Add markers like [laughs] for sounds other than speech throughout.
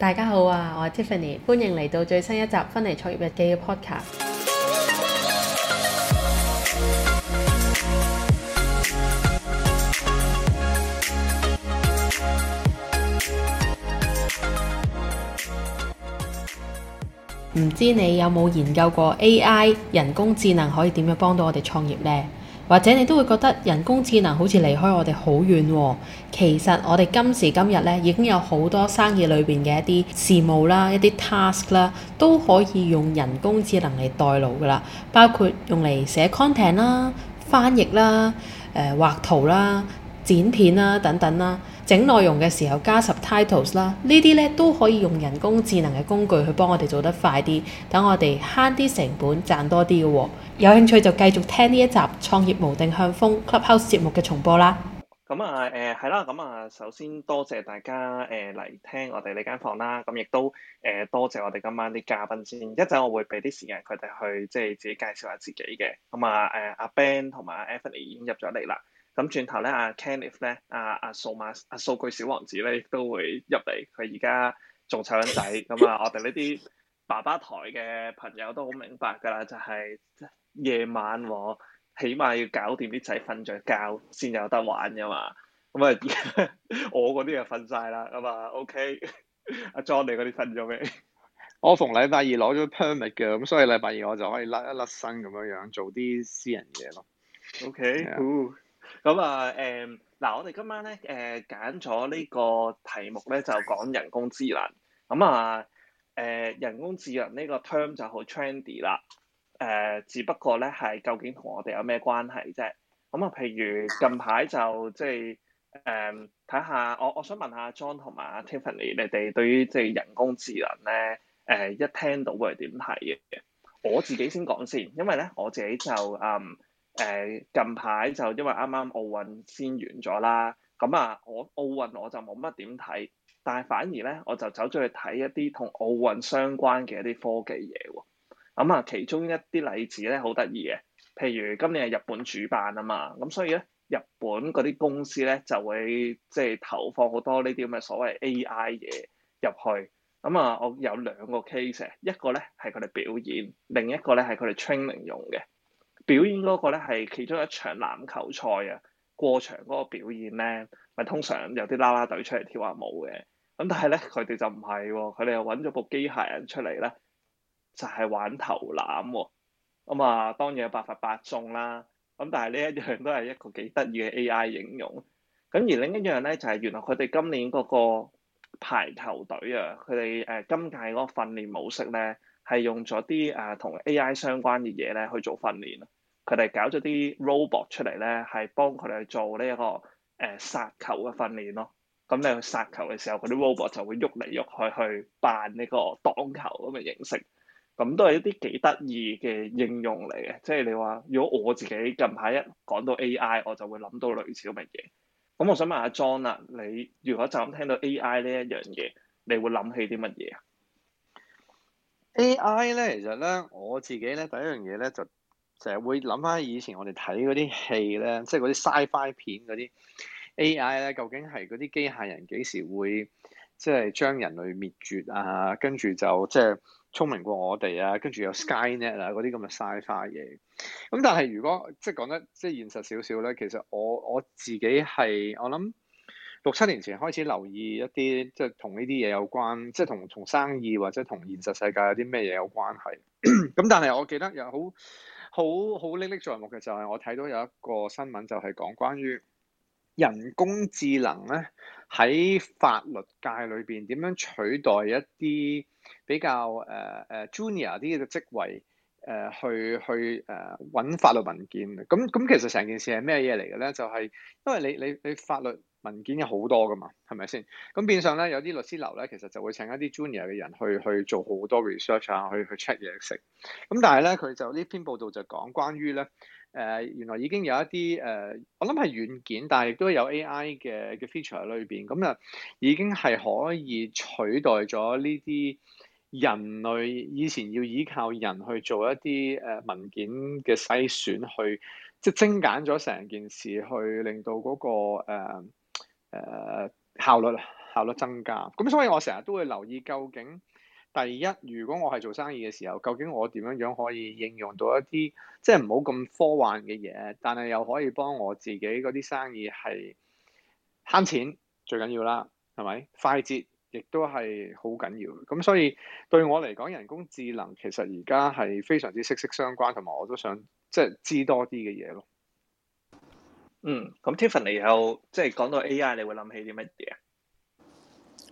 大家好啊，我係 Tiffany，歡迎嚟到最新一集《芬尼創業日記》嘅 Podcast。唔知你有冇研究過 AI 人工智能可以點樣幫到我哋創業呢？或者你都會覺得人工智能好似離開我哋好遠喎、哦？其實我哋今時今日咧，已經有好多生意裏邊嘅一啲事務啦，一啲 task 啦，都可以用人工智能嚟代勞噶啦。包括用嚟寫 content 啦、翻譯啦、誒、呃、畫圖啦、剪片啦等等啦。整內容嘅時候加十 titles 啦，呢啲咧都可以用人工智能嘅工具去幫我哋做得快啲，等我哋慳啲成本，賺多啲嘅喎。有興趣就繼續聽呢一集《創業無定向瘋 Clubhouse》節目嘅重播啦。咁啊誒係啦，咁、欸、啊、哎、首先多謝大家誒嚟、呃、聽我哋呢間房啦，咁、嗯、亦都誒多、呃、謝我哋今晚啲嘉賓先，一陣我會俾啲時間佢哋去即係自己介紹下自己嘅。咁、嗯、啊誒阿、啊、Ben 同埋 Anthony 已經入咗嚟啦，咁轉頭咧阿 Kenneth 咧，阿阿數碼阿數據小王子咧亦都會入嚟，佢而家仲湊緊仔，咁、嗯嗯嗯、啊我哋呢啲爸爸台嘅朋友都好明白㗎啦，就係、是、夜晚。起碼要搞掂啲仔瞓着覺先有得玩噶嘛，咁 [laughs] 啊我嗰啲就瞓晒啦，咁啊 OK， [laughs] 阿 John 你嗰啲瞓咗未？我逢禮拜二攞咗 permit 嘅，咁所以禮拜二我就可以甩一甩身咁樣樣做啲私人嘢咯。OK，咁 Yeah.、哦 uh, um, 啊誒，嗱我哋今晚咧誒揀咗呢、啊、個題目咧就講人工智能，咁啊誒人工智能呢個 term 就好 trendy 啦。誒、呃，只不過咧，係究竟同我哋有咩關係啫？咁、嗯、啊，譬如近排就即係誒，睇、呃、下我我想問下 John 同埋 Tiffany 你哋對於即係人工智能咧，誒、呃、一聽到會係點睇嘅？我自己先講先，因為咧我自己就嗯誒、呃、近排就因為啱啱奧運先完咗啦，咁、嗯、啊我奧運我就冇乜點睇，但係反而咧我就走咗去睇一啲同奧運相關嘅一啲科技嘢喎。咁啊、嗯，其中一啲例子咧，好得意嘅。譬如今年係日本主辦啊嘛，咁所以咧，日本嗰啲公司咧就會即係投放好多呢啲咁嘅所謂 AI 嘢入去。咁、嗯、啊、嗯，我有兩個 case，一個咧係佢哋表演，另一個咧係佢哋 training 用嘅。表演嗰個咧係其中一場籃球賽啊，過場嗰個表演咧，咪通常有啲啦啦隊出嚟跳下舞嘅。咁但係咧，佢哋就唔係喎，佢哋又揾咗部機械人出嚟咧。就係玩投籃喎、哦，咁、嗯、啊當然有百發百中啦。咁但係呢一樣都係一個幾得意嘅 A.I. 應用。咁而另一樣咧就係、是、原來佢哋今年嗰個排球隊啊，佢哋誒今屆嗰個訓練模式咧係用咗啲誒同 A.I. 相關嘅嘢咧去做訓練。佢哋搞咗啲 robot 出嚟咧，係幫佢哋做呢、這、一個誒、呃、殺球嘅訓練咯。咁、嗯、你去殺球嘅時候，嗰啲 robot 就會喐嚟喐去去，去扮呢個擋球咁嘅形式。咁都係一啲幾得意嘅應用嚟嘅，即係你話如果我自己近排一講到 AI，我就會諗到類似乜嘢。咁我想問下 John 啦、啊，你如果就咁聽到 AI 呢一樣嘢，你會諗起啲乜嘢啊？AI 咧，其實咧，我自己咧第一樣嘢咧就成日會諗翻以前我哋睇嗰啲戲咧，即係嗰啲 sci-fi 片嗰啲 AI 咧，究竟係嗰啲機械人幾時會即係將人類滅絕啊？跟住就即係，聰明過我哋啊，跟住有 Skynet 嗱、啊、嗰啲咁嘅 Sci-Fi 嘢。咁但係如果即係講得即係現實少少咧，其實我我自己係我諗六七年前開始留意一啲即係同呢啲嘢有關，即係同同生意或者同現實世界有啲咩嘢有關係。咁 [coughs] 但係我記得又好好好歷歷在目嘅就係我睇到有一個新聞就係講關於人工智能咧喺法律界裏邊點樣取代一啲。比較誒誒、uh, junior 啲嘅職位誒、uh, 去去誒揾法律文件咁，咁其實成件事係咩嘢嚟嘅咧？就係、是、因為你你你法律文件有好多㗎嘛，係咪先？咁變相咧有啲律師樓咧，其實就會請一啲 junior 嘅人去去做好多 research、啊、去去 check 嘢食。咁但係咧佢就呢篇報道就講關於咧誒、呃、原來已經有一啲誒、呃、我諗係軟件，但係亦都有 AI 嘅嘅 feature 喺裏邊，咁啊已經係可以取代咗呢啲。人類以前要依靠人去做一啲誒、呃、文件嘅篩選去，去即係精簡咗成件事，去令到嗰、嗰個誒、呃呃、效率效率增加。咁所以我成日都會留意，究竟第一，如果我係做生意嘅時候，究竟我點樣樣可以應用到一啲即係唔好咁科幻嘅嘢，但係又可以幫我自己嗰啲生意係慳錢最緊要啦，係咪快捷？亦都係好緊要，咁所以對我嚟講，人工智能其實而家係非常之息息相關，同埋我都想即係知多啲嘅嘢咯。嗯，咁 Tiffany 又即係講到 A.I. 你會諗起啲乜嘢？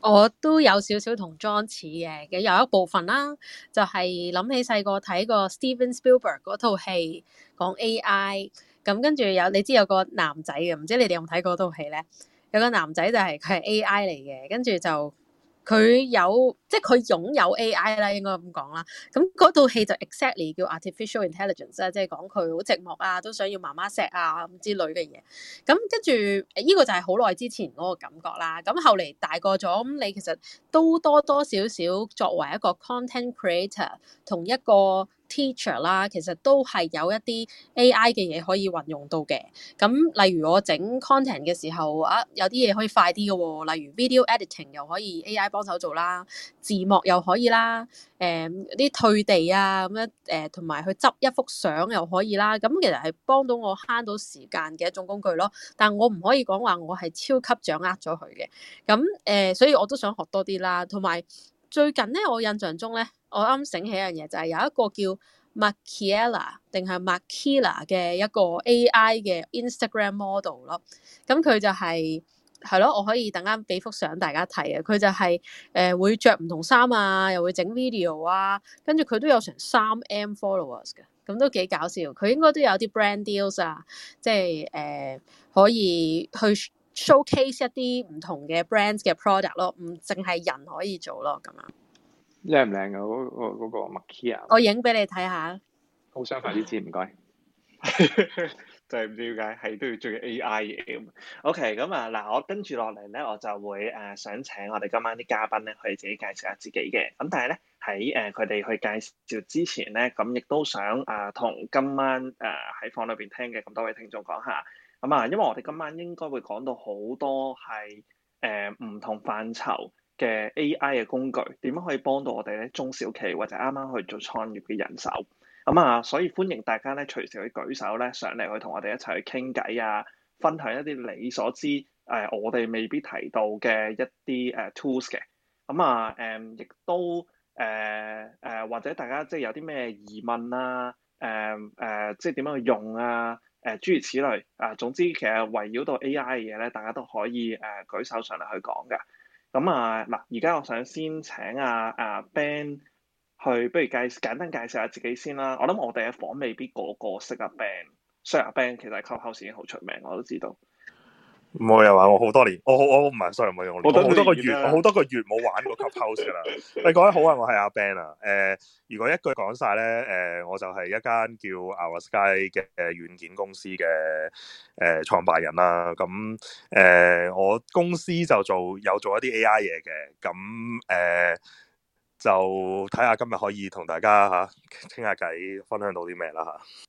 我都有少少同 John 似嘅，有一部分啦，就係、是、諗起細個睇過 Steven Spielberg 嗰套戲，講 A.I. 咁跟住有你知有個男仔嘅，唔知你哋有冇睇過嗰套戲咧？有個男仔就係佢係 A.I. 嚟嘅，跟住就。佢有即係佢擁有 AI 啦，應該咁講啦。咁嗰套戲就 exactly 叫 Artificial Intelligence 啊，即係講佢好寂寞啊，都想要媽媽錫啊咁之類嘅嘢。咁跟住呢個就係好耐之前嗰個感覺啦。咁後嚟大個咗，咁你其實都多多少少作為一個 content creator 同一個。teacher 啦，其實都係有一啲 AI 嘅嘢可以運用到嘅。咁例如我整 content 嘅時候啊，有啲嘢可以快啲嘅喎。例如 video editing 又可以 AI 幫手做啦，字幕又可以啦。誒、呃，啲退地啊咁樣誒，同、呃、埋去執一幅相又可以啦。咁、嗯、其實係幫到我慳到時間嘅一種工具咯。但我唔可以講話我係超級掌握咗佢嘅。咁誒、呃，所以我都想學多啲啦。同埋最近咧，我印象中咧。我啱醒起一樣嘢，就係、是、有一個叫 Maciella 定係 Maciella 嘅一個 AI 嘅 Instagram model 咯。咁佢就係係咯，我可以等間俾幅相大家睇啊。佢就係、是、誒、呃、會着唔同衫啊，又會整 video 啊。跟住佢都有成三 M followers 噶，咁都幾搞笑。佢應該都有啲 brand deals 啊，即係誒、呃、可以去 showcase 一啲唔同嘅 brands 嘅 product 咯，唔淨係人可以做咯咁樣。靚唔靚啊？嗰、那個嗰、那個、那個、Macia，我影俾你睇下。好想快啲先，唔該。就係唔知點解，係都要追 AI。OK，咁啊嗱，我跟住落嚟咧，我就會誒、呃、想請我哋今晚啲嘉賓咧，去自己介紹下自己嘅。咁但係咧，喺誒佢哋去介紹之前咧，咁亦都想啊同、呃、今晚誒喺、呃、房裏邊聽嘅咁多位聽眾講下。咁、嗯、啊，因為我哋今晚應該會講到好多係誒唔同範疇。嘅 A.I. 嘅工具點樣可以幫到我哋咧？中小企或者啱啱去做創業嘅人手，咁啊，所以歡迎大家咧隨時去舉手咧上嚟去同我哋一齊去傾偈啊，分享一啲你所知誒、呃，我哋未必提到嘅一啲誒、啊、tools 嘅咁啊誒，亦、嗯、都誒誒、呃、或者大家即係有啲咩疑問啊誒誒、呃，即係點樣去用啊誒諸如此類啊，總之其實圍繞到 A.I. 嘅嘢咧，大家都可以誒、呃、舉手上嚟去講嘅。咁啊，嗱，而家我想先請阿阿 Ben 去，不如介簡單介紹下自己先啦。我諗我哋嘅房未必個個識阿 Ben，雖然阿 Ben，其實 Clubhouse 已經好出名，我都知道。冇又玩我好多年，我我唔係，sorry，冇用。我好多個月，好多，多個月冇玩過 Clubhouse 噶啦。你講得好啊，我係阿 Ben 啊。誒、呃，如果一句講晒咧，誒、呃，我就係一間叫 Our Sky 嘅軟件公司嘅誒創辦人啦、啊。咁、嗯、誒、呃，我公司就做有做一啲 AI 嘢嘅。咁、嗯、誒、呃，就睇下今日可以同大家吓傾、啊、下偈，分享到啲咩啦吓。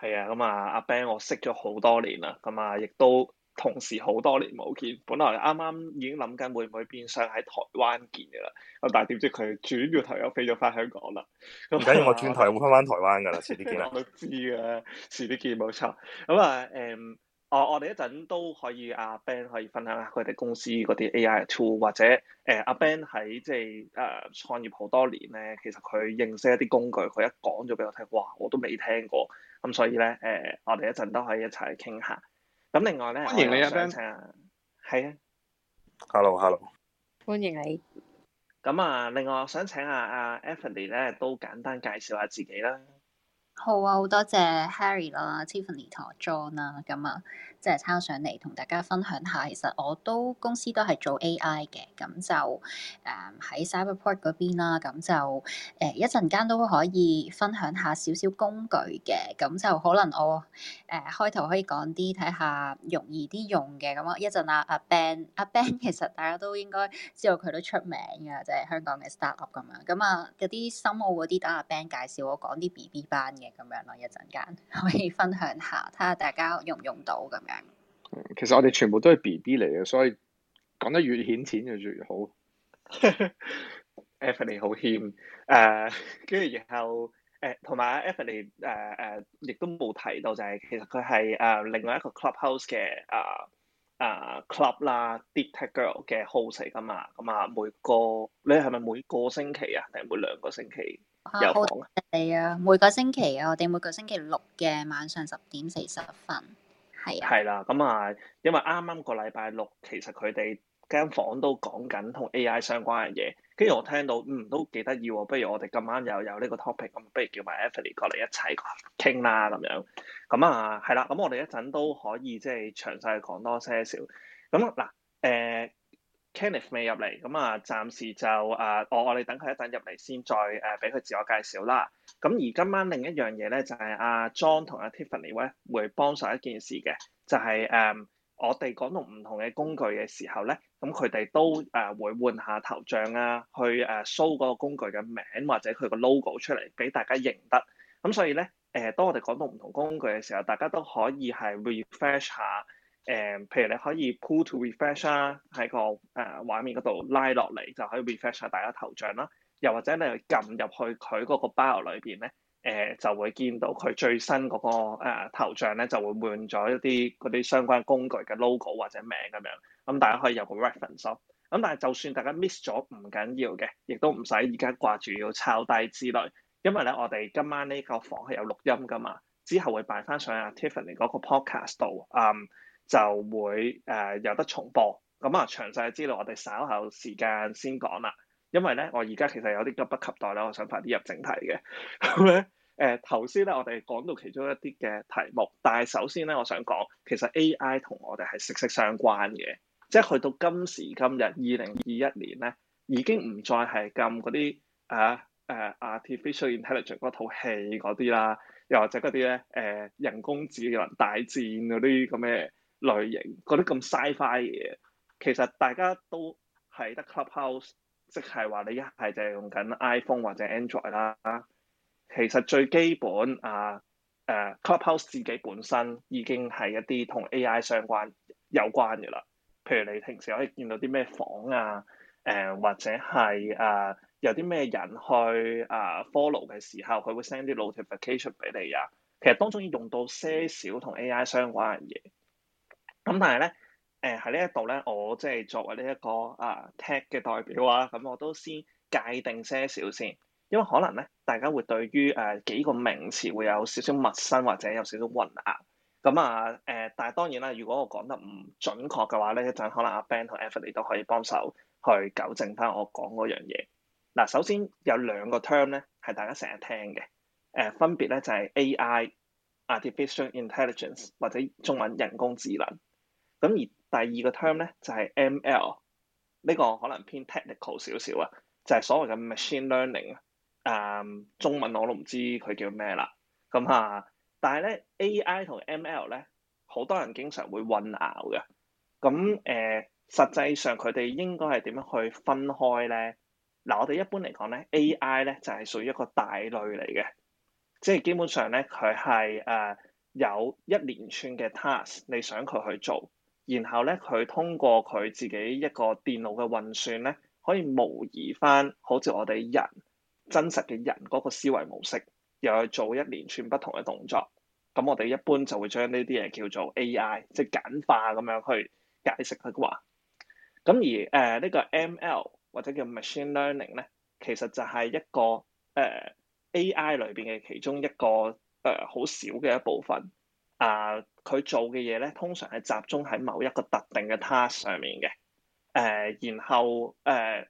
係啊，咁啊阿 Ben 我識咗好多年啦，咁啊亦都同時好多年冇見。本來啱啱已經諗緊會唔會變相喺台灣見嘅啦，咁但係點知佢轉個頭又飛咗翻香港啦。咁唔緊要，我轉台會翻翻台灣噶啦，遲啲見。 [laughs] 我都知嘅，遲啲見冇錯。咁啊誒、嗯啊，我我哋一陣都可以阿、啊、Ben 可以分享下佢哋公司嗰啲 AI tool，或者誒阿、啊、Ben 喺即係誒創業好多年咧，其實佢認識一啲工具，佢一講咗俾我聽，哇我都未聽過。咁所以咧，誒、呃，我哋一陣都可以一齊傾下。咁另外咧，歡迎你上啊，係啊。Hello，Hello。歡迎你。咁啊，另外我想請、啊、阿阿芬尼咧，都簡單介紹下自己啦。好啊，好多謝 Harry 啦、Tiffany 同 John 啦，咁啊。 [laughs] 即係抄上嚟同大家分享下，其實我都公司都係做 AI 嘅，咁就誒喺，嗯，Cyberport 嗰邊啦，咁就誒一陣間都可以分享下少少工具嘅，咁就可能我誒，呃，開頭可以講啲睇下容易啲用嘅，咁啊一陣啊阿 Ben，阿 Ben 其實大家都應該知道佢都出名㗎，即係香港嘅 startup 咁樣，咁啊嗰啲深奧嗰啲等阿 Ben 介紹我講啲 BB 班嘅咁樣咯，一陣間可以分享下，睇下大家用唔用到咁。其實我哋全部都係 B B 嚟嘅，所以講得越顯淺就越越好。Evanie 好謙誒，跟、uh, 住然後誒，同埋 Evanie 誒誒，亦、uh, uh, 都冇提到就係、是、其實佢係誒另外一個 clubhouse 嘅誒誒、uh, uh, club 啦，detect girl 嘅 house 嚟噶嘛，咁、嗯、啊、uh, 每個你係咪每個星期啊，定係每兩個星期有房啊？係啊，每個星期啊，我哋每個星期六嘅晚上十點四十分。係啊，係啦，咁啊，因為啱啱個禮拜六，其實佢哋間房都講緊同 AI 相關嘅嘢，跟住我聽到，嗯，都幾得意喎，不如我哋今晚又有呢個 topic，咁、嗯、不如叫埋 Effie 過嚟一齊傾啦，咁樣，咁、嗯、啊，係、嗯、啦，咁、嗯、我哋一陣都可以即係詳細講多些少，咁嗱，誒。呃 Kenneth 未入嚟，咁啊，暫時就誒、啊，我我哋等佢一陣入嚟先，再誒俾佢自我介紹啦。咁而今晚另一樣嘢咧，就係、是、阿、啊、John 同阿、啊、Tiffany 會幫手一件事嘅，就係、是、誒、啊、我哋講到唔同嘅工具嘅時候咧，咁佢哋都誒、啊、會換下頭像啊，去 show 嗰個工具嘅名或者佢個 logo 出嚟，俾大家認得。咁所以咧，誒當我哋講到唔同工具嘅時候，大家都可以係 refresh 下。誒、嗯，譬如你可以 pull to refresh 啊，喺個誒畫面嗰度拉落嚟就可以 refresh 下大家頭像啦。又或者你去撳入去佢嗰個 bio 裏邊咧，誒、呃、就會見到佢最新嗰、那個誒、呃、頭像咧就會換咗一啲嗰啲相關工具嘅 logo 或者名咁樣。咁、嗯、大家可以有個 reference 囉。咁、嗯、但係就算大家 miss 咗唔緊要嘅，亦都唔使而家掛住要抄低之類，因為咧我哋今晚呢個房係有錄音噶嘛，之後會擺翻上阿 Tiffany 嗰個 podcast 度。嗯。就會誒、呃、有得重播咁啊！詳細嘅資料我哋稍後時間先講啦，因為咧我而家其實有啲急不及待咧，我想快啲入正題嘅。咁咧，誒頭先咧我哋講到其中一啲嘅題目，但係首先咧我想講，其實 A.I. 同我哋係息息相關嘅，即係去到今時今日二零二一年咧，已經唔再係咁嗰啲啊誒、啊、Artificial Intelligence 嗰套戲嗰啲啦，又或者嗰啲咧誒人工智能大戰嗰啲咁嘅。類型嗰啲咁 sci-fi 嘢，其實大家都係得 Clubhouse，即係話你一係就係用緊 iPhone 或者 Android 啦。其實最基本啊，誒、啊、Clubhouse 自己本身已經係一啲同 AI 相關有關嘅啦。譬如你平時可以見到啲咩房啊，誒、啊、或者係誒、啊、有啲咩人去誒、啊、follow 嘅時候，佢會 send 啲 notification 俾你啊。其實當中要用到些少同 AI 相關嘅嘢。咁、嗯、但係咧，誒、呃、喺呢一度咧，我即係作為呢、這、一個啊 Tech 嘅代表啊，咁、嗯、我都先界定一些少先，因為可能咧，大家會對於誒、呃、幾個名詞會有少少陌生或者有少者有少混淆。咁、嗯、啊，誒、呃，但係當然啦，如果我講得唔準確嘅話咧，一陣可能阿 Ben 同 Anthony 都可以幫手去糾正翻我講嗰樣嘢。嗱、呃，首先有兩個 term 咧係大家成日聽嘅，誒、呃、分別咧就係、是、AI（Artificial Intelligence） 或者中文人工智能。咁而第二個 term 咧就係 ML，呢個可能偏 technical 少少啊，就係、是、所謂嘅 machine learning 啊、嗯。中文我都唔知佢叫咩啦。咁、嗯、啊，但係咧 AI 同 ML 咧，好多人經常會混淆嘅。咁、嗯、誒、呃，實際上佢哋應該係點樣去分開咧？嗱、呃，我哋一般嚟講咧，AI 咧就係屬於一個大類嚟嘅，即係基本上咧，佢係誒有一連串嘅 task 你想佢去做。然後咧，佢通過佢自己一個電腦嘅運算咧，可以模擬翻好似我哋人真實嘅人嗰個思維模式，又去做一連串不同嘅動作。咁我哋一般就會將呢啲嘢叫做 AI，即係簡化咁樣去解釋嘅話。咁而誒呢、呃這個 ML 或者叫 machine learning 咧，其實就係一個誒、呃、AI 裏邊嘅其中一個誒好少嘅一部分啊。呃佢做嘅嘢咧，通常係集中喺某一個特定嘅 task 上面嘅，誒、呃，然後誒嗰、呃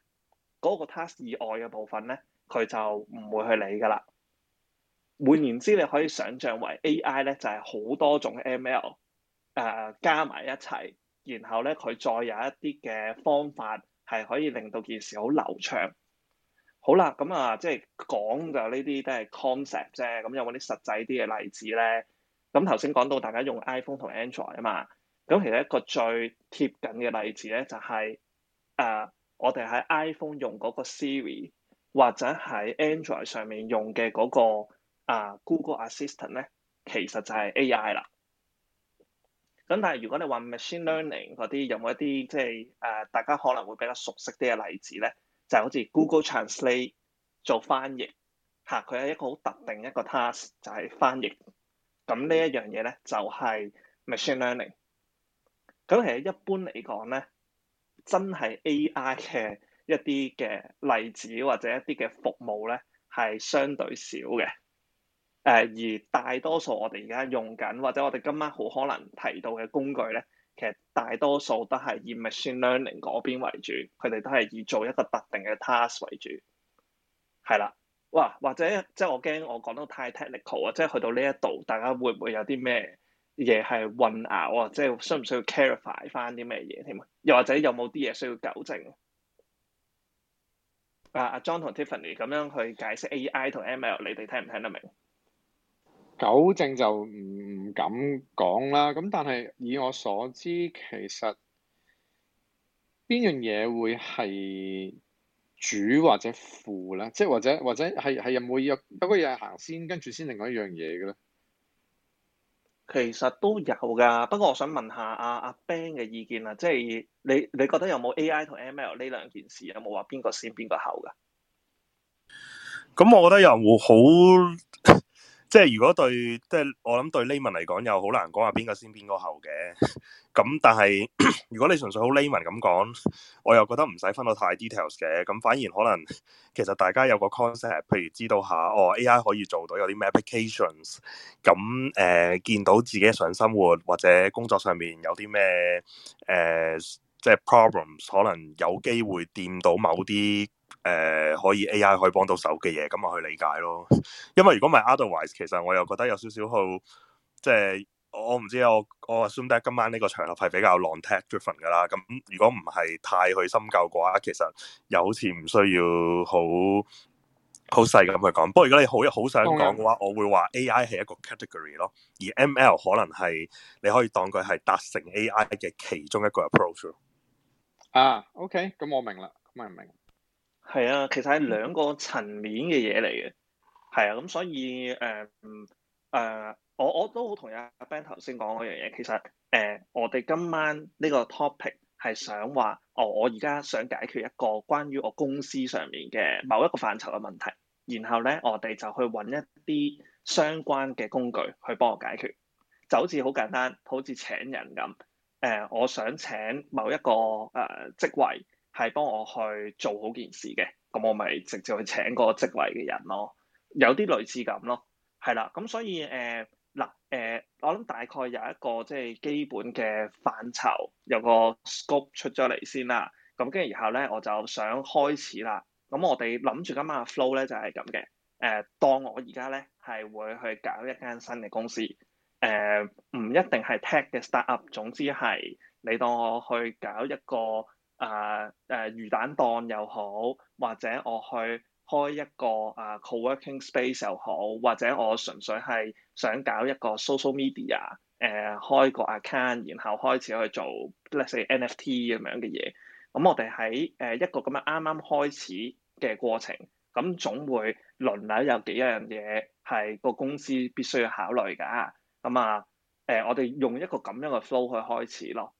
嗰個 task 以外嘅部分咧，佢就唔會去理噶啦。換言之，你可以想象為 AI 咧，就係、係、好多種 ML 誒、呃、加埋一齊，然後咧佢再有一啲嘅方法係可以令到件事好流暢。好啦，咁、嗯、啊，即係講就呢啲都係 concept 啫，咁、嗯、有冇啲實際啲嘅例子咧？咁頭先講到大家用 iPhone 同 Android 啊嘛，咁其實一個最貼近嘅例子咧、就係，就係誒我哋喺 iPhone 用嗰個 Siri，或者喺 Android 上面用嘅嗰、嗰個啊、呃、Google Assistant 咧，其實就係 AI 啦。咁但係如果你話 machine learning 嗰啲，有冇一啲即係誒大家可能會比較熟悉啲嘅例子咧，就係、好似 Google Translate 做翻譯嚇，佢、啊、係一個好特定一個 task，就係翻譯。咁呢一樣嘢咧，就係、是、machine learning。咁其實一般嚟講咧，真係 AI 嘅一啲嘅例子或者一啲嘅服務咧，係相對少嘅。誒、呃，而大多數我哋而家用緊或者我哋今晚好可能提到嘅工具咧，其實大多數都係以 machine learning 嗰邊為主，佢哋都係以做一個特定嘅 task 為主，係啦。哇，或者即係我驚我講得太 technical 啊！即係去到呢一度，大家會唔會有啲咩嘢係混淆啊？即係需唔需要 clarify 翻啲咩嘢添啊？又或者有冇啲嘢需要糾正？啊，阿 John 同 Tiffany 咁樣去解釋 AI 同 ML，你哋聽唔聽得明？糾正就唔唔敢講啦。咁但係以我所知，其實邊樣嘢會係。主或者副咧，即係或者或者係係有冇有有不過又係行先，跟住先另外一樣嘢嘅咧？其實都有噶，不過我想問下阿、啊、阿、啊、Ben 嘅意見啦，即係你你覺得有冇 AI 同 ML 呢兩件事有冇話邊個先邊個後噶？咁、 [laughs] 嗯、我覺得又好。即係如果對，即係我諗對 layman 嚟講又好難講，下邊個先邊個後嘅。咁但係如果你純粹好 layman 咁講，我又覺得唔使分到太 details 嘅。咁反而可能其實大家有個 concept，譬如知道下哦 AI 可以做到有啲咩 applications。咁、呃、誒見到自己日常生活或者工作上面有啲咩誒，即係 problems，可能有機會掂到某啲。誒、呃，可以 A.I. 可以幫到手嘅嘢，咁我去理解咯。因為如果唔係 otherwise，其實我又覺得有少少好，即係我唔知我我 assume 得今晚呢個場合係比較 long tech driven 噶啦。咁如果唔係太去深究嘅話，其實又好似唔需要好好細咁去講。不過如果你好好想講嘅話，我會話 A.I. 係一個 category 咯，而 M.L. 可能係你可以當佢係達成 A.I. 嘅其中一個 approach。啊，OK，咁我明啦，咁咪明。係啊，其實係兩個層面嘅嘢嚟嘅，係啊，咁所以誒，嗯、呃呃，我我都好同意阿 Ben 頭先講嗰樣嘢。其實誒、呃，我哋今晚呢個 topic 係想話，哦、呃，我而家想解決一個關於我公司上面嘅某一個範疇嘅問題，然後咧，我哋就去揾一啲相關嘅工具去幫我解決。就好似好簡單，好似請人咁，誒、呃，我想請某一個誒、呃、職位。係幫我去做好件事嘅，咁我咪直接去請個職位嘅人咯，有啲類似咁咯，係啦，咁所以誒嗱誒，我諗大概有一個即係基本嘅範疇，有個 scope 出咗嚟先啦，咁跟住然後咧我就想開始啦，咁我哋諗住今晚嘅 flow 咧就係咁嘅，誒、呃，當我而家咧係會去搞一間新嘅公司，誒、呃，唔一定係 tech 嘅 startup，總之係你當我去搞一個。啊誒、uh, uh, 魚蛋檔又好，或者我去開一個啊、uh, co-working space 又好，或者我純粹係想搞一個 social media 誒開個 account，然後開始去做 let's say NFT 咁樣嘅嘢。咁我哋喺誒一個咁樣嘅啱啱開始嘅過程，咁總會輪流有幾樣嘢係個公司必須要考慮㗎。咁啊誒，uh, uh, 我哋用一個咁樣嘅 flow 去開始咯，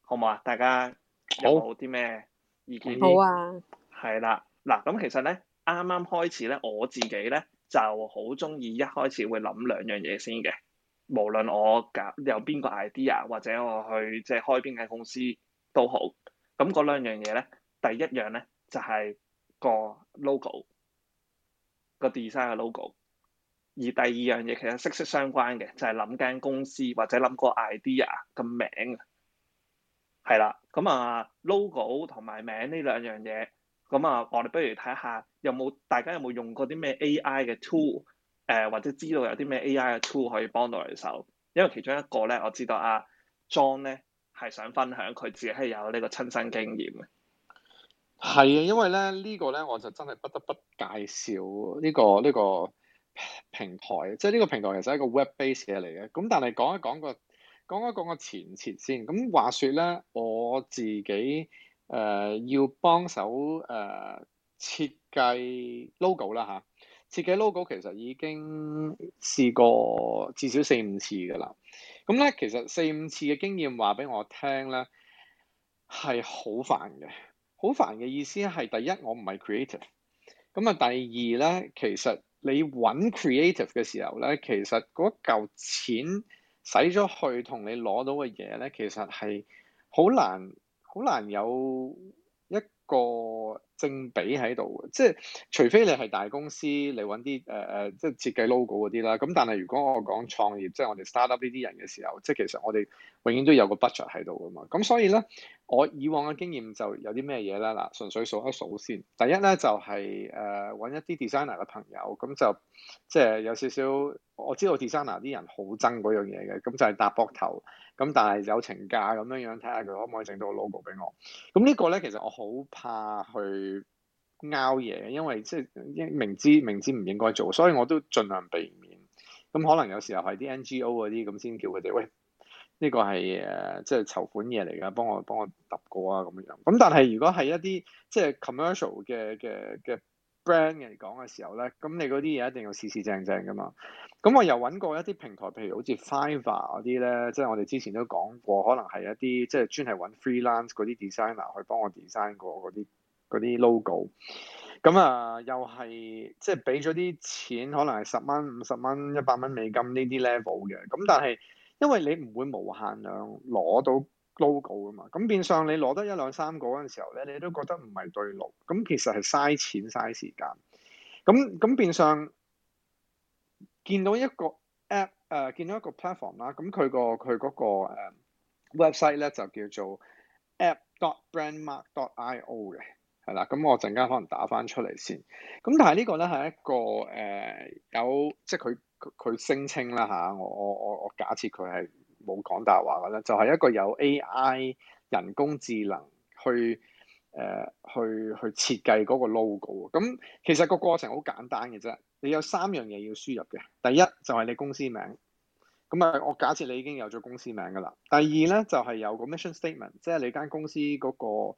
好唔好啊？大家？有冇啲咩意見？好啊，係啦，嗱咁，其實咧，啱啱開始咧，我自己咧就好中意一開始會諗兩樣嘢先嘅。無論我搞有邊個 idea，或者我去即係開邊間公司都好，咁嗰兩樣嘢咧，第一樣咧就係個 logo，個 design 嘅 logo。而第二樣嘢其實息息相關嘅，就係諗間公司或者諗個 idea 嘅名。係啦，咁啊 logo 同埋名呢兩樣嘢，咁啊我哋不如睇下有冇大家有冇用過啲咩 AI 嘅 tool，呃，或者知道有啲咩 AI 嘅 tool 可以幫到你手，因為其中一個咧，我知道啊 John 咧係想分享佢自己係有呢個親身經驗嘅。係啊，因為咧呢個咧我就真係不得不介紹呢個呢個平台，即係呢個平台其實係一個 web base 嘢嚟嘅，咁但係講一講個。講一講個前設先，咁話說咧，我自己誒、呃、要幫手誒、呃、設計 logo 啦吓。設計 logo 其實已經試過至少四五次㗎喇。咁咧，其實四五次嘅經驗話俾我聽咧，係好煩嘅。好煩嘅意思係第一，我唔係 creative。咁啊，第二咧，其實你揾 creative 嘅時候咧，其實嗰嚿錢，使咗去同你攞到嘅嘢咧，其實係好難、好難有一。個正比喺度，即係除非你係大公司你揾啲誒誒，即係設計 logo 嗰啲啦。咁但係如果我講創業，即係我哋 start up 呢啲人嘅時候，即係其實我哋永遠都有個 budget 喺度噶嘛。咁所以咧，我以往嘅經驗就有啲咩嘢咧嗱，純粹數一數先。第一咧就係誒揾一啲 designer 嘅朋友，咁就即係有少少我知道 designer 啲人好憎嗰樣嘢嘅，咁就係搭膊頭，咁但係友情價咁樣樣睇下佢可唔可以整到個 logo 俾我。咁呢個咧其實我好怕去拗嘢，因為即係明知明知唔應該做，所以我都盡量避免。咁可能有時候係啲 NGO 嗰啲咁先叫佢哋喂，呢個係誒即係籌款嘢嚟㗎，幫我幫我揼過啊咁樣。咁但係如果係一啲即係 commercial 嘅嘅嘅。就是 Brand 嚟講嘅時候咧，咁你嗰啲嘢一定要試試正正噶嘛。咁我又揾過一啲平台，譬如好似 Fiverr 嗰啲咧，即係我哋之前都講過，可能係一啲即係專係揾 freelance 嗰啲 designer 去幫我 design 過嗰啲啲 logo。咁啊，又係即係俾咗啲錢，可能係十蚊、五十蚊、一百蚊美金呢啲 level 嘅。咁但係因為你唔會無限量攞到。logo 啊嘛。咁變相你攞得一兩三個嗰陣時候咧，你都覺得唔係對路，咁其實係嘥錢嘥時間，咁咁變相見到一個 app，誒、呃、見到一個 platform 啦，咁佢個佢嗰、個誒 website、uh, 咧就叫做 app.brandmark.io 嘅，係啦。咁我陣間可能打返出嚟先。咁但係呢個咧係一個誒、呃、有即係佢佢佢聲稱啦嚇、啊，我我我我假設佢係。冇講大話啦，就係、是、一個有 AI 人工智能去誒、呃、去去設計嗰個 logo。咁、嗯、其實個過程好簡單嘅啫，你有三樣嘢要輸入嘅。第一就係、是、你公司名，咁啊我假設你已經有咗公司名噶啦。第二咧就係、是、有個 mission statement，即係你間公司嗰、那個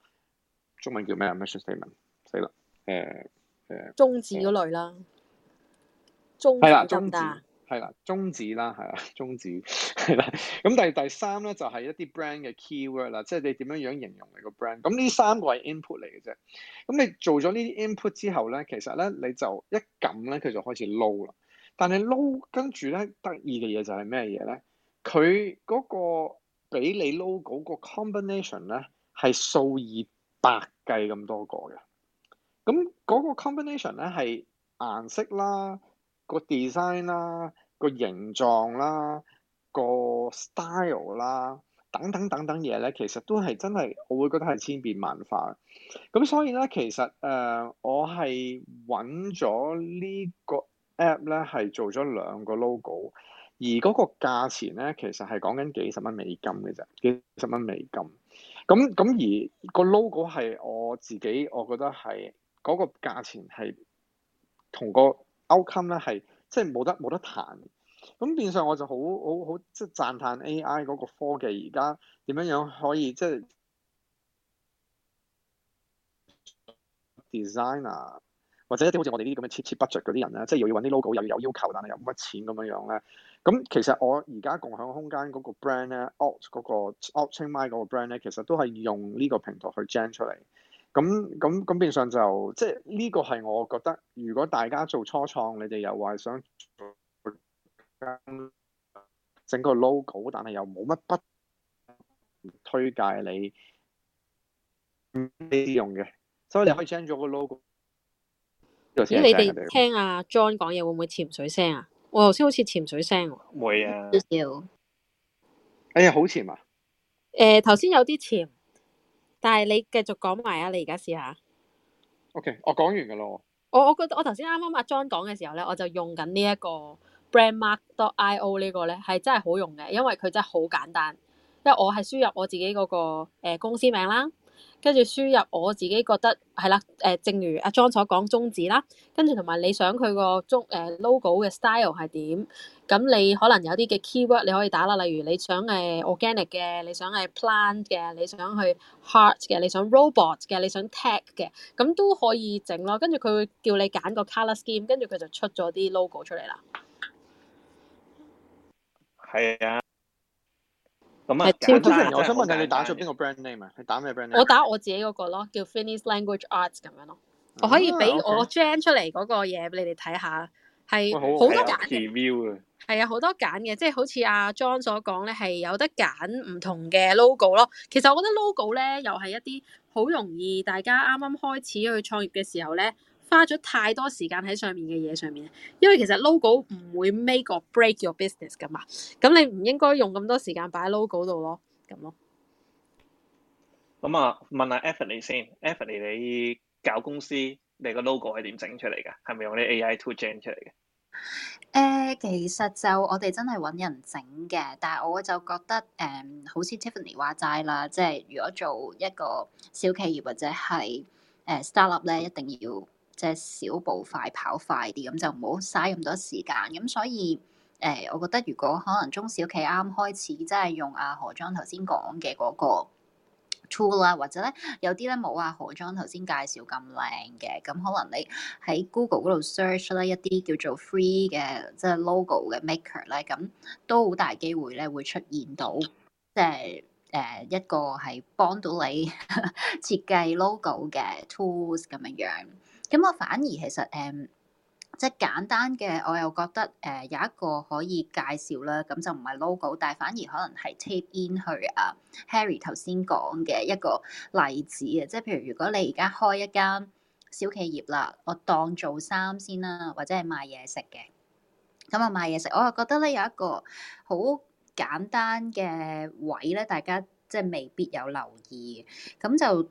中文叫咩啊？mission statement，死啦誒誒，宗旨嗰類啦，宗旨咁大。係啦，中字啦，係啦，中字係啦。咁第第三咧就係一啲 brand 嘅 keyword 啦，即係你點樣樣形容你個 brand。咁呢三個係 input 嚟嘅啫。咁你做咗呢啲 input 之後咧，其實咧你就一撳咧佢就開始撈啦。但係撈跟住咧得意嘅嘢就係咩嘢咧？佢嗰個俾你撈個 combination 咧係數以百計咁多個嘅。咁嗰個 combination 咧係顏色啦。個 design 啦，個形狀啦，個 style 啦，等等等等嘢咧，其實都係真係，我會覺得係千變萬化。咁所以咧，其實誒、呃，我係揾咗呢個 app 咧，係做咗兩個 logo，而嗰個價錢咧，其實係講緊幾十蚊美金嘅啫，幾十蚊美金。咁咁而嗰個 logo 係我自己，我覺得係嗰、嗰個價錢係同個。Outcome 咧，係即係冇得冇得彈，咁變相我就好好好即係讚嘆 AI 嗰個科技而家點樣樣可以即係 designer 或者一啲好似我哋呢啲咁嘅切切不著嗰啲人咧，即係又要揾啲 logo，又要有要求，但係又冇乜錢咁樣樣咧。咁其實我而家共享空間嗰個 brand 咧，out 嗰個 out Chiang Mai 嗰個 brand 咧，其實都係用呢個平台去 g e n e r 咁咁咁，變相就即係呢個係我覺得，如果大家做初創，你哋又話想個整個 logo，但係又冇乜不推介你用嘅，所以你可以 change 咗個 logo，嗯。咦？你哋聽阿、啊、John 講嘢會唔會潛水聲啊？我頭先好似潛水聲。唔會啊！哎呀！ [laughs] 好、欸、潛啊！誒、欸，頭先有啲潛。但係你繼續講埋啊！你而家試下。OK，我講完噶啦。我我覺得我頭先啱啱阿 John 講嘅時候咧，我就用緊呢一個 brandmark.io 呢個咧，係真係好用嘅，因為佢真係好簡單，因為我係輸入我自己嗰個誒公司名啦。跟住輸入我自己覺得係啦，誒，正如阿莊所講宗旨啦，跟住同埋你想佢個中誒 logo 嘅 style 係點，咁你可能有啲嘅 keyword 你可以打啦，例如你想係 organic 嘅，你想係 plant 嘅，你想去 heart 嘅，你想 robot 嘅，你想 tech 嘅，咁都可以整咯。跟住佢會叫你揀個 color scheme，跟住佢就出咗啲 logo 出嚟啦。係啊。咁啊！我想問你，你打咗邊個 brand name 啊？你打咩 brand name？我打我自己嗰個咯，叫 Finnie's Language Arts 咁樣咯。嗯、我可以俾我 gen 出嚟嗰個嘢俾你哋睇下，係好多揀嘅。係啊，好、okay. 多揀嘅，即係好似阿、啊、John 所講咧，係有得揀唔同嘅 logo 咯。其實我覺得 logo 咧，又係一啲好容易大家啱啱開始去創業嘅時候咧。花咗太多時間喺上面嘅嘢上面，因為其實 logo 唔會 make or break your business 噶嘛。咁你唔應該用咁多時間擺喺 logo 度咯，咁咯。咁啊、嗯，問下 e t h a n i 先 e t h a n i 你搞公司，你個 logo 係點整出嚟噶？係咪用啲 AI tool 整出嚟嘅？誒、呃，其實就我哋真係搵人整嘅，但係我就覺得誒、嗯，好似 Tiffany 話齋啦，即係如果做一個小企業或者係誒、呃、startup 咧，一定要。即係小步快跑快啲，咁就唔好嘥咁多時間。咁所以，誒、欸，我覺得如果可能中小企啱開始，即係用阿、啊、何莊頭先講嘅嗰個 tool 啦、啊，或者咧有啲咧冇阿何莊頭先介紹咁靚嘅，咁可能你喺 Google 度 search 咧一啲叫做 free 嘅即係 logo 嘅 maker 咧，咁都好大機會咧會出現到即係誒一個係幫到你設 [laughs] 計 logo 嘅 tools 咁樣樣。咁我反而其實誒、呃，即係簡單嘅，我又覺得誒、呃、有一個可以介紹啦，咁就唔係 logo，但係反而可能係 tip in 去啊 Harry 頭先講嘅一個例子啊，即係譬如如果你而家開一間小企業啦，我當做衫先啦，或者係賣嘢食嘅，咁啊賣嘢食，我又覺得咧有一個好簡單嘅位咧，大家即係未必有留意，咁就。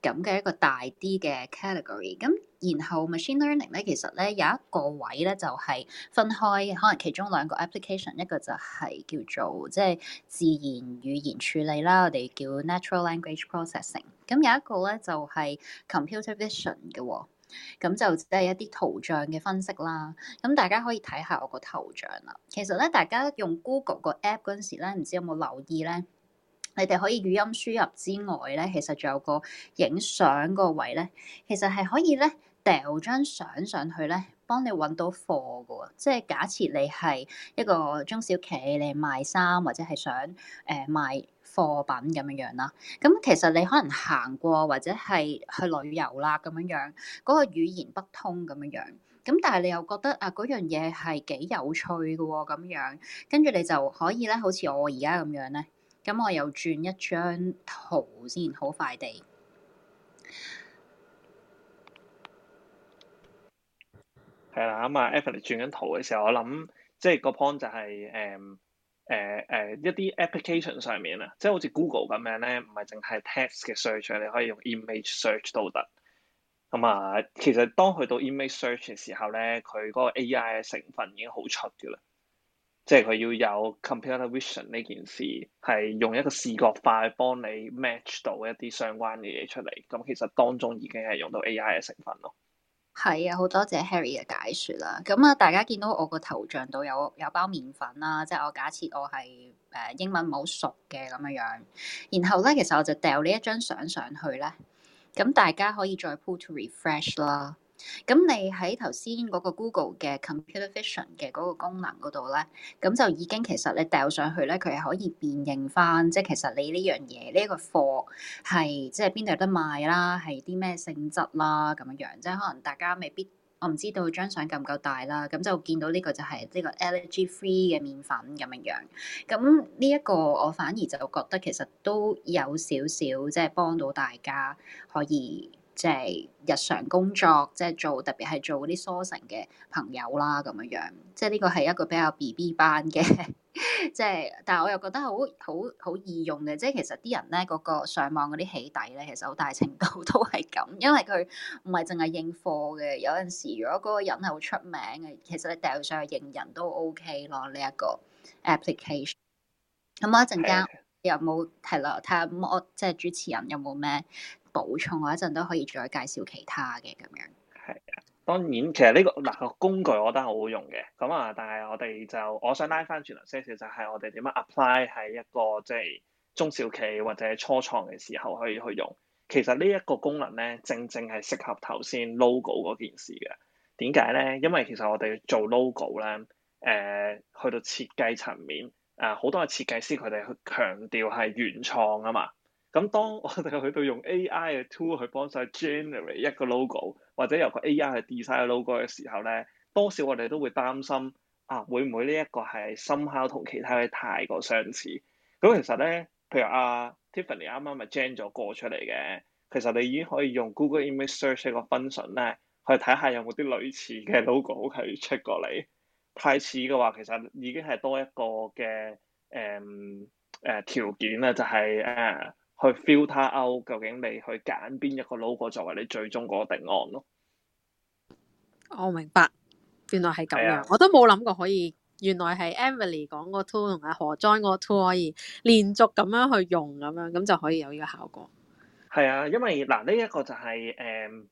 咁嘅一個大啲嘅 category，咁然後 machine learning 咧，其實咧有一個位咧就係分開，可能其中兩個 application，一個就係叫做即係自然語言處理啦，我哋叫 natural language processing，咁有一個咧就係 computer vision 嘅喎，咁就即係一啲圖像嘅分析啦。咁大家可以睇下我個頭像啦。其實咧，大家用 Google 個 app 嗰陣時咧，唔知有冇留意咧？你哋可以語音輸入之外咧，其實仲有個影相個位咧，其實係可以咧掉張相上去咧，幫你揾到貨噶喎。即係假設你係一個中小企，你賣衫或者係想誒賣貨品咁樣樣啦。咁其實你可能行過或者係去旅遊啦咁樣樣，嗰個語言不通咁樣樣。咁但係你又覺得啊，嗰樣嘢係幾有趣噶喎咁樣，跟住你就可以咧，好似我而家咁樣咧。咁我又轉一張圖先，好快地。係啦，咁啊，Evelyn 轉緊圖嘅時候，我諗即係個 point 就係誒誒誒一啲 application 上面啊，即係好似 Google 咁樣咧，唔係淨係 text 嘅 search，你可以用 image search 都得。咁、嗯、啊，其實當去到 image search 嘅時候咧，佢嗰個 AI 嘅成分已經好出嘅啦。即係佢要有 computer vision 呢件事，係用一個視覺化去幫你 match 到一啲相關嘅嘢出嚟。咁其實當中已經係用到 AI 嘅成分咯。係啊，好多謝 Harry 嘅解説啦。咁啊，大家見到我個頭像度有有包麵粉啦，即係我假設我係誒英文冇熟嘅咁樣樣。然後咧，其實我就掉呢一張相上去咧，咁大家可以再 pull to refresh 啦。咁你喺頭先嗰個 Google 嘅 Computer Vision 嘅嗰個功能嗰度咧，咁就已經其實你掉上去咧，佢係可以辨認翻，即係其實你呢樣嘢呢個貨係即係邊度有得賣啦，係啲咩性質啦咁樣樣，即係可能大家未必我唔知道張相夠唔夠大啦，咁就見到呢個就係呢個 Allergy Free 嘅麵粉咁樣樣。咁呢一個我反而就覺得其實都有少少即係幫到大家可以。即係日常工作，即、就、係、是、做特別係做啲 searching 嘅朋友啦，咁樣樣即係呢個係一個比較 B B 班嘅，即 [laughs] 係、就是、但係我又覺得好好好易用嘅。即、就、係、是、其實啲人咧嗰、那個上網嗰啲起底咧，其實好大程度都係咁，因為佢唔係淨係認貨嘅。有陣時如果嗰個人係好出名嘅，其實你掉上去認人都 O K 咯。呢一個 application 咁，我一陣間又冇係啦，睇、這、下、個、我即係主持人有冇咩？冇錯，我一陣都可以再介紹其他嘅咁樣。係啊，當然，其實呢、這個嗱個工具我覺得好好用嘅。咁啊，但係我哋就我想拉翻轉頭，即係就係我哋點樣 apply 喺一個即係中小企或者初創嘅時候可以去用。其實呢一個功能咧，正正係適合頭先 logo 嗰件事嘅。點解咧？因為其實我哋做 logo 咧，誒、呃，去到設計層面，誒、呃，好多嘅設計師佢哋去強調係原創啊嘛。咁當我哋去到用 A.I. 嘅 tool 去幫手 generate 一個 logo，或者由個 A.I. 去 design 個 logo 嘅時候咧，多少我哋都會擔心啊，會唔會呢一個係 somehow 同其他嘅太過相似？咁其實咧，譬如阿、啊、Tiffany 啱啱咪 generate 過出嚟嘅，其實你已經可以用 Google Image Search 一個 function 咧，去睇下有冇啲類似嘅 logo 去出過嚟。太似嘅話，其實已經係多一個嘅誒誒條件、就係、啊，就係誒。去 filter out 究竟你去揀邊一個 logo 作為你最終個定案咯。我明白，原來係咁樣，啊、我都冇諗過可以。原來係 Emily 講個 tool 同阿何 join 個 tool 可以連續咁樣去用，咁樣咁就可以有呢個效果。係啊，因為嗱呢一個就係、是、誒、嗯，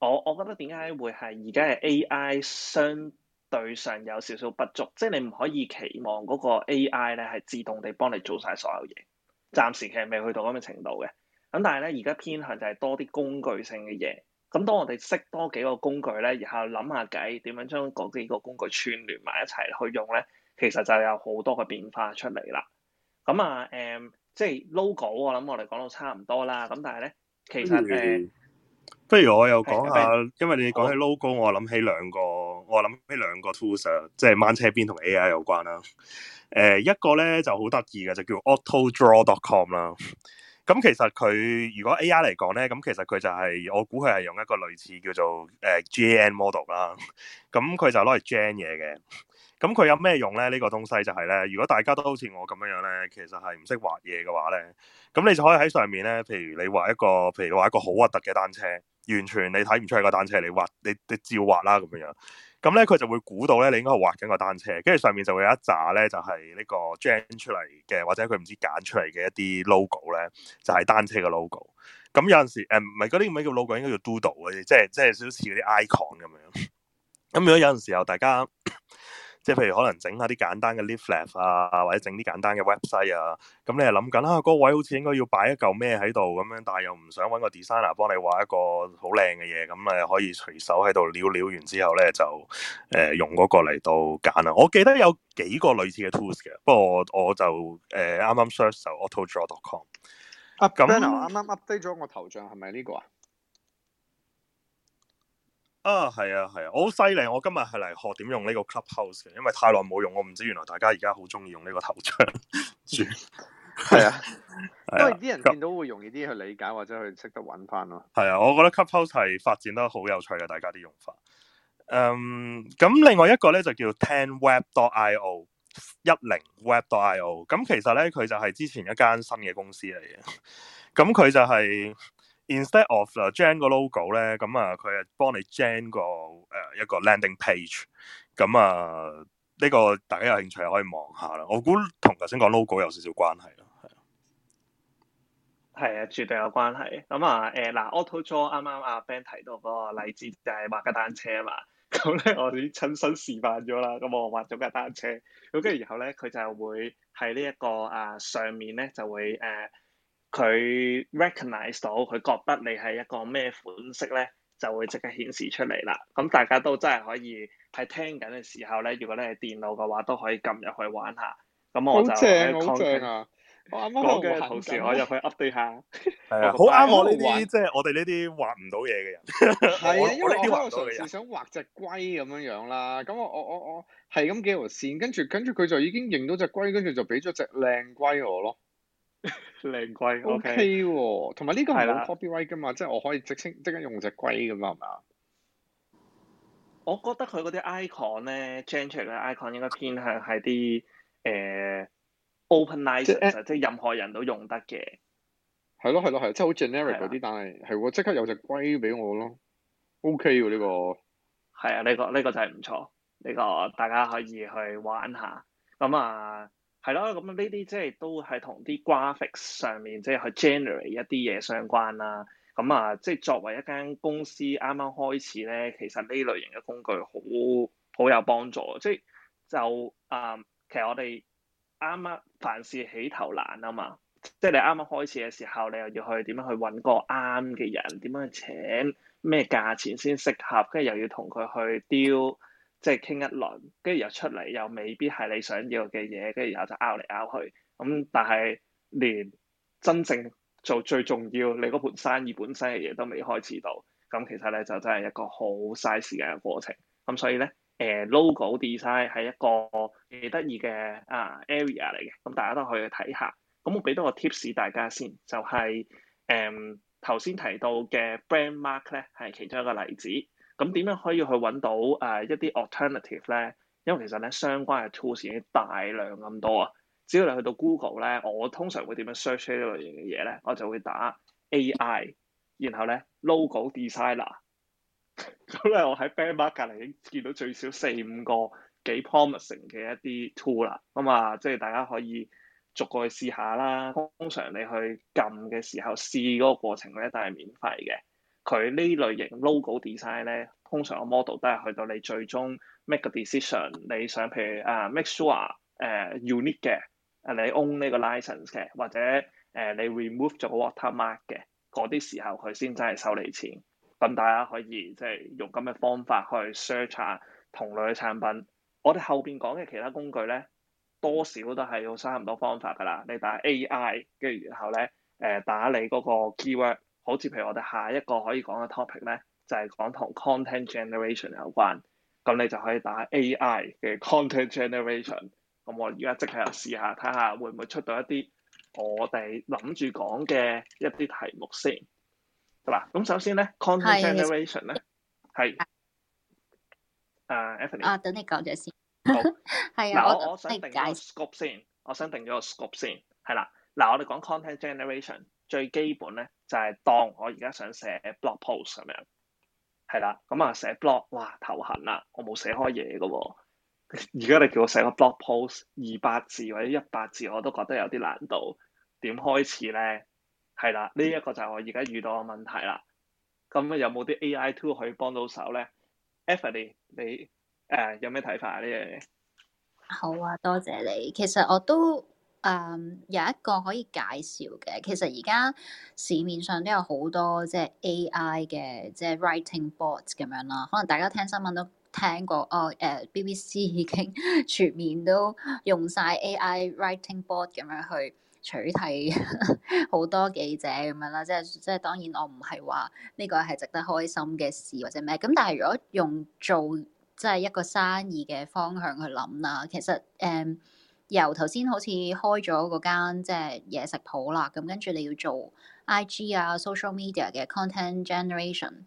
我我覺得點解會係而家係 AI 相對上有少少不足，即、就、係、是、你唔可以期望嗰個 AI 咧係自動地幫你做晒所有嘢。暫時其實未去到咁嘅程度嘅，咁但係咧而家偏向就係多啲工具性嘅嘢。咁當我哋識多幾個工具咧，然後諗下計點樣將嗰幾個工具串聯埋一齊去用咧，其實就有好多嘅變化出嚟啦。咁啊，誒、嗯，即係 logo，我諗我哋講到差唔多啦。咁但係咧，其實誒，嗯呃、不如我又講下，是因為你講起 logo，好我諗起兩個，我諗起兩個 tools 啊，即係掹車邊同 AI 有關啦。誒，一個咧就好得意嘅就叫 AutoDraw.com 啦。咁 [laughs] 其實佢如果 AI 嚟講咧，咁其實佢就係、是、我估佢係用一個類似叫做誒、呃、Gen Model 啦、 [laughs] 嗯。咁佢就攞嚟 gen 嘢嘅。咁 [laughs] 佢、嗯、有咩用咧？呢、這個東西就係、是、咧，如果大家都好似我咁樣樣咧，其實係唔識畫嘢嘅話咧，咁你就可以喺上面咧，譬如你畫一個，譬如話一個好核突嘅單車，完全你睇唔出係個單車你畫，你畫你，你照畫啦咁樣樣。咁咧佢就會估到咧你應該係畫緊個單車，跟住上面就會有一紮咧就係呢個 g e n a t 出嚟嘅，或者佢唔知揀出嚟嘅一啲 logo 咧，就係、是、單車嘅 logo。咁有陣時誒唔係嗰啲唔樣叫 logo，應該叫 doodle 即係即係少少似嗰啲 icon 咁樣。咁如果有陣時候大家。即係譬如可能整下啲簡單嘅 leaflet 啊，或者整啲簡單嘅 website 啊，咁、嗯、你係諗緊啊，嗰、那個、位好似應該要擺一嚿咩喺度咁樣，但係又唔想揾個 designer 幫你畫一個好靚嘅嘢，咁、嗯、誒、嗯、可以隨手喺度撩撩完之後咧就誒、呃、用嗰個嚟到揀啊。我記得有幾個類似嘅 tools 嘅，不過我，我就誒啱、呃、啱 search 就 auto draw dot com，啊。咁啱啱、嗯、update 咗我頭像係咪呢個啊？啊，係啊，係啊，啊，我好犀利，我今日係嚟學點用呢個 Clubhouse 嘅，因為太耐冇用，我唔知原來大家而家好中意用呢個頭像。係 [laughs] 啊， [laughs] 啊，因為啲人見到會容易啲去理解或者去識得揾翻咯。係啊，我覺得 Clubhouse 係發展得好有趣嘅，大家啲用法。嗯，咁另外一個咧就叫 TenWeb.io 一零 Web.io，咁其實咧佢就係之前一間新嘅公司嚟嘅，咁佢就係、是。Instead of 啊 gen 個 logo 咧，咁啊佢啊幫你 gen 個誒一個 landing page 咁，啊呢個大家有興趣可以望下啦，我估同頭先講 logo 有少少關係咯。係啊，係啊，絕對有關係。咁、嗯、啊誒嗱 Autojo 啱啱阿 Ben 提到嗰個例子就係畫架單車啊嘛，咁咧我哋親身示範咗啦，咁我畫咗架單車，咁跟住然後咧佢就會喺呢一個啊、呃、上面咧就會誒、呃佢 recognize 到佢覺得你係一個咩款式咧，就會即刻顯示出嚟啦。咁、嗯、大家都真係可以喺聽緊嘅時候咧，如果你係電腦嘅話，都可以撳入去玩下。咁我就喺康好正我啱啱學嘅同事可以入去 update 下。係啊，好啱我呢啲即係我哋呢啲畫唔到嘢嘅人。係啊，因為啲畫唔到嘢嘅人。想畫隻龜咁樣樣啦，咁我我我我，係咁幾條線，跟住跟住佢就已經認到隻龜，跟住就俾咗隻靚龜我咯。靚龜 [laughs] ，OK 喎，同埋呢個係好 copyright 噶嘛， [laughs] 了即係我可以即刻即刻用隻龜咁啊，係咪 [laughs] 我覺得佢嗰啲 icon 咧 g e n t h i 嘅 icon 應該偏向係啲誒 open license 即係任何人都用得嘅。係咯係咯係，即係好 generic 嗰啲，了但係係即刻有隻龜俾我咯，OK 喎呢個。係啊， [laughs] 呢個呢個就係唔錯，呢個大家可以去玩下，咁啊。係咯，咁呢啲即係都係同啲 graphics 上面即係去 generate 一啲嘢相關啦。咁啊，即係作為一間公司啱啱開始咧，其實呢類型嘅工具好好有幫助。即係就啊、呃，其實我哋啱啱凡事起頭難啊嘛。即係你啱啱開始嘅時候，你又要去點樣去揾個啱嘅人，點樣去請咩價錢先適合，跟住又要同佢去 deal。即係傾一輪，跟住又出嚟，又未必係你想要嘅嘢，跟住然後就拗嚟拗去。咁但係連真正做最重要你嗰盤生意本身嘅嘢都未開始到，咁其實咧就真係一個好嘥時間嘅過程。咁所以咧，誒、呃、logo design 係一個幾得意嘅啊 area 嚟嘅，咁大家都可以睇下。咁我俾多個 tips 大家先，就係誒頭先提到嘅 brand mark 咧係其中一個例子。咁點樣可以去揾到誒、uh, 一啲 alternative 咧？因為其實咧相關嘅 tools 已經大量咁多啊！只要你去到 Google 咧，我通常會點樣 search 呢類型嘅嘢咧？我就會打 AI，然後咧 logo designer。咁咧，我喺 Brandmark 隔籬已經見到最少四五個幾 promising 嘅一啲 tool 啦。咁啊，即係大家可以逐個去試下啦。通常你去撳嘅時候試嗰個過程咧，都係免費嘅。佢呢類型 logo design 咧，通常個 model 都係去到你最終 make a decision，你想譬如誒、uh, make sure 誒 unique 嘅，誒、uh, 你 own 呢個 license 嘅，或者誒你、uh, remove 咗個 watermark 嘅，嗰啲時候佢先真係收你錢。咁大家可以即係、就是、用咁嘅方法去 search 啊同類嘅產品。我哋後邊講嘅其他工具咧，多少都係要差唔多方法㗎啦。你打 AI，跟住然後咧誒打你嗰個 keyword。好似譬如我哋下一個可以講嘅 topic 咧，就係、是、講同 content generation 有關，咁你就可以打 AI 嘅 content generation，咁我而家即刻試下，睇下會唔會出到一啲我哋諗住講嘅一啲題目先，得吧？咁首先咧，content generation 咧，係啊，啊，等你講咗先，好，係 [laughs] 啊，我我，我想定個 scope 先，我想定咗個 scope 先，係啦，嗱，我哋講 content generation。最基本咧，就係、是、當我而家想寫 blog post 咁樣，係啦，咁啊寫 blog 哇頭痕啦，我冇寫開嘢嘅喎。而家你叫我寫個 blog post 二百字或者一百字，我都覺得有啲難度。點開始咧？係啦，呢、這、一個就係我而家遇到嘅問題啦。咁有冇啲 AI tool 可以幫到手咧？Evelyn，你誒、呃、有咩睇法啊？呢樣嘢？好啊，多謝你。其實我都。誒、um, 有一個可以介紹嘅，其實而家市面上都有好多即係 AI 嘅即係 writing boards 咁樣啦。可能大家聽新聞都聽過，哦誒、呃、BBC 已經全面都用晒 AI writing board 咁樣去取替好 [laughs] 多記者咁樣啦。即係即係當然我，我唔係話呢個係值得開心嘅事或者咩。咁但係如果用做即係一個生意嘅方向去諗啦，其實誒。Um, 由頭先好似開咗嗰間即係嘢食鋪啦，咁跟住你要做 I G 啊、social media 嘅 content generation，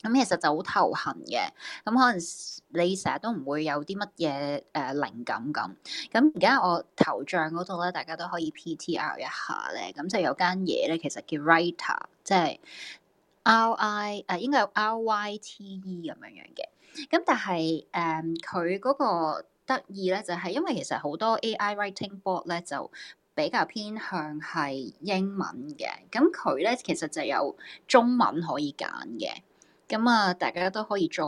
咁、嗯、其實就好頭痕嘅。咁、嗯、可能你成日都唔會有啲乜嘢誒靈感咁。咁而家我頭像嗰度咧，大家都可以 P T R 一下咧。咁、嗯、就有間嘢咧，其實叫 Writer，即係 R I 誒、呃、應該有 R Y T E 咁樣樣嘅。咁、嗯、但係誒佢嗰個。得意咧，就係因為其實好多 AI writing board 咧就比較偏向係英文嘅，咁佢咧其實就有中文可以揀嘅，咁啊大家都可以再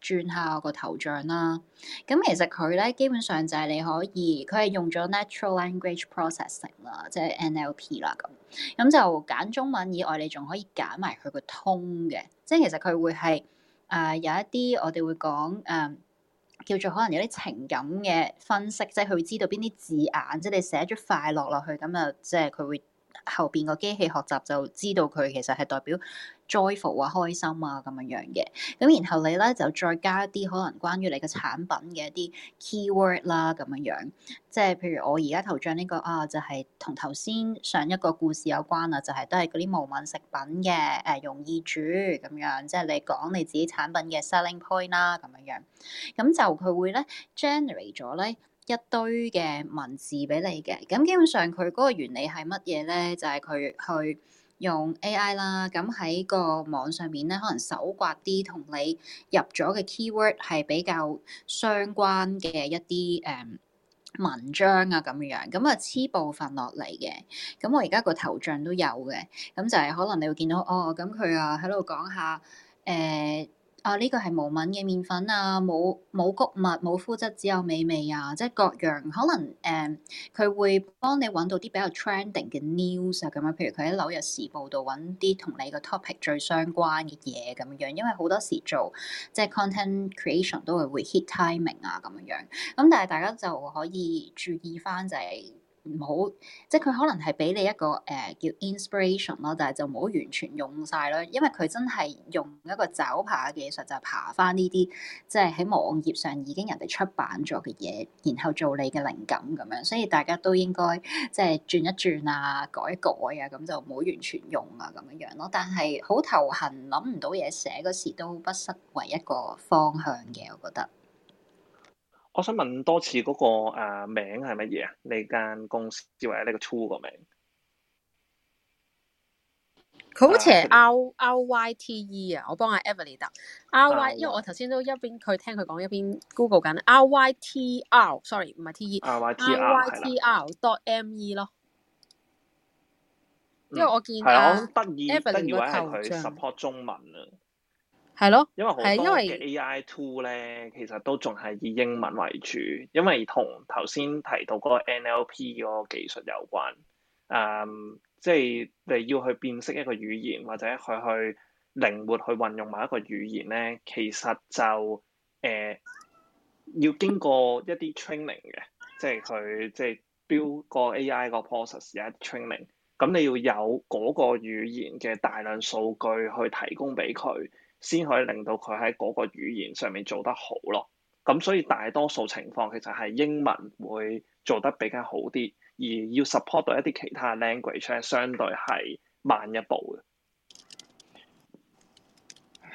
轉下個頭像啦。咁其實佢咧基本上就係你可以，佢係用咗 natural language processing 啦，即係 NLP 啦咁，咁就揀中文以外，你仲可以揀埋佢個 tone 嘅，即係其實佢會係啊、呃、有一啲我哋會講誒。呃叫做可能有啲情感嘅分析，即係佢會知道邊啲字眼，即係你寫咗快樂落去，咁啊，即係佢會後邊個機器學習就知道佢其實係代表。Joyful 啊，Joy ful, 開心啊，咁樣樣嘅，咁然後你咧就再加一啲可能關於你嘅產品嘅一啲 keyword 啦，咁樣樣，即係譬如我而家頭像呢，這個啊，就係同頭先上一個故事有關啊，就係、是、都係嗰啲無敏食品嘅，誒、呃、容易煮咁樣，即係你講你自己產品嘅 selling point 啦，咁樣樣，咁就佢會咧 generate 咗咧一堆嘅文字俾你嘅，咁基本上佢嗰個原理係乜嘢咧？就係、是、佢去。用 AI 啦，咁喺個網上面咧，可能搜刮啲同你入咗嘅 keyword 係比較相關嘅一啲誒、嗯、文章啊咁樣，咁啊黐部分落嚟嘅。咁我而家個頭像都有嘅，咁就係可能你會見到哦，咁佢啊喺度講下誒。欸啊！呢、這個係無敏嘅麵粉啊，冇冇穀物，冇膚質，只有美味啊！即係各樣可能誒，佢、呃、會幫你揾到啲比較 trending 嘅 news 啊，咁樣。譬如佢喺紐約時報度揾啲同你個 topic 最相關嘅嘢咁樣，因為好多時做即係 content creation 都係會，會 hit timing 啊咁樣。咁但係大家就可以注意翻就係、是。唔好，即係佢可能係俾你一個誒、呃、叫 inspiration 咯，但係就唔好完全用晒咯，因為佢真係用一個爪、就係、爬嘅技術就爬翻呢啲，即係喺網頁上已經人哋出版咗嘅嘢，然後做你嘅靈感咁樣，所以大家都應該即係轉一轉啊，改一改啊，咁就唔好完全用啊咁樣樣咯。但係好頭痕，諗唔到嘢寫嗰時，都不失為一個方向嘅，我覺得。我想問多次嗰個名係乜嘢啊？呢間公司或者呢個 tool 個名，好似 R R Y T E 啊！我幫阿 Evelyn 答 R Y，因為我頭先都一邊佢聽佢講一邊 Google 緊。R Y T R，sorry 唔係 T E R Y T R dot M E 咯。因為我見到，我得意 Evelyn 嘅頭像 support 中文啊。係咯，因為好多嘅 AI tool 咧，其實都仲係以英文為主，因為同頭先提到嗰個 NLP 嗰個技術有關。誒、嗯，即係你要去辨識一個語言，或者佢去靈活去運用某一個語言咧，其實就誒、呃、要經過一啲 training 嘅，即係佢即係 build 個 AI 個 process 有一啲 training。咁你要有嗰個語言嘅大量數據去提供俾佢。先可以令到佢喺嗰個語言上面做得好咯，咁所以大多數情況其實係英文會做得比較好啲，而要 support 到一啲其他 language 咧，相對係慢一步嘅。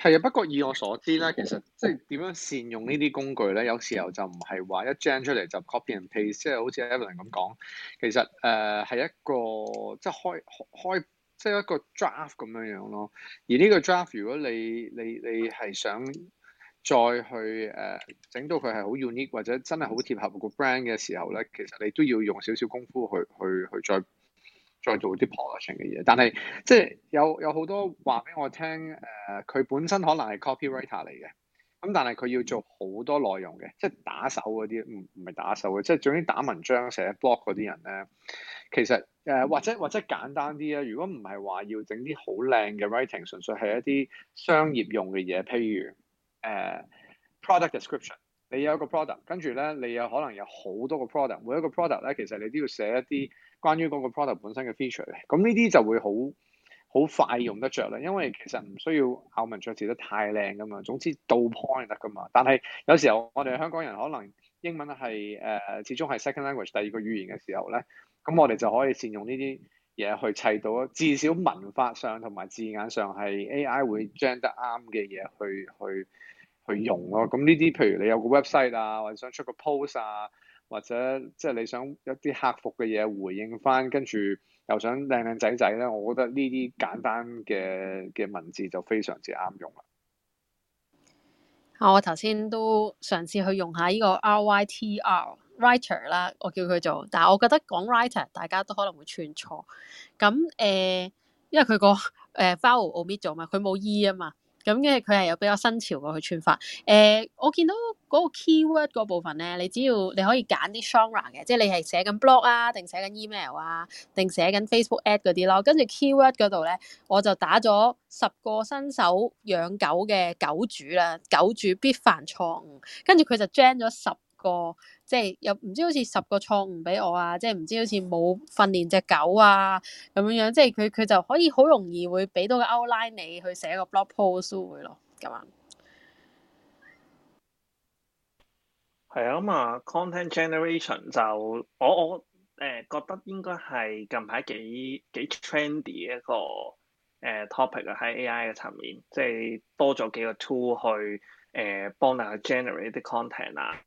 係啊，不過以我所知咧，其實即係點樣善用呢啲工具咧，有時候就唔係話一張出嚟就 copy and paste，即係好似 Evelyn 咁講，其實誒係、呃、一個即係開開。開即係一個 draft 咁樣樣咯，而呢個 draft 如果你你你係想再去誒整、呃、到佢係好 unique 或者真係好貼合個 brand 嘅時候咧，其實你都要用少少功夫去去去再再做啲 polishing 嘅嘢。但係即係有有好多話俾我聽誒，佢、呃、本身可能係 copywriter 嚟嘅，咁但係佢要做好多內容嘅，即係打手嗰啲，唔唔係打手嘅，即係總之打文章寫 blog 嗰啲人咧。其實誒、呃、或者或者簡單啲啊，如果唔係話要整啲好靚嘅 writing，純粹係一啲商業用嘅嘢，譬如誒、呃、product description，你有一個 product，跟住咧你有可能有好多個 product，每一個 product 咧其實你都要寫一啲關於嗰個 product 本身嘅 feature。咁呢啲就會好好快用得着喇，因為其實唔需要咬文嚼字得太靚㗎嘛，總之到 point 得㗎嘛。但係有時候我哋香港人可能英文係誒、呃、始終係 second language 第二個語言嘅時候咧。咁我哋就可以善用呢啲嘢去砌到，至少文法上同埋字眼上係 AI 會將得啱嘅嘢去去去用咯。咁呢啲，譬如你有個 website 啊，或者想出個 post 啊，或者即係你想一啲客服嘅嘢回應翻，跟住又想靚靚仔仔咧，我覺得呢啲簡單嘅嘅文字就非常之啱用啦。我頭先都嘗試去用下呢個 R Y T R。writer 啦，我叫佢做，但係我覺得講 writer 大家都可能會串錯。咁、嗯、誒，因為佢個誒 file 我 mit 做嘛，佢冇 e 啊嘛。咁因為佢係有比較新潮嘅去串法。誒、嗯，我見到嗰個 keyword 個部分咧，你只要你可以揀啲 genre 嘅，即係你係寫緊 blog 啊，定寫緊 email 啊，定寫緊 Facebook ad 嗰啲咯。跟住 keyword 嗰度咧，我就打咗十個新手養狗嘅狗主啦，狗主必犯錯誤。跟住佢就 gen 咗十。個即係又唔知好似十個錯誤俾我啊！即係唔知好似冇訓練隻狗啊咁樣樣，即係佢佢就可以好容易會俾到個 outline 你去寫個 blog post 會咯咁。係啊嘛，content generation 就我我誒、呃、覺得應該係近排幾幾 trendy 嘅一個誒、呃、topic 啊，喺 AI 嘅層面，即係多咗幾個 tool 去誒、呃、幫大家 generate 啲 content 啊。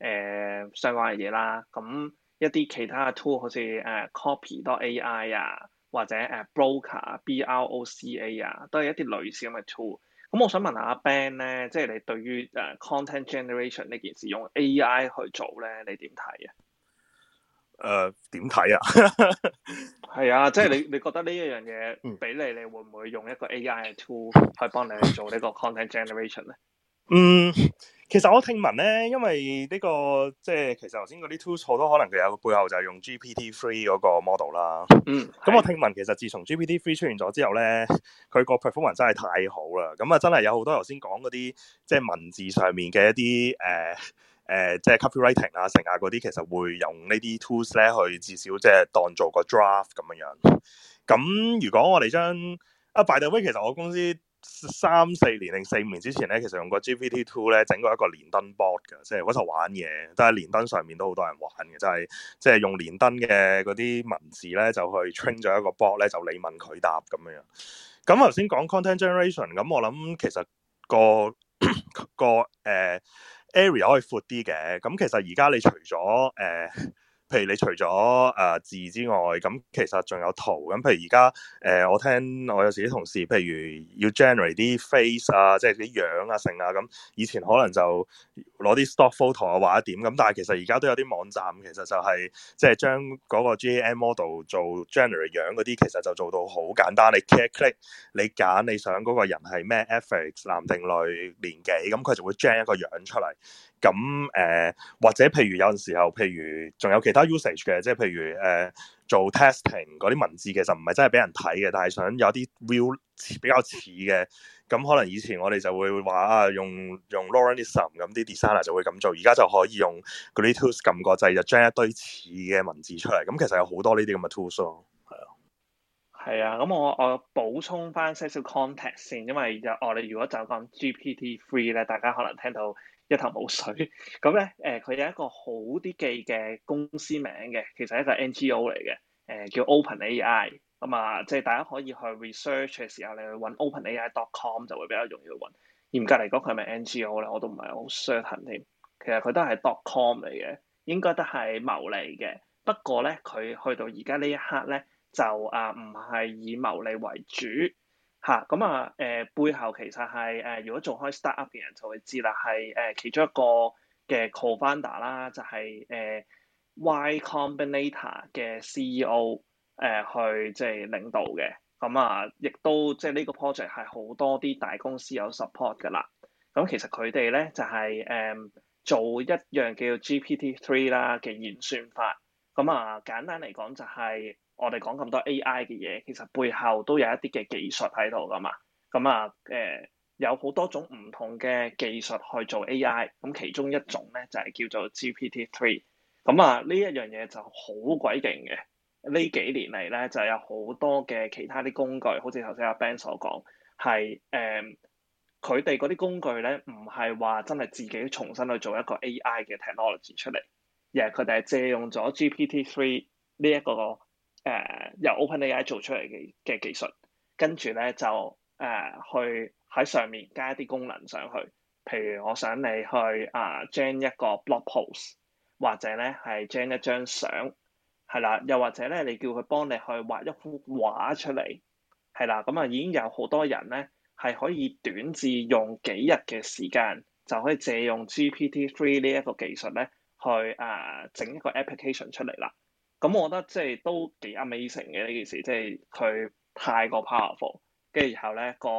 誒、呃、相關嘅嘢啦，咁一啲其他嘅 tool 好似誒、呃、copy 多 AI 啊，或者誒 broker、呃、Bro ker, B R O C A 啊，都係一啲類似咁嘅 tool。咁我想問下 Ben 咧，即係你對於誒、呃、content generation 呢件事用 AI 去做咧，你點睇、uh，啊？誒點睇啊？係啊，即係你你覺得呢一樣嘢俾你，你會唔會用一個 AI 嘅 tool 去幫你去做呢個 content generation 咧？嗯，其實我聽聞咧，因為呢、這個即係其實頭先嗰啲 tools 好多可能佢有背後就係用 GPT three 嗰個 model 啦。嗯。咁我聽聞其實自從 GPT three 出現咗之後咧，佢個 performance 真係太好啦。咁啊，真係有好多頭先講嗰啲即係文字上面嘅一啲誒誒，即係 copywriting 啊、成啊嗰啲，其實會用呢啲 tools 咧去至少即係當做個 draft 咁樣樣。咁如果我哋將啊，by the way，其實我公司。三四年定四五年之前咧，其實用過 GPT Two 咧，整過一個連登 b o a r d 嘅，即係嗰時候玩嘢，但係連登上面都好多人玩嘅，就係即係用連登嘅嗰啲文字咧，就去 t r a i n 咗一個 b o a r d 咧，就你問佢答咁樣。咁頭先講 content generation，咁我諗其實個 [coughs] 個誒、uh, area 可以闊啲嘅。咁其實而家你除咗誒。Uh, 譬如你除咗誒字之外，咁其實仲有圖。咁譬如而家誒，我聽我有時啲同事，譬如要 generate 啲 face 啊，即係啲樣啊，成啊。咁以前可能就攞啲 stock photo 啊畫點。咁但係其實而家都有啲網站，其實就係即係將嗰個 GEM model 做 generate 樣嗰啲，其實就做到好簡單。你 c l i c l i c k 你揀你想嗰個人係咩 e f f h n t s 男定女，年紀，咁佢就會 g a t 一個樣出嚟。咁誒、呃，或者譬如有陣時候，譬如仲有其他 usage 嘅，即係譬如誒、呃、做 testing 嗰啲文字，其實唔係真係俾人睇嘅，但係想有啲 view 比較似嘅。咁可能以前我哋就會話啊，用用 Lorem Ipsum 咁啲 designer 就會咁做，而家就可以用嗰啲 tools 撳個掣，就將一堆似嘅文字出嚟。咁其實有好多呢啲咁嘅 tools 咯，係啊。係啊，咁我我補充翻少少 context 先，因為我哋、哦、如果就講 GPT three 咧，大家可能聽到。一頭冇水咁咧，誒佢、呃、有一個好啲記嘅公司名嘅，其實係一個 NGO 嚟嘅，誒、呃、叫 OpenAI 咁、嗯、啊，即係大家可以去 research 嘅時候，你去揾 OpenAI.com 就會比較容易去揾。嚴格嚟講，佢係咪 NGO 咧，我都唔係好 sure 添。其實佢都係 dotcom 嚟嘅，應該都係牟利嘅。不過咧，佢去到而家呢一刻咧，就啊唔係以牟利為主。嚇，咁啊，誒、呃、背後其實係誒、呃、如果做開 start up 嘅人就會知啦，係誒、呃、其中一個嘅 cofounder 啦，就係、是、誒、呃、Y Combinator 嘅 CEO 誒、呃、去即係領導嘅。咁啊，亦都即係呢個 project 係好多啲大公司有 support 噶啦。咁、啊、其實佢哋咧就係、是、誒、呃、做一樣叫 GPT Three 啦嘅演算法。咁啊，簡單嚟講就係、是。我哋講咁多 AI 嘅嘢，其實背後都有一啲嘅技術喺度㗎嘛。咁啊，誒、呃、有好多種唔同嘅技術去做 AI。咁其中一種咧就係、是、叫做 GPT Three。咁啊，呢一樣嘢就好鬼勁嘅。呢幾年嚟咧，就有好多嘅其他啲工具，好似頭先阿 Ben 所講，係誒佢哋嗰啲工具咧，唔係話真係自己重新去做一個 AI 嘅 technology 出嚟，而係佢哋係借用咗 GPT Three 呢一個。誒、呃、由 OpenAI 做出嚟嘅嘅技術，跟住咧就誒、呃、去喺上面加一啲功能上去。譬如我想你去啊 join 一個 blog post，或者咧係 join 一張相，係啦，又或者咧你叫佢幫你去畫一幅畫出嚟，係啦，咁啊已經有好多人咧係可以短至用幾日嘅時間，就可以借用 GPT-3 呢一個技術咧去誒整、呃、一個 application 出嚟啦。咁我覺得即係都幾 amazing 嘅呢件事，即係佢太過 powerful，跟住然後咧、這個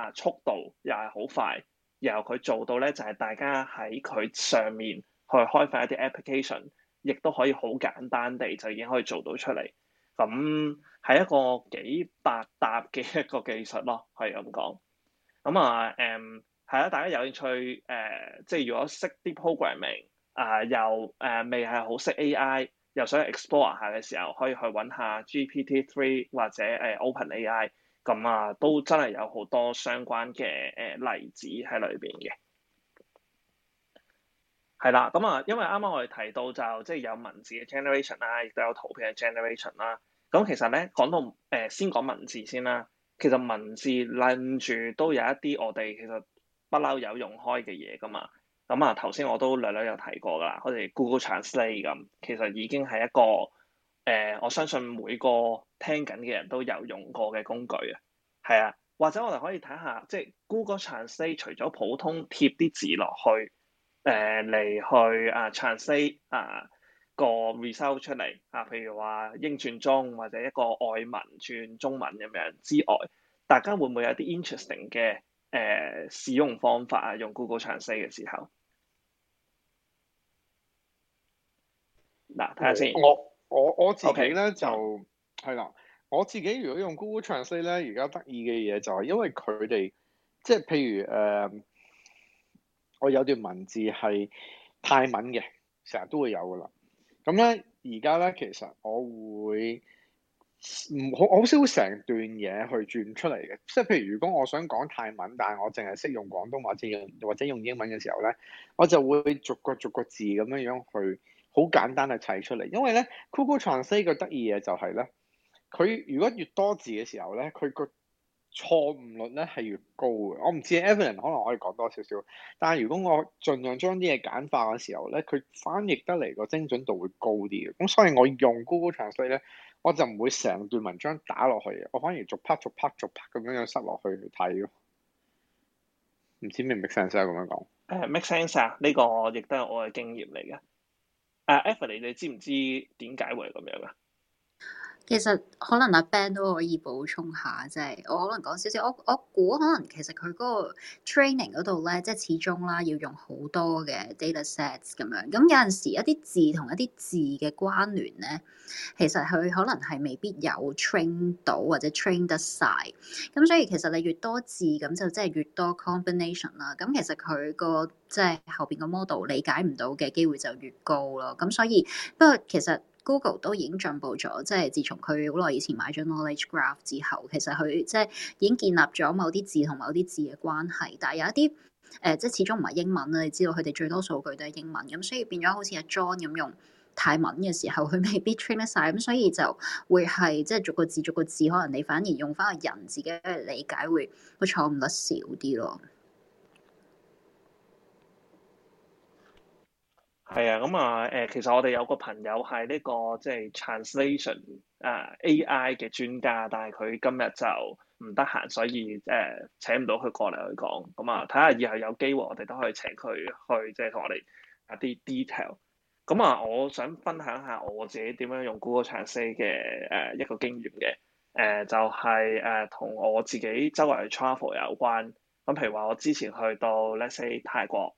啊速度又係好快，然後佢做到咧就係、是、大家喺佢上面去開發一啲 application，亦都可以好簡單地就已經可以做到出嚟。咁、嗯、係一個幾百搭嘅一個技術咯，可以咁講。咁啊誒係啦，大家有興趣誒、呃，即係如果識啲 programming 啊，又誒、呃、未係好識 AI。又想 explore 下嘅時候，可以去揾下 GPT three 或者誒、呃、OpenAI，咁啊都真係有好多相關嘅誒、呃、例子喺裏邊嘅。係啦，咁啊，因為啱啱我哋提到就即係、就是、有文字嘅 generation 啦、啊，亦都有圖片嘅 generation 啦、啊。咁其實咧講到誒、呃、先講文字先啦，其實文字攬住都有一啲我哋其實不嬲有用開嘅嘢㗎嘛。咁啊，頭先、嗯、我都略略有提過啦，好似 Google Translate 咁，其實已經係一個誒、呃，我相信每個聽緊嘅人都有用過嘅工具啊。係啊，或者我哋可以睇下，即係 Google Translate 除咗普通貼啲字落去，誒、呃、嚟去啊 translate 啊個 result 出嚟啊，譬如話英轉中或者一個外文轉中文咁樣之外，大家會唔會有啲 interesting 嘅？誒、呃、使用方法啊，用 Google Translate 嘅時候，嗱睇下先，我我我自己咧 Okay, 就係啦、嗯，我自己如果用 Google Translate 咧，而家得意嘅嘢就係因為佢哋即係譬如誒、呃，我有段文字係泰文嘅，成日都會有噶啦，咁咧而家咧其實我會。唔好，好少成段嘢去轉出嚟嘅，即係譬如如果我想講泰文，但係我淨係識用廣東話，或者用或者用英文嘅時候咧，我就會逐個逐個字咁樣樣去，好簡單去砌出嚟。因為咧，Google Translate 個得意嘢就係咧，佢如果越多字嘅時候咧，佢個錯誤率咧係越高嘅。我唔知 Evelyn 可能可以講多少少，但係如果我盡量將啲嘢簡化嘅時候咧，佢翻譯得嚟個精準度會高啲嘅。咁所以我用 Google Translate 咧。我就唔會成段文章打落去，我反而逐 part 逐 part 逐 part 咁樣樣塞落去睇咯。唔知明唔明 make sense 啊？咁樣講誒，make sense 啊？呢、uh, 個亦都係我嘅經驗嚟嘅。誒、uh, Evelyn 你知唔知點解會係咁樣啊？其實可能阿 Ben 都可以補充下，即係我可能講少少，我我估可能其實佢嗰個 training 嗰度咧，即係始終啦，要用好多嘅 data sets 咁樣。咁有陣時一啲字同一啲字嘅關聯咧，其實佢可能係未必有 train 到或者 train 得晒。咁所以其實你越多字，咁就即係越多 combination 啦。咁其實佢個即係後邊個 model 理解唔到嘅機會就越高咯。咁所以不過其實。Google 都已經進步咗，即係自從佢好耐以前買咗 Knowledge Graph 之後，其實佢即係已經建立咗某啲字同某啲字嘅關係，但係有一啲誒、呃、即係始終唔係英文啦，你知道佢哋最多數據都係英文，咁所以變咗好似阿 John 咁用泰文嘅時候，佢未必 train 得晒，咁所以就會係即係逐個字逐個字，可能你反而用翻個人自己理解會會錯誤得少啲咯。係啊，咁啊，誒、嗯，其實我哋有個朋友係呢、這個即係、就是、translation 啊 AI 嘅專家，但係佢今日就唔得閒，所以誒、呃、請唔到佢過嚟去講。咁、嗯、啊，睇下以後有機會，我哋都可以請佢去即係同我哋一啲 detail。咁、嗯、啊，我想分享下我自己點樣用 Google Translate 嘅誒一個經驗嘅，誒、呃、就係誒同我自己周圍嘅 travel 有關。咁、嗯、譬如話，我之前去到 Let's say 泰國。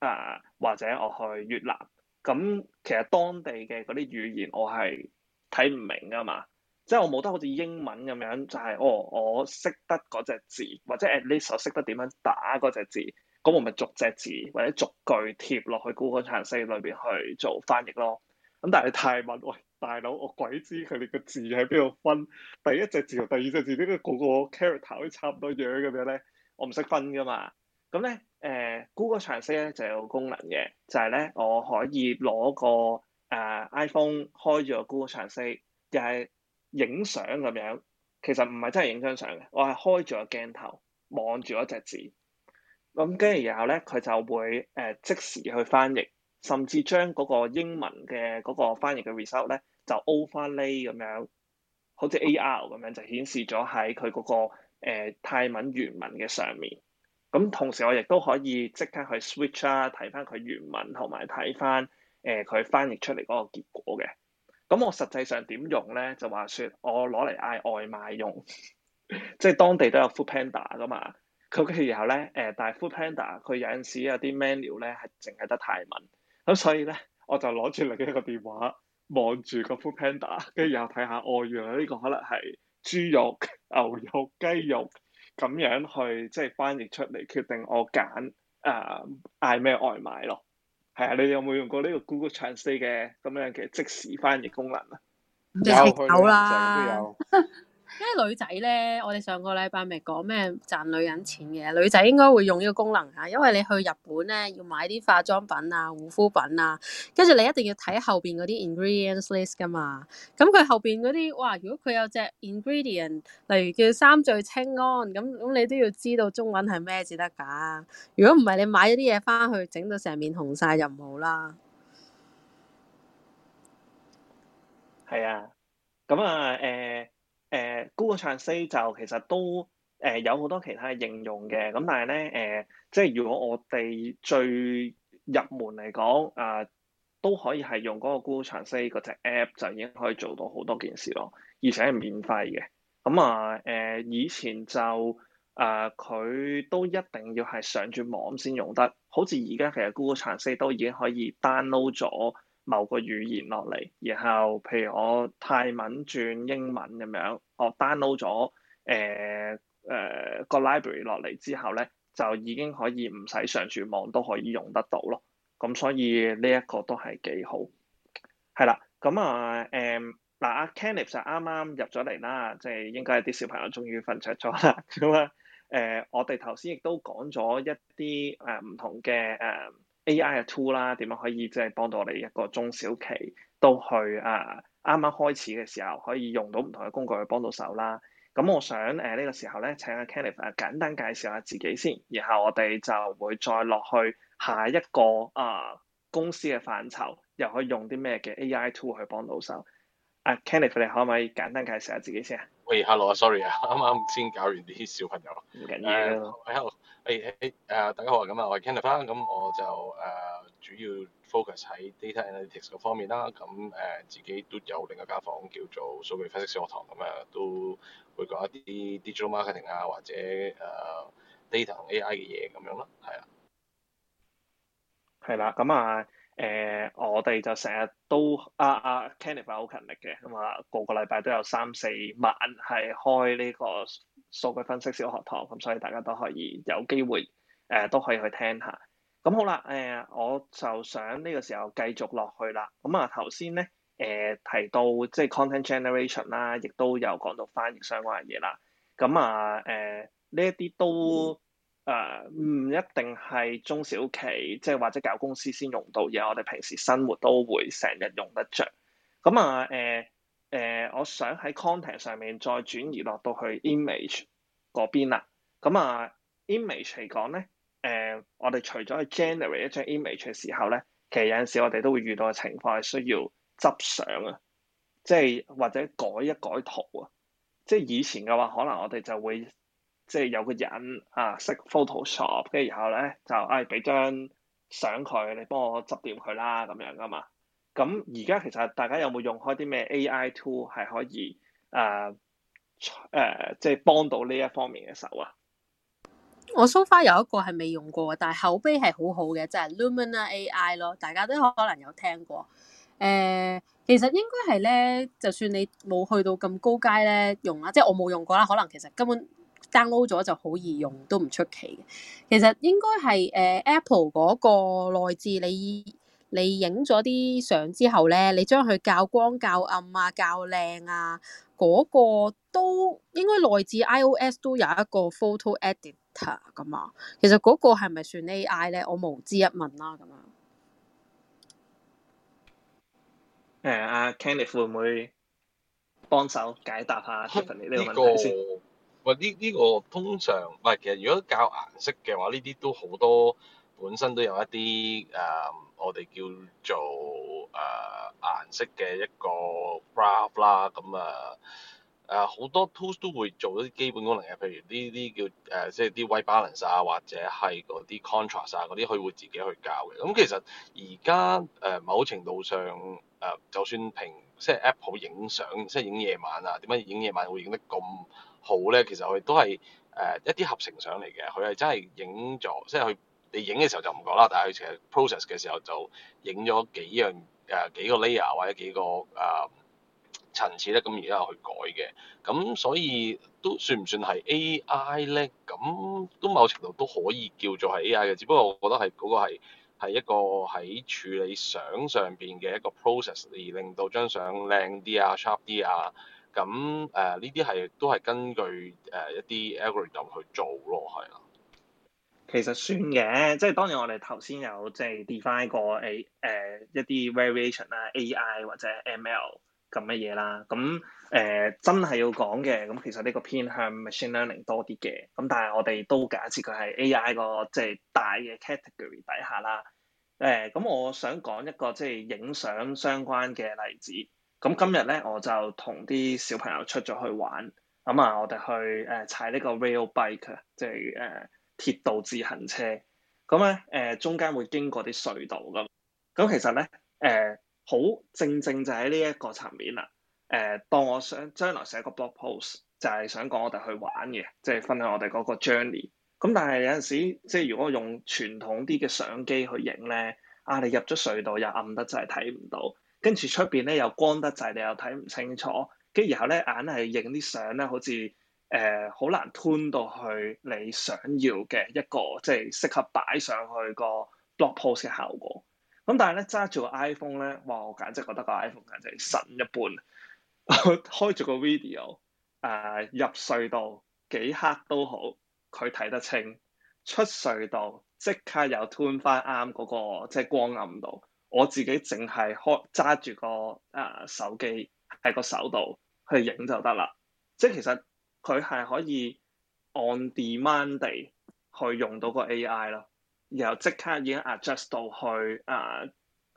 啊，或者我去越南，咁、嗯、其實當地嘅嗰啲語言我係睇唔明噶嘛，即、就、係、是、我冇得好似英文咁樣，就係、是、哦，我識得嗰隻字，或者 at least 我識得點樣打嗰隻字，咁我咪逐隻字或者逐句貼落去 Google Translate 裏邊去做翻譯咯。咁、嗯、但係你泰文喂，大佬我鬼知佢哋個字喺邊度分，第一隻字同第二隻字呢個個個 character 都差唔多樣咁樣咧，我唔識分噶嘛，咁、嗯、咧。誒、呃、Google Translate 咧就有個功能嘅，就係、是、咧我可以攞個誒、呃、iPhone 開咗個 Google Translate 又係影相咁樣，其實唔係真係影張相嘅，我係開咗個鏡頭望住嗰隻字，咁跟住然後咧佢就會誒、呃、即時去翻譯，甚至將嗰個英文嘅嗰個翻譯嘅 result 咧就 overlay 咁樣，樣，好似 AR 咁樣就顯示咗喺佢嗰個、呃、泰文原文嘅上面。咁同時我亦都可以即刻去 switch 啦、啊，睇翻佢原文同埋睇翻誒佢翻譯出嚟嗰個結果嘅。咁我實際上點用咧？就話說我攞嚟嗌外賣用， [laughs] 即係當地都有 food panda 噶嘛。佢跟住然後咧誒，但係 food panda 佢有陣時有啲 menu 咧係淨係得泰文。咁所以咧，我就攞住另一個電話望住個 food panda，跟住然後睇下外，哦，原來呢個可能係豬肉、牛肉、雞肉。咁樣去即係、就是、翻譯出嚟，決定我揀誒嗌咩外賣咯。係啊，你哋有冇用過呢個 Google Translate 嘅咁樣嘅即時翻譯功能啊？有啦。都有。 [laughs] 啲女仔咧，我哋上個禮拜咪講咩賺女人錢嘅女仔應該會用呢個功能吓，因為你去日本咧要買啲化妝品啊、護膚品啊，跟住你一定要睇後邊嗰啲 ingredients list 噶嘛咁佢後邊嗰啲哇，如果佢有隻 ingredient，例如叫三聚氰胺咁咁，你都要知道中文係咩至得噶如果唔係，你買咗啲嘢，翻去整到成面紅晒就唔好啦。係啊，咁啊誒。欸誒、呃、Google Translate 就其實都誒有好多其他應用嘅，咁但係咧誒,即係如果我哋最入門嚟講啊，都可以係用嗰個 Google Translate 嗰隻 app 就已經可以做到好多件事咯，而且係免費嘅。咁啊誒、呃，以前就啊佢、呃、都一定要係上住網先用得，好似而家其實 Google Translate 都已經可以 download 咗。某個語言落嚟，然後譬如我泰文轉英文咁樣，我 download 咗誒誒個 library 落嚟之後咧，就已經可以唔使上住網都可以用得到咯。咁所以呢一個都係幾好，係啦。咁、嗯嗯、啊誒嗱阿 Kenneth 就啱啱入咗嚟啦，即係應該有啲小朋友終於瞓着咗啦。咁啊誒，我哋頭先亦都講咗一啲誒唔同嘅誒，呃 AI 嘅 Tool 啦，點樣可以即係幫到我哋一個中小企都去誒啱啱開始嘅時候可以用到唔同嘅工具去幫到手啦。咁、啊、我想誒呢、啊呢個時候咧請阿 Kenneth、啊、簡單介紹下自己先，然後我哋就會再落去下一個啊公司嘅範疇，又可以用啲咩嘅 AI Tool 去幫到手。啊 Kenny 你可唔可以簡單介紹下自己先啊？喂，哈囉啊，sorry 啊，啱啱先搞完啲小朋友。唔緊要，喂，哈囉，誒誒，大家好啊，咁啊，我係 Kenny 咁我就誒、uh, 主要 focus 喺 data analytics 方面啦，咁誒、呃、自己都有另一間房叫做數據分析小學堂咁啊，都會講一啲 digital marketing 啊或者誒、uh, data 同 AI 嘅嘢咁樣咯，係啊，係啦，咁啊。誒、呃，我哋就成日都啊啊 Catherine 好勤力嘅，咁啊，個個禮拜都有三四晚係開呢個數據分析小學堂，咁所以大家都可以有機會，誒、呃，都可以去聽下。咁好啦，誒、呃，我就想呢個時候繼續落去啦。咁啊，頭先咧，誒、呃、提到即係、就是、content generation 啦，亦都有講到翻譯相關嘅嘢啦。咁啊，誒呢啲都～誒唔一定係中小企，即係或者搞公司先用到嘢，我哋平時生活都會成日用得着。咁啊誒誒，我想喺 content 上面再轉移落到去 image 嗰邊啦。咁啊 image 嚟講咧，誒、呃、我哋除咗去 generate 一張 image 嘅時候咧，其實有陣時我哋都會遇到嘅情況係需要執相啊，即係或者改一改圖啊。即係以前嘅話，可能我哋就會。即係有個人啊，識 Photoshop，跟住然後咧就唉俾張相佢，你幫我執掂佢啦，咁樣噶嘛。咁而家其實大家有冇用開啲咩 AI tool 係可以誒誒、啊啊啊，即係幫到呢一方面嘅手啊？我 so far 有一個係未用過，但係口碑係好好嘅，就係、是、Lumina AI 咯。大家都可能有聽過誒、呃。其實應該係咧，就算你冇去到咁高階咧用啊，即係我冇用過啦，可能其實根本。download 咗就好易用都唔出奇嘅。其實應該係 Apple 嗰個內置你你影咗啲相之後咧，你將佢較光較暗啊較靚啊嗰、嗰個都應該內置 iOS 都有一個 Photo Editor 㗎嘛。其實嗰個係咪算 AI 咧？我無知一問啦咁樣。誒、啊，阿 Kenneth 會唔會幫手解答下呢、啊、個問題先？這個喂，呢呢、這個這個通常唔係其實，如果較顏色嘅話，呢啲都好多本身都有一啲誒，um, 我哋叫做誒顏、uh, 色嘅一個 graph 啦，咁啊誒好多 tools 都會做一啲基本功能嘅，譬如呢啲叫誒、uh, 即係啲 white balance 啊，或者係嗰啲 contrast 啊嗰啲，佢會自己去教嘅。咁、嗯、其實而家誒某程度上誒，uh, 就算平即係 app 好影相，即係影夜晚啊，點解影夜晚會影得咁？好咧，其實佢都係誒一啲合成相嚟嘅，佢係真係影咗，即係佢你影嘅時候就唔講啦，但係佢其實 process 嘅時候就影咗幾樣誒、啊、幾個 layer 或者幾個啊層次咧，咁而家去改嘅，咁所以都算唔算係 AI 咧？咁都某程度都可以叫做係 AI 嘅，只不過我覺得係嗰、嗰個係係一個喺處理相上面嘅一個 process，而令到張相靚啲啊、sharp 啲啊。咁誒呢啲係都係根據誒一啲 algorithm 去做咯，係啊。其實算嘅，即係當然我哋頭先有即係 define 過誒誒一啲 variation 啦，AI 或者 ML 咁嘅嘢啦。咁誒、呃、真係要講嘅，咁其實呢個偏向 machine learning 多啲嘅。咁但係我哋都假設佢係 AI 個即係大嘅 category 底下啦。誒、欸、咁我想講一個即係影相相關嘅例子。咁今日咧，我就同啲小朋友出咗去玩，咁啊，我哋去誒踩呢個 rail bike 啊，即係誒鐵道自行車。咁啊，誒、呃、中間會經過啲隧道咁。咁其實咧，誒、呃、好正正就喺呢一個層面啦。誒、呃，當我想將來寫個 blog post，就係想講我哋去玩嘅，即係分享我哋嗰個 journey。咁但係有陣時，即係如果用傳統啲嘅相機去影咧，啊，你入咗隧道又暗得真係睇唔到。跟住出邊咧又光得滯，你又睇唔清楚。跟住然後咧，眼係影啲相咧，好似誒好難 tune 到去你想要嘅一個即係適合擺上去個 blog post 嘅效果。咁但係咧，揸住個 iPhone 咧，哇！我簡直覺得個 iPhone 簡直神一般。 [laughs] 開住個 video 誒、呃、入隧道幾黑都好，佢睇得清。出隧道即刻又 tune 翻啱嗰個即係光暗度。我自己淨係開揸住個誒、呃、手機喺個手度去影就得啦，即係其實佢係可以 on demand 地去用到個 AI 咯，然後即刻已經 adjust 到去誒誒、呃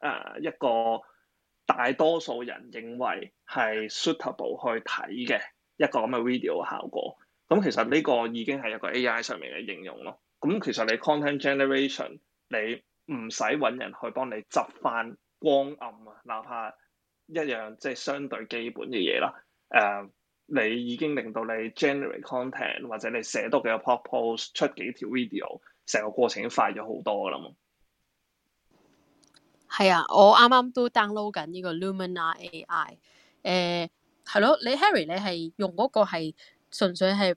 呃、一個大多數人認為係 suitable 去睇嘅一個咁嘅 video 嘅效果。咁、嗯、其實呢個已經係一個 AI 上面嘅應用咯。咁、嗯、其實你 content generation 你。唔使揾人去幫你執翻光暗啊，哪怕一樣即係相對基本嘅嘢啦。誒、呃，你已經令到你 generate content 或者你寫多幾個 post p o 出幾條 video，成個過程已經快咗好多噶啦。係啊，我啱啱都 download 緊呢個 Luminar AI、呃。誒係咯，你 Harry 你係用嗰個係純粹係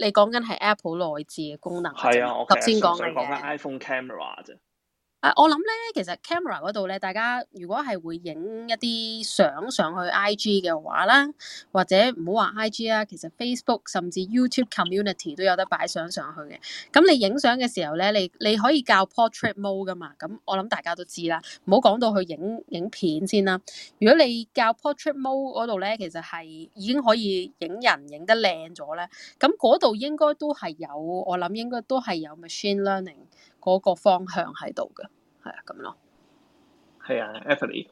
你講緊係 Apple 內置嘅功能係啊，我頭先講嘅講緊 iPhone camera 啫。誒、啊，我諗咧，其實 camera 嗰度咧，大家如果係會影一啲相上去 IG 嘅話啦，或者唔好話 IG 啦，其實 Facebook 甚至 YouTube community 都有得擺相上去嘅。咁你影相嘅時候咧，你你可以教 portrait mode 噶嘛？咁我諗大家都知啦。唔好講到去影影片先啦。如果你教 portrait mode 嗰度咧，其實係已經可以影人影得靚咗咧。咁嗰度應該都係有，我諗應該都係有 machine learning。嗰個方向喺度嘅，係啊，咁咯，係啊，Effie，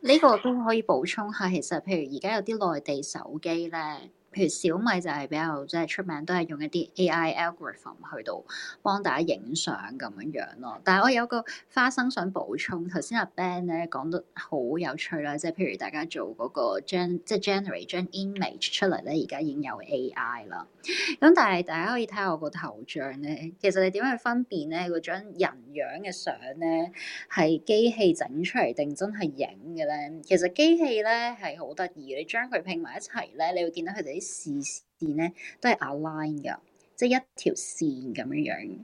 呢個都可以補充下，其實譬如而家有啲內地手機咧。譬如小米就係比較即係出名，都係用一啲 AI algorithm 去到幫大家影相咁樣樣咯。但係我有個花生想補充，頭先阿 Ben 咧講得好有趣啦，即係譬如大家做嗰個將 gen, 即係 generate 將 image 出嚟咧，而家已經有 AI 啦。咁但係大家可以睇下我個頭像咧，其實你點樣去分辨咧嗰張人樣嘅相咧係機器整出嚟定真係影嘅咧？其實機器咧係好得意，你將佢拼埋一齊咧，你會見到佢哋。視線咧都係 align 噶，即係一條線咁樣樣。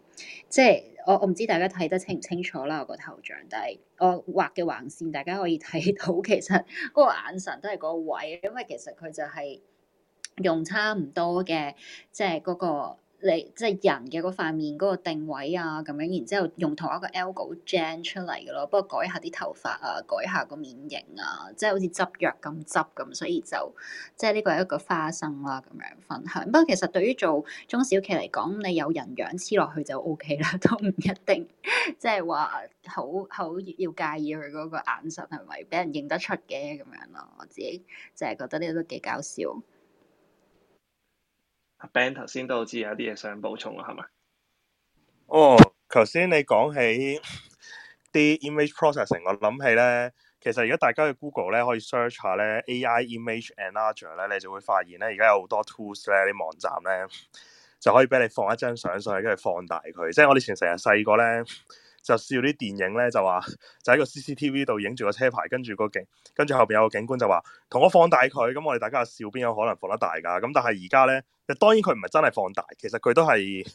即係我我唔知大家睇得清唔清楚啦，我個頭像。但係我畫嘅橫線，大家可以睇到，其實嗰個眼神都係嗰個位，因為其實佢就係用差唔多嘅，即係嗰個。你即係人嘅嗰塊面嗰個定位啊，咁樣然之後用同一個 algo generate 出嚟嘅咯，不過改下啲頭髮啊，改下個面型啊，即係好似執藥咁執咁，所以就即係呢個係一個花生啦咁樣分享。不過其實對於做中小企嚟講，你有人樣黐落去就 OK 啦，都唔一定 [laughs] 即係話好好要介意佢嗰個眼神係咪俾人認得出嘅咁樣咯。我自己就係覺得呢個都幾搞笑。Ben 頭先都好知有啲嘢想補充啊，係咪？哦、oh，頭先你講起啲 image processing，我諗起咧，其實而家大家去 Google 咧可以 search 下咧 AI image enlarger 咧，你就會發現咧而家有好多 tools 咧啲網站咧就可以俾你放一張相上去跟住放大佢，即係我哋以前成日細個咧。就笑啲電影咧，就話就喺個 CCTV 度影住個車牌，跟住個警，跟住後邊有個警官就話，同我放大佢，咁我哋大家笑邊有可能放大㗎？咁但係而家咧，當然佢唔係真係放大，其實佢都係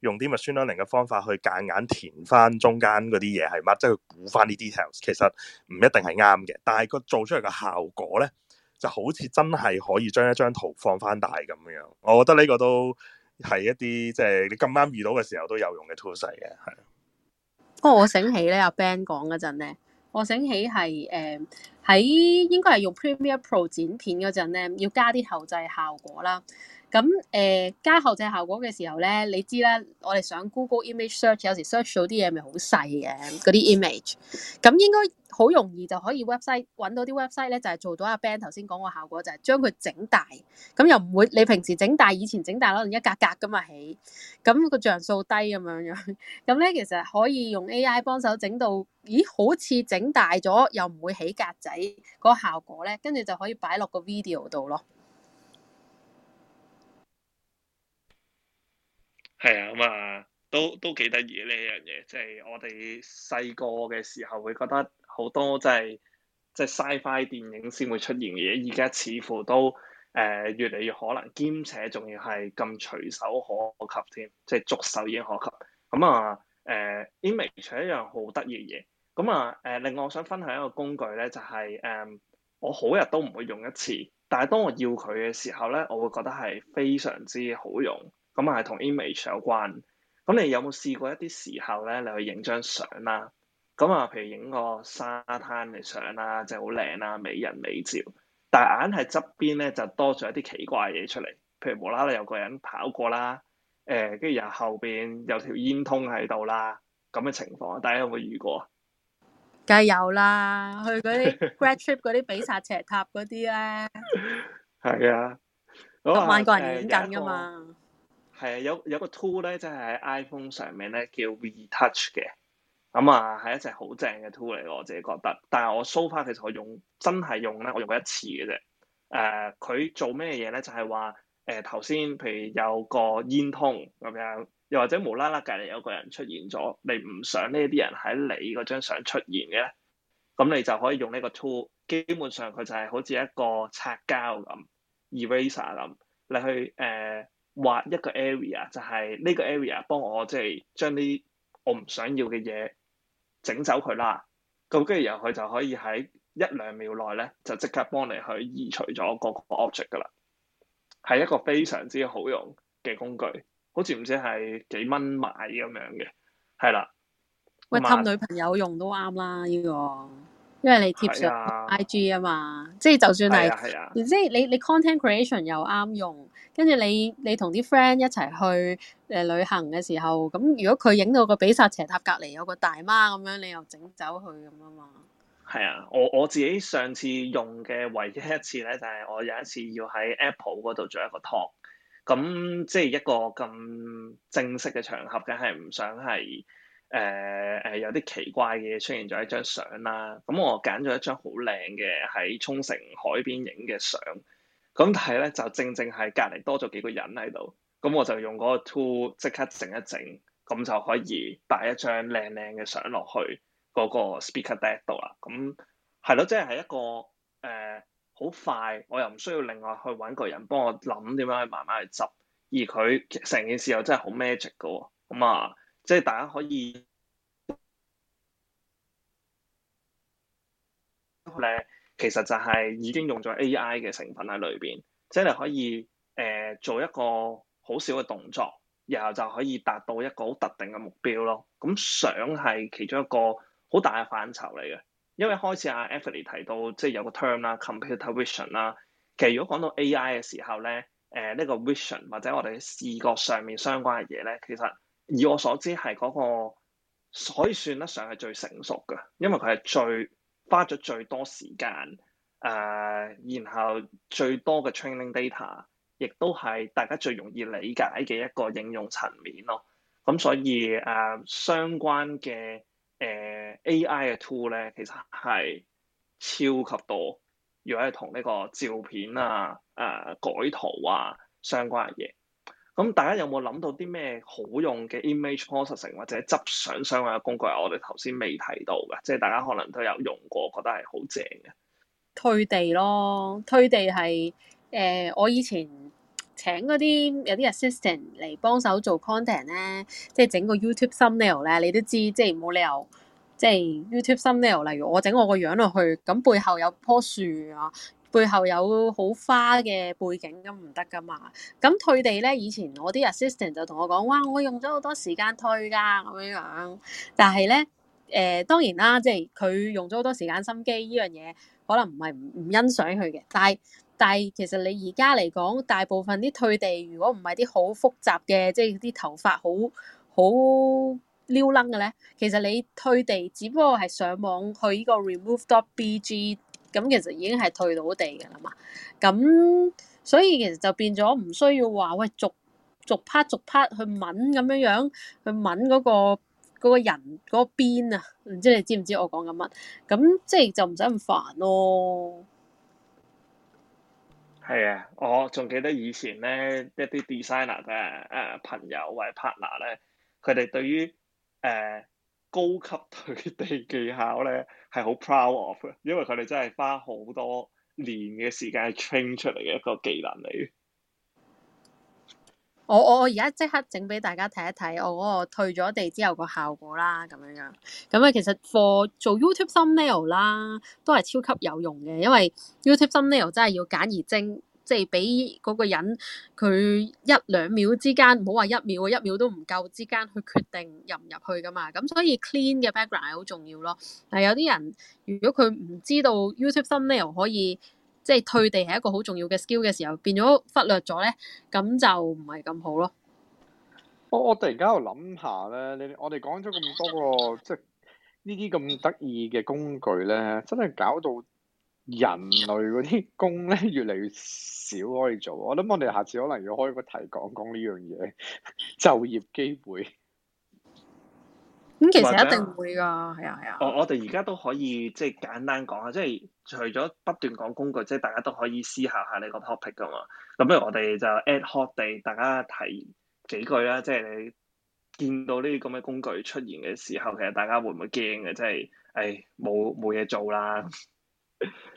用啲麥酸鈉嘅方法去間眼填翻中間嗰啲嘢係乜，即係估翻啲 details，其實唔一定係啱嘅。但係佢做出嚟嘅效果咧，就好似真係可以將一張圖放翻大咁樣。我覺得呢個都係一啲即係你咁啱遇到嘅時候都有用嘅 tools 嘅，係。不過我醒起咧，阿 Ben 講嗰陣咧，我醒起係誒喺應該係用 Premiere Pro 剪片嗰陣咧，要加啲後製效果啦。咁誒、呃、加後製效果嘅時候咧，你知啦，我哋上 Google Image Search 有時 search 到啲嘢咪好細嘅嗰啲 image，咁應該。好容易就可以 website 揾到啲 website 咧，就係、是、做到阿 Ben 頭先講個效果，就係、是、將佢整大，咁又唔會你平時整大以前整大咯，一格格咁啊起，咁個像素低咁樣樣，咁咧其實可以用 AI 幫手整到，咦好似整大咗又唔會起格仔嗰個效果咧，跟住就可以擺落個 video 度咯。係啊，咁、嗯、啊。都都幾得意呢樣嘢，即係我哋細個嘅時候會覺得好多即係即係 sci-fi 電影先會出現嘅嘢，而家似乎都誒越嚟越可能，兼且仲要係咁隨手可及添，即係觸手已經可及。咁啊誒，image 係一樣好得意嘅嘢。咁啊誒，另外我想分享一個工具咧，就係誒我好日都唔會用一次，但係當我要佢嘅時候咧，我會覺得係非常之好用。咁啊，係同 image 有關。咁你有冇試過一啲時候咧，你去影張相啦？咁啊，譬如影個沙灘嘅相啦，就好靚啦，美人美照。但係硬係側邊咧，就多咗一啲奇怪嘢出嚟，譬如無啦啦有個人跑過啦，誒、欸，跟住又後邊有條煙通喺度啦，咁嘅情況，大家有冇遇過？梗係有啦，去嗰啲 grad trip 嗰啲比薩斜塔嗰啲咧，係啊， [laughs] 十萬個人影緊㗎嘛。係啊，有有個 tool 咧，即、就、係、是、喺 iPhone 上面咧叫 Retouch 嘅，咁啊係一隻好正嘅 tool 嚟我自己覺得。但係我 so far，其實我用真係用咧，我用過一次嘅啫。誒、呃，佢做咩嘢咧？就係話誒頭先，呃、譬如有個煙通咁樣，又或者無啦啦隔離有個人出現咗，你唔想呢啲人喺你嗰張相出現嘅咧，咁你就可以用呢個 tool。基本上佢就係好似一個擦膠咁 eraser 咁，你去誒。呃畫一個 area 就係呢個 area 幫我即係將啲我唔想要嘅嘢整走佢啦。咁跟住由佢就可以喺一兩秒內咧就即刻幫你去移除咗個個 object 㗎喇。係一個非常之好用嘅工具，好似唔知係幾蚊買咁樣嘅，係啦。喂，氹女朋友用都啱啦呢個。因為你貼上 IG 啊嘛，啊即係就算係，即係你你 content creation 又啱用，跟住你你同啲 friend 一齊去誒旅行嘅時候，咁如果佢影到個比薩斜塔隔離有個大媽咁樣，你又整走佢咁啊嘛。係啊，我我自己上次用嘅唯一一次咧，就係、是、我有一次要喺 Apple 嗰度做一個 talk。咁即係一個咁正式嘅場合，梗係唔想係。誒誒，uh, 有啲奇怪嘅嘢出現咗一張相啦。咁我揀咗一張好靚嘅喺沖繩海邊影嘅相。咁但係咧，就正正係隔離多咗幾個人喺度。咁我就用嗰個 Tool 即刻整一整，咁就可以擺一張靚靚嘅相落去嗰個 Speaker Deck 度啦。咁係咯，即係係一個誒好、呃、快，我又唔需要另外去揾個人幫我諗點樣去慢慢去執。而佢成件事又真係好 magic 嘅喎。咁啊～即係大家可以咧，其實就係已經用咗 AI 嘅成分喺裏邊，即係你可以誒、呃、做一個好少嘅動作，然後就可以達到一個好特定嘅目標咯。咁想係其中一個好大嘅範疇嚟嘅，因為開始阿 Effie 提到，即係有個 term 啦，computer vision 啦。其實如果講到 AI 嘅時候咧，誒、呃、呢、呢個 vision 或者我哋視覺上面相關嘅嘢咧，其實～以我所知係、嗰個，所以算得上係最成熟嘅，因為佢係最花咗最多時間誒、呃，然後最多嘅 training data，亦都係大家最容易理解嘅一個應用層面咯。咁、嗯、所以誒、呃、相關嘅誒、呃、AI 嘅 tool 咧，其實係超級多，如果係同呢個照片啊、誒、呃、改圖啊相關嘅嘢。咁大家有冇諗到啲咩好用嘅 image processing 或者執相相關嘅工具啊？我哋頭先未提到嘅，即係大家可能都有用過，覺得係好正嘅。退地咯，退地係誒、呃，我以前請嗰啲有啲 assistant 嚟幫手做 content 咧，即係整個 YouTube thumbnail 咧，你都知，即係冇理由，即係 YouTube thumbnail，例如我整我個樣落去，咁背後有棵樹啊。背後有好花嘅背景咁唔得噶嘛？咁退地咧，以前我啲 assistant 就同我講哇，我用咗好多時間退㗎咁樣，但係咧，誒當然啦，即係佢用咗好多時間心機呢樣嘢，可能唔係唔唔欣賞佢嘅。但係但係其實你而家嚟講，大部分啲退地如果唔係啲好複雜嘅，即係啲頭髮好好撩楞嘅咧，其實你退地只不過係上網去呢個 remove dot bg。咁其實已經係退到地㗎啦嘛，咁所以其實就變咗唔需要話喂，逐逐 part 逐 part 去揾咁樣樣去揾嗰個嗰個人嗰個邊啊，唔知你知唔知我講緊乜？咁即係就唔使咁煩咯。係啊，我仲記得以前咧一啲 designer 嘅誒朋友或 partner 咧，佢哋對於誒。呃高級退地技巧咧係好 proud of 嘅，因為佢哋真係花好多年嘅時間 train 出嚟嘅一個技能嚟。我我我而家即刻整俾大家睇一睇我嗰個退咗地之後個效果啦，咁樣樣。咁啊，其實 for 做 YouTube thumbnail 啦，都係超級有用嘅，因為 YouTube thumbnail 真係要簡而精。即係俾嗰個人佢一兩秒之間，唔好話一秒，一秒都唔夠之間去決定入唔入去噶嘛。咁所以 clean 嘅 background 係好重要咯。但係有啲人如果佢唔知道 YouTube thumbnail 可以即係退地係一個好重要嘅 skill 嘅時候，變咗忽略咗咧，咁就唔係咁好咯。我我突然間又度諗下咧，你我哋講咗咁多個即係呢啲咁得意嘅工具咧，真係搞到～人類嗰啲工咧越嚟越少可以做，我諗我哋下次可能要開個題講講呢樣嘢就業機會。咁其實一定會噶，係啊係啊。我我哋而家都可以即係簡單講下，即係除咗不斷講工具，即係大家都可以思考下呢個 topic 噶嘛。咁不如我哋就 ad hoc 地大家提幾句啦，即係你見到呢啲咁嘅工具出現嘅時候，其實大家會唔會驚嘅？即係，誒冇冇嘢做啦。 [laughs]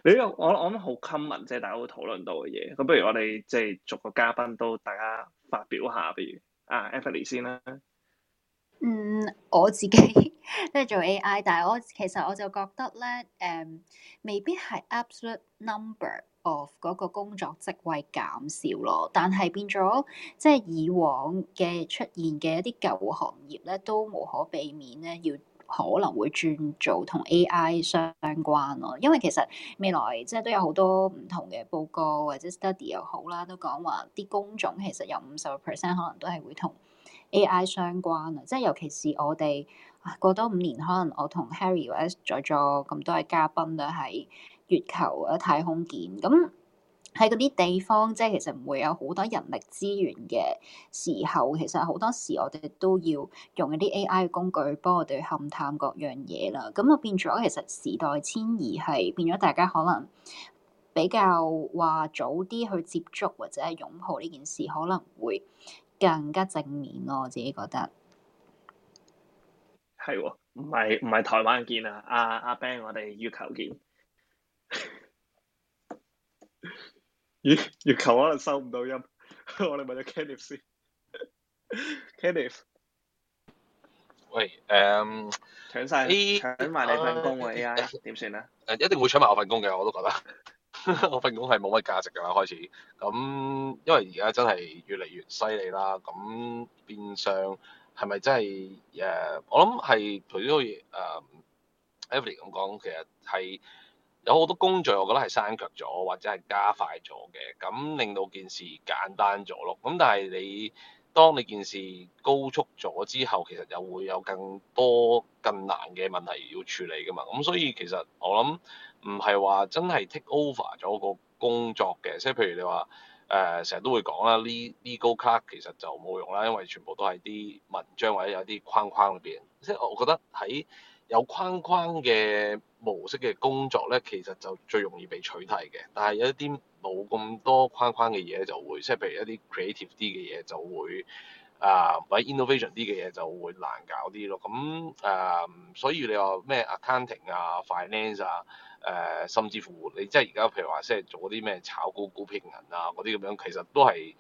你又我我諗好 common 即係大家都討論到嘅嘢，咁不如我哋即係逐個嘉賓都大家發表下，譬如啊 Evelyn 先啦。嗯，我自己即係做 AI，但係我其實我就覺得咧，誒、um，未必係 absolute number of 嗰個工作職位減少咯。但係變咗即係以往嘅出現嘅一啲舊行業咧，都無可避免咧要。可能會轉做同 AI 相關咯，因為其實未來即係都有好多唔同嘅報告或者 study 又好啦，都講話啲工種其實有五十個 percent 可能都係會同 AI 相關啊！即係尤其是我哋過多五年，可能我同 Harry 或者在座咁多嘅嘉賓都喺月球啊太空見咁。喺嗰啲地方，即係其實唔會有好多人力資源嘅時候，其實好多時我哋都要用一啲 AI 工具幫我哋勘探各樣嘢啦。咁啊變咗，其實時代遷移係變咗，大家可能比較話早啲去接觸或者係擁抱呢件事，可能會更加正面咯。我自己覺得係喎，唔係唔係台灣見啊，阿、啊、阿 Ben，我哋要求見。 [laughs] 月月球可能收唔到音， [laughs] 我哋問咗 Kenneth 先。Kenneth 喂，誒、um, 了，哎、搶晒！啲，搶埋你份工喎！而家點算啊？誒，uh, 一定會搶埋我份工嘅，我都覺得。 [laughs] 我份工係冇乜價值㗎，開始。咁因為而家真係越嚟越犀利啦。咁變相係咪真係誒？Uh, 我諗係頭先好似誒，Every 咁講，其實係。有好多工序，我覺得係刪腳咗或者係加快咗嘅，咁令到件事簡單咗咯。咁但係你當你件事高速咗之後，其實又會有更多更難嘅問題要處理噶嘛。咁所以其實我諗唔係話真係 take over 咗個工作嘅，即係譬如你話誒，成日都會講啦，legal clerk 其實就冇用啦，因為全部都係啲文章或者有啲框框裏邊。即係我覺得喺。有框框嘅模式嘅工作咧，其實就最容易被取替嘅。但係有一啲冇咁多框框嘅嘢，就會即係譬如一啲 creative 啲嘅嘢就會啊、呃，或者 innovation 啲嘅嘢就會難搞啲咯。咁啊、呃，所以你話咩 accounting 啊，finance 啊，誒、呃，甚至乎你即係而家譬如話，即係做啲咩炒股股評人啊嗰啲咁樣，其實都係。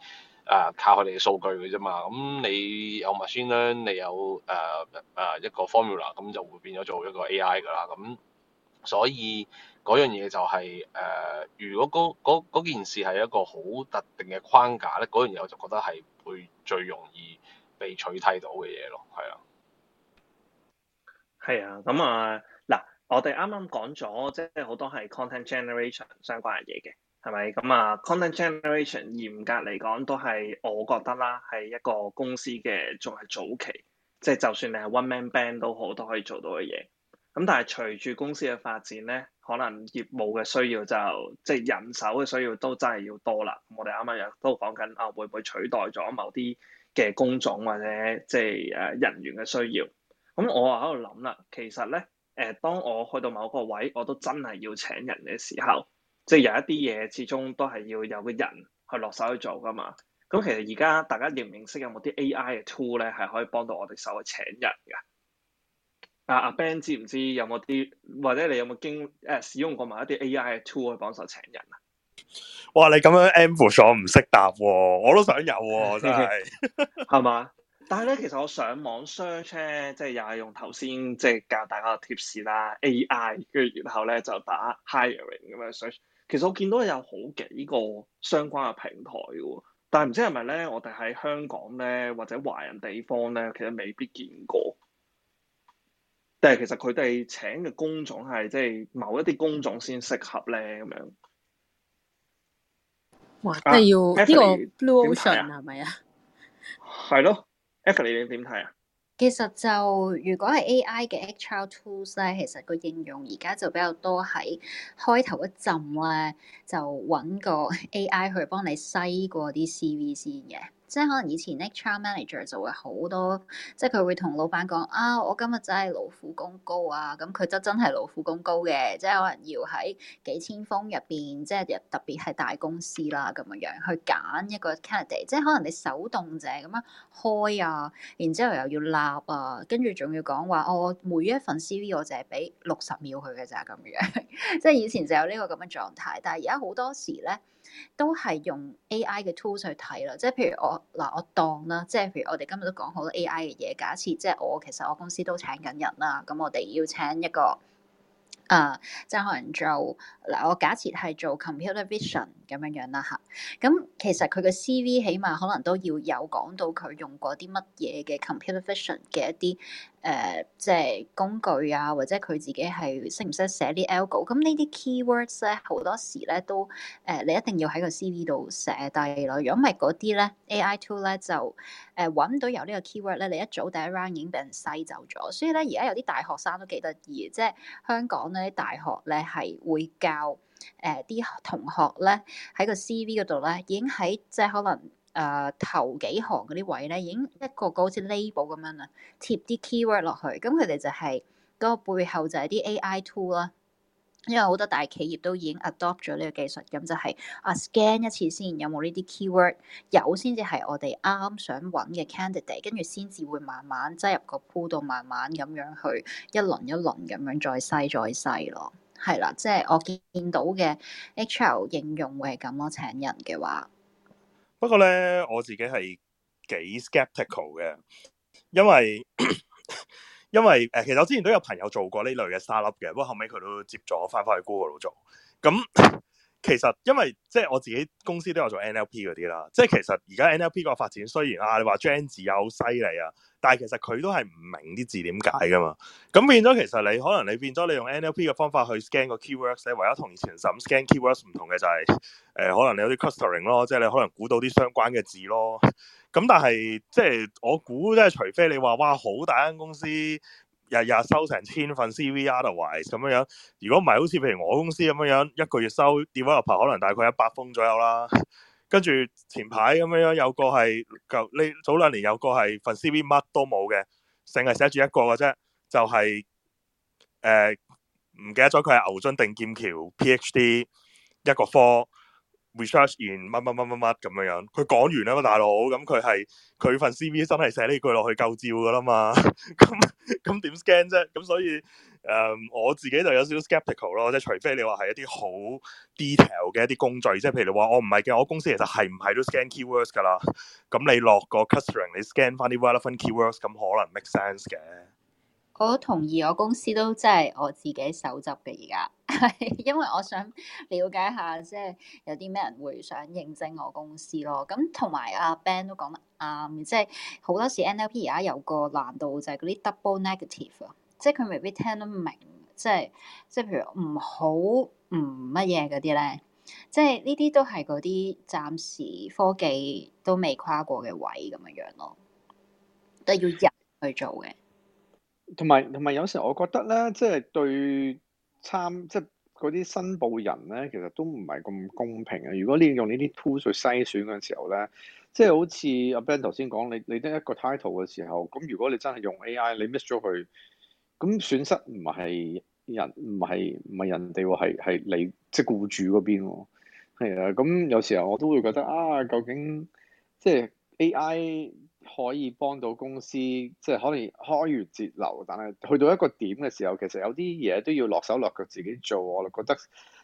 誒、啊、靠佢哋嘅數據嘅啫嘛，咁、嗯、你有 machine，你有誒誒、呃呃、一個 formula，咁就會變咗做一個 AI 噶啦。咁、嗯、所以嗰樣嘢就係、是、誒、呃，如果嗰件事係一個好特定嘅框架咧，嗰樣嘢我就覺得係會最容易被取締到嘅嘢咯。係啊，係啊。咁啊，嗱，我哋啱啱講咗，即係好多係 content generation 相關嘅嘢嘅。係咪咁啊？Content generation 嚴格嚟講，都係我覺得啦，係一個公司嘅仲係早期，即、就、係、是、就算你係 one man band 都好，都可以做到嘅嘢。咁但係隨住公司嘅發展咧，可能業務嘅需要就即係、就是、人手嘅需要都真係要多啦。我哋啱啱又都講緊啊，會唔會取代咗某啲嘅工種或者即係誒人員嘅需要？咁我啊喺度諗啦，其實咧誒、呃，當我去到某個位，我都真係要請人嘅時候。即係有一啲嘢，始終都係要有個人去落手去做噶嘛。咁其實而家大家認唔認識有冇啲 AI 嘅 tool 咧，係可以幫到我哋手去請人嘅？啊，阿 Ben 知唔知有冇啲或者你有冇經誒、啊、使用過埋一啲 AI 嘅 tool 去幫手請人啊？哇！你咁樣 ambush 唔識答喎、啊，我都想有、啊、真係，係嘛 [laughs] [laughs] 但係咧，其實我上網 search 咧，即係又係用頭先即係教大家個 tips 啦，AI，跟住然後咧就打 hiring 咁樣 search。其實我見到有好幾個相關嘅平台嘅，但係唔知係咪咧？我哋喺香港咧，或者華人地方咧，其實未必見過。但係其實佢哋請嘅工種係即係某一啲工種先適合咧咁樣。哇！即係要呢、啊這個 ff ley,、啊、blue ocean 係咪 [laughs] 啊？係咯，Evelyn 你點睇啊？其實就如果係 AI 嘅 HR tools 咧，其實個應用而家就比較多喺開頭一陣咧，就揾個 AI 去幫你篩過啲 CV 先嘅。即係可能以前嘅 trial manager 就會好多，即係佢會同老闆講啊，我今日真係勞苦功高啊，咁佢就真係勞苦功高嘅，即係可能要喺幾千封入邊，即係特別係大公司啦咁樣，去揀一個 candidate，即係可能你手動就係咁樣開啊，然之後又要立啊，跟住仲要講話，哦，我每一份 CV 我就係俾六十秒佢嘅咋咁樣，即係以前就有呢個咁嘅狀態，但係而家好多時咧。都係用 A I 嘅 tools 去睇啦，即係譬如我嗱、啊，我當啦，即係譬如我哋今日都講好多 A I 嘅嘢，假設即係我其實我公司都請緊人啦，咁我哋要請一個誒、呃，即係可能做。嗱，我假設係做 computer vision 咁樣樣啦嚇，咁、啊、其實佢嘅 CV 起碼可能都要有講到佢用過啲乜嘢嘅 computer vision 嘅一啲誒，即、呃、係、就是、工具啊，或者佢自己係識唔識寫啲 algo，咁呢啲 keywords 咧，好多時咧都誒、呃，你一定要喺個 CV 度寫低咯，如果唔係嗰啲咧 AI tool 咧就誒揾、呃、到有個呢個 keyword 咧，你一早第一 round 已經俾人篩走咗，所以咧而家有啲大學生都幾得意，即係香港咧大學咧係會教。教誒啲同學咧喺個 CV 嗰度咧，已經喺即係可能誒、呃、頭幾行嗰啲位咧，已經一個一個，一個好似 label 咁樣啊，貼啲 keyword 落去。咁佢哋就係、是、嗰、那個背後就係啲 AI tool 啦。因為好多大企業都已經 adopt 咗呢個技術，咁就係、是、啊 scan 一次先有冇呢啲 keyword，有先至係我哋啱啱想揾嘅 candidate，跟住先至會慢慢擠入個 pool 度，慢慢咁樣去一輪一輪咁樣再篩再篩咯。係啦，即係我見到嘅 H. L. 應用會係咁咯，請人嘅話。不過咧，我自己係幾 skeptical 嘅，因為 [coughs] 因為誒、呃，其實我之前都有朋友做過呢類嘅沙粒嘅，不過後尾佢都接咗翻返去 Google 度做，咁。 [coughs] 其實，因為即係我自己公司都有做 NLP 嗰啲啦，即係其實而家 NLP 個發展雖然啊，你話 James 又好犀利啊，但係其實佢都係唔明啲字點解噶嘛。咁、嗯、變咗，其實你可能你變咗你用 NLP 嘅方法去 scan 個 keywords 咧，唯一同以前審 scan keywords 唔同嘅就係、是、誒、呃，可能你有啲 clustering 咯，即係你可能估到啲相關嘅字咯。咁、嗯、但係即係我估即係除非你話哇，好大間公司。日日收成千份 CV，otherwise 咁樣樣。如果唔係，好似譬如我公司咁樣樣，一個月收電話入泊，可能大概一百封左右啦。跟住前排咁樣樣，有個係舊你早兩年有個係份 CV 乜都冇嘅，淨係寫住一個嘅啫，就係誒唔記得咗佢係牛津定劍橋 PhD 一個科。Recharge 完乜乜乜乜乜咁樣樣，佢講完啦嘛、啊，大佬，咁佢係佢份 CV 真係寫呢句落去夠照噶啦嘛，咁咁點 scan 啫？咁所以誒，um, 我自己就有少少 skeptical 咯，即係除非你話係一啲好 detail 嘅一啲工序，即係譬如你話我唔係嘅，我公司其實係唔係都 scan keywords 噶啦，咁你落個 customer 你 scan 翻啲 relevant keywords，咁可能 make sense 嘅。我同意，我公司都即係我自己手執嘅而家。係， [laughs] 因為我想了解下，即係有啲咩人會想應徵我公司咯。咁同埋阿 Ben 都講得啱，即係好多時 NLP 而家有個難度就係嗰啲 double negative 啊，即係佢未必聽得明，即係即係譬如唔好唔乜嘢嗰啲咧，即係呢啲都係嗰啲暫時科技都未跨過嘅位咁樣樣咯，都要入去做嘅。同埋同埋有時候我覺得咧，即係對。參即係嗰啲申報人咧，其實都唔係咁公平啊！如果你用呢啲 tool 去篩選嘅時候咧，即係好似阿 Ben 頭先講，你你得一個 title 嘅時候，咁如果你真係用 AI，你 miss 咗佢，咁損失唔係人唔係唔係人哋喎，係係你即係僱主嗰邊喎，係啊！咁有時候我都會覺得啊，究竟即係 AI，可以幫到公司，即係可能開源節流，但係去到一個點嘅時候，其實有啲嘢都要落手落腳自己做，我覺得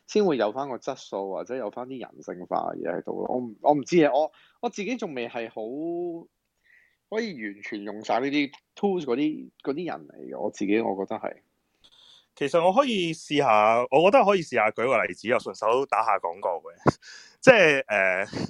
先會有翻個質素，或者有翻啲人性化嘅嘢喺度咯。我我唔知啊，我我，我自己仲未係好可以完全用晒呢啲 tools 嗰啲啲人嚟嘅，我自己我覺得係。其實我可以試下，我覺得可以試下舉個例子啊，我順手打下廣告嘅， [laughs] 即係誒。Uh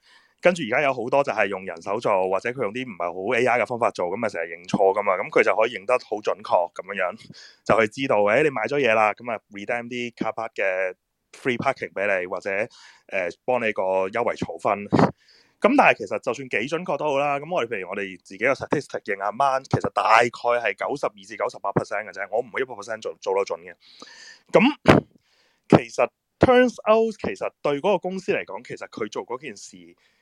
跟住而家有好多就係用人手做，或者佢用啲唔係好 A.I. 嘅方法做，咁咪成日認錯噶嘛？咁佢就可以認得好準確咁樣樣，就去知道誒、哎、你買咗嘢啦，咁啊 redeem 啲卡牌嘅 free parking 俾你，或者誒幫、呃、你個優惠儲分。咁 [laughs] 但係其實就算幾準確都好啦，咁我哋譬如我哋自己個 statistic 認下，actually 其實大概係九十二至九十八 percent 嘅啫，我唔會一百 percent 做做得準嘅。咁其實 turns out 其實對嗰個公司嚟講，其實佢做嗰件事。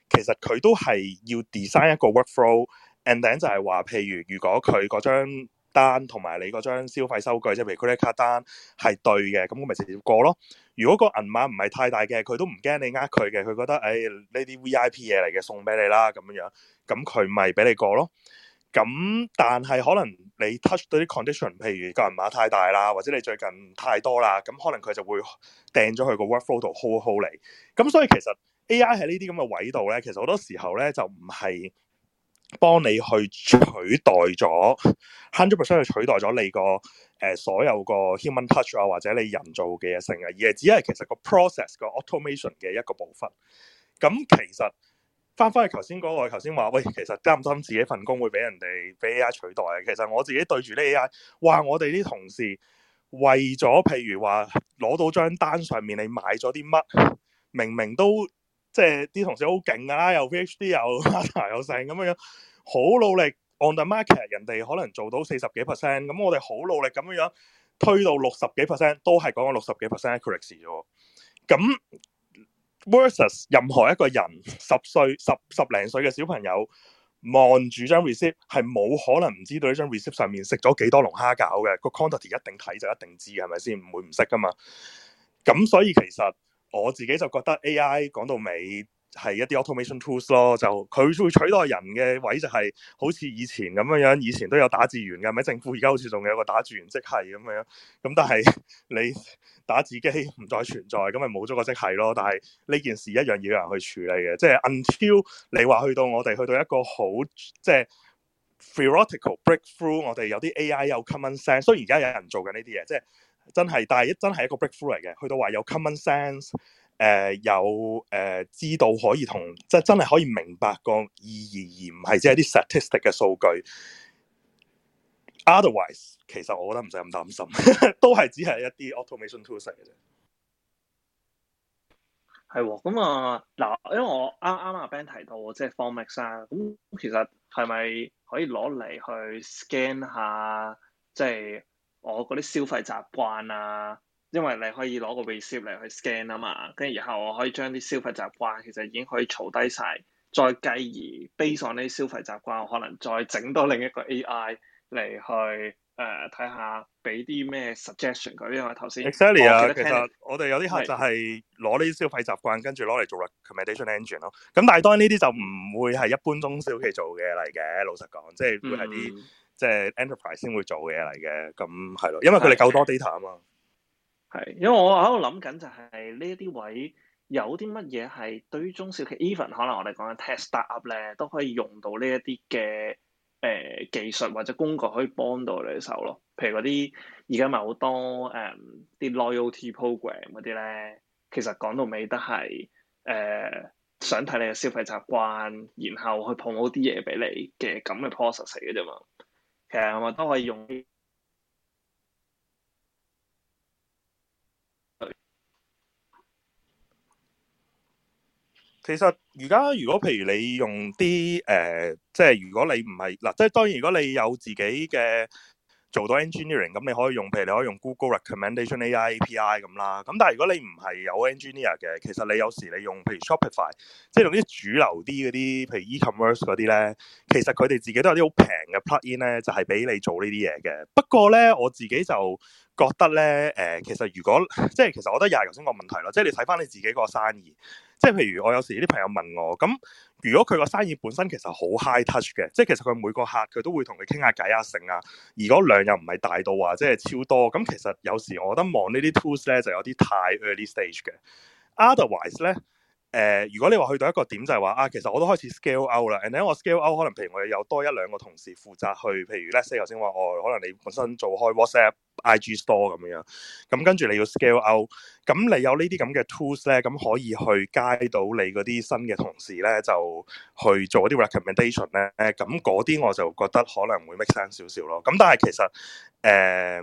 其實佢都係要 design 一個 workflow，and then 就係話，譬如如果佢嗰張單同埋你嗰張消費收據，即係譬如 credit card 單係對嘅，咁我咪直接過咯。如果個銀碼唔係太大嘅，佢都唔驚你呃佢嘅，佢覺得誒呢啲 VIP 嘢嚟嘅送俾你啦咁樣樣，咁佢咪俾你過咯。咁但係可能你 touch 到啲 condition，譬如個銀碼太大啦，或者你最近太多啦，咁可能佢就會掟咗佢個 workflow 度 hold hold 嚟。咁所以其實。A.I. 喺呢啲咁嘅位度咧，其實好多時候咧就唔係幫你去取代咗 hundred percent 去取代咗你個誒、呃、所有個 human touch 啊，或者你人造嘅嘢成嘅，而係只係其實個 process 個 automation 嘅一個部分。咁其實翻返去頭先嗰個，頭先話喂，其實擔心自己份工會俾人哋俾 A.I. 取代嘅，其實我自己對住呢啲 A.I. 話我哋啲同事為咗譬如話攞到張單上面你買咗啲乜，明明都～即係啲同事好勁啊，又 PhD 又 data 又成咁樣，好努力 under market。人哋可能做到四十幾 percent，咁我哋好努力咁樣樣推到六十幾 percent，都係講緊六十幾 percent accuracy 啫。咁 versus 任何一個人十歲十十零歲嘅小朋友望住張 receipt 係冇可能唔知道呢張 receipt 上面食咗幾多龍蝦餃嘅個 quantity 一定睇就一定知係咪先？唔會唔識噶嘛。咁所以其實。我自己就覺得 AI 講到尾係一啲 automation tools 咯，就佢會取代人嘅位就係好似以前咁樣樣，以前都有打字員嘅，咪政府而家好似仲有個打字員職系咁樣，咁但係你打字機唔再存在，咁咪冇咗個職系咯。但係呢件事一樣要有人去處理嘅，即係 until 你話去到我哋去到一個好即係 theoretical breakthrough，我哋有啲 AI 有 common sense，所以而家有人做緊呢啲嘢，即係。真係，但係一真係一個 breakthrough 嚟嘅，去到話有 common sense，誒、呃、有誒、呃、知道可以同即係真係可以明白個意義，而唔係即係啲 statistic 嘅數據。Otherwise，其實我覺得唔使咁擔心， [laughs] 都係只係一啲 automation tools 嚟嘅啫。係咁啊，嗱，因為我啱啱阿 Ben 提到即係 formex 啊，咁其實係咪可以攞嚟去 scan 下，即係？我嗰啲消費習慣啊，因為你可以攞個 receipt 嚟去 scan 啊嘛，跟住然後我可以將啲消費習慣其實已經可以儲低晒，再繼而 base 上啲消費習慣，我可能再整多另一個 AI 嚟去誒睇下俾啲咩 suggestion 嗰啲啊。頭先。呃、看看 exactly 啊，其實我哋有啲客就係攞呢啲消費習慣跟住攞嚟做 recommendation engine 咯。咁但係當然呢啲就唔會係一般中小企做嘅嚟嘅，老實講，即係會係啲。嗯即係 enterprise 先會做嘅嚟嘅，咁係咯，因為佢哋夠多 data 啊嘛。係，因為我喺度諗緊就係呢一啲位有啲乜嘢係對於中小企，even 可能我哋講緊 tech start up 咧都可以用到呢一啲嘅誒技術或者工具，可以幫到你手咯。譬如嗰啲而家咪好多誒啲、呃、loyalty program 嗰啲咧，其實講到尾都係誒、呃、想睇你嘅消費習慣，然後去捧好啲嘢俾你嘅咁嘅 process 嚟嘅啫嘛。其實我都可以用。其實，而家如果譬如你用啲誒、呃，即係如果你唔係嗱，即係當然如果你有自己嘅。做到 engineering 咁你可以用，譬如你可以用 Google Recommendation AI API 咁啦。咁但係如果你唔係有 engineer 嘅，其實你有時你用譬如 Shopify，即係用啲主流啲嗰啲，譬如 e-commerce 嗰啲咧，其實佢哋自己都有啲好平嘅 plug-in 咧，就係俾你做呢啲嘢嘅。不過咧，我自己就覺得咧，誒、呃，其實如果即係其實我覺得又係頭先個問題咯，即係你睇翻你自己個生意，即係譬如我有時啲朋友問我咁。如果佢個生意本身其實好 high touch 嘅，即係其實佢每個客佢都會同佢傾下偈啊，成啊，如果量又唔係大到話即係超多，咁其實有時我覺得望呢啲 tools 咧就有啲太 early stage 嘅，otherwise 咧。誒、呃，如果你話去到一個點就係、是、話啊，其實我都開始 scale out 啦，and then 我 scale out 可能譬如我有多一兩個同事負責去，譬如 Leslie 頭先話，哦，可能你本身做開 WhatsApp、IG Store 咁樣，咁、嗯、跟住你要 scale out，咁、嗯、你有這這呢啲咁嘅 tools 咧，咁、嗯、可以去 guide 到你嗰啲新嘅同事咧，就去做一啲 recommendation 咧，咁嗰啲我就覺得可能會 make sense 少少咯。咁、嗯、但係其實誒誒、呃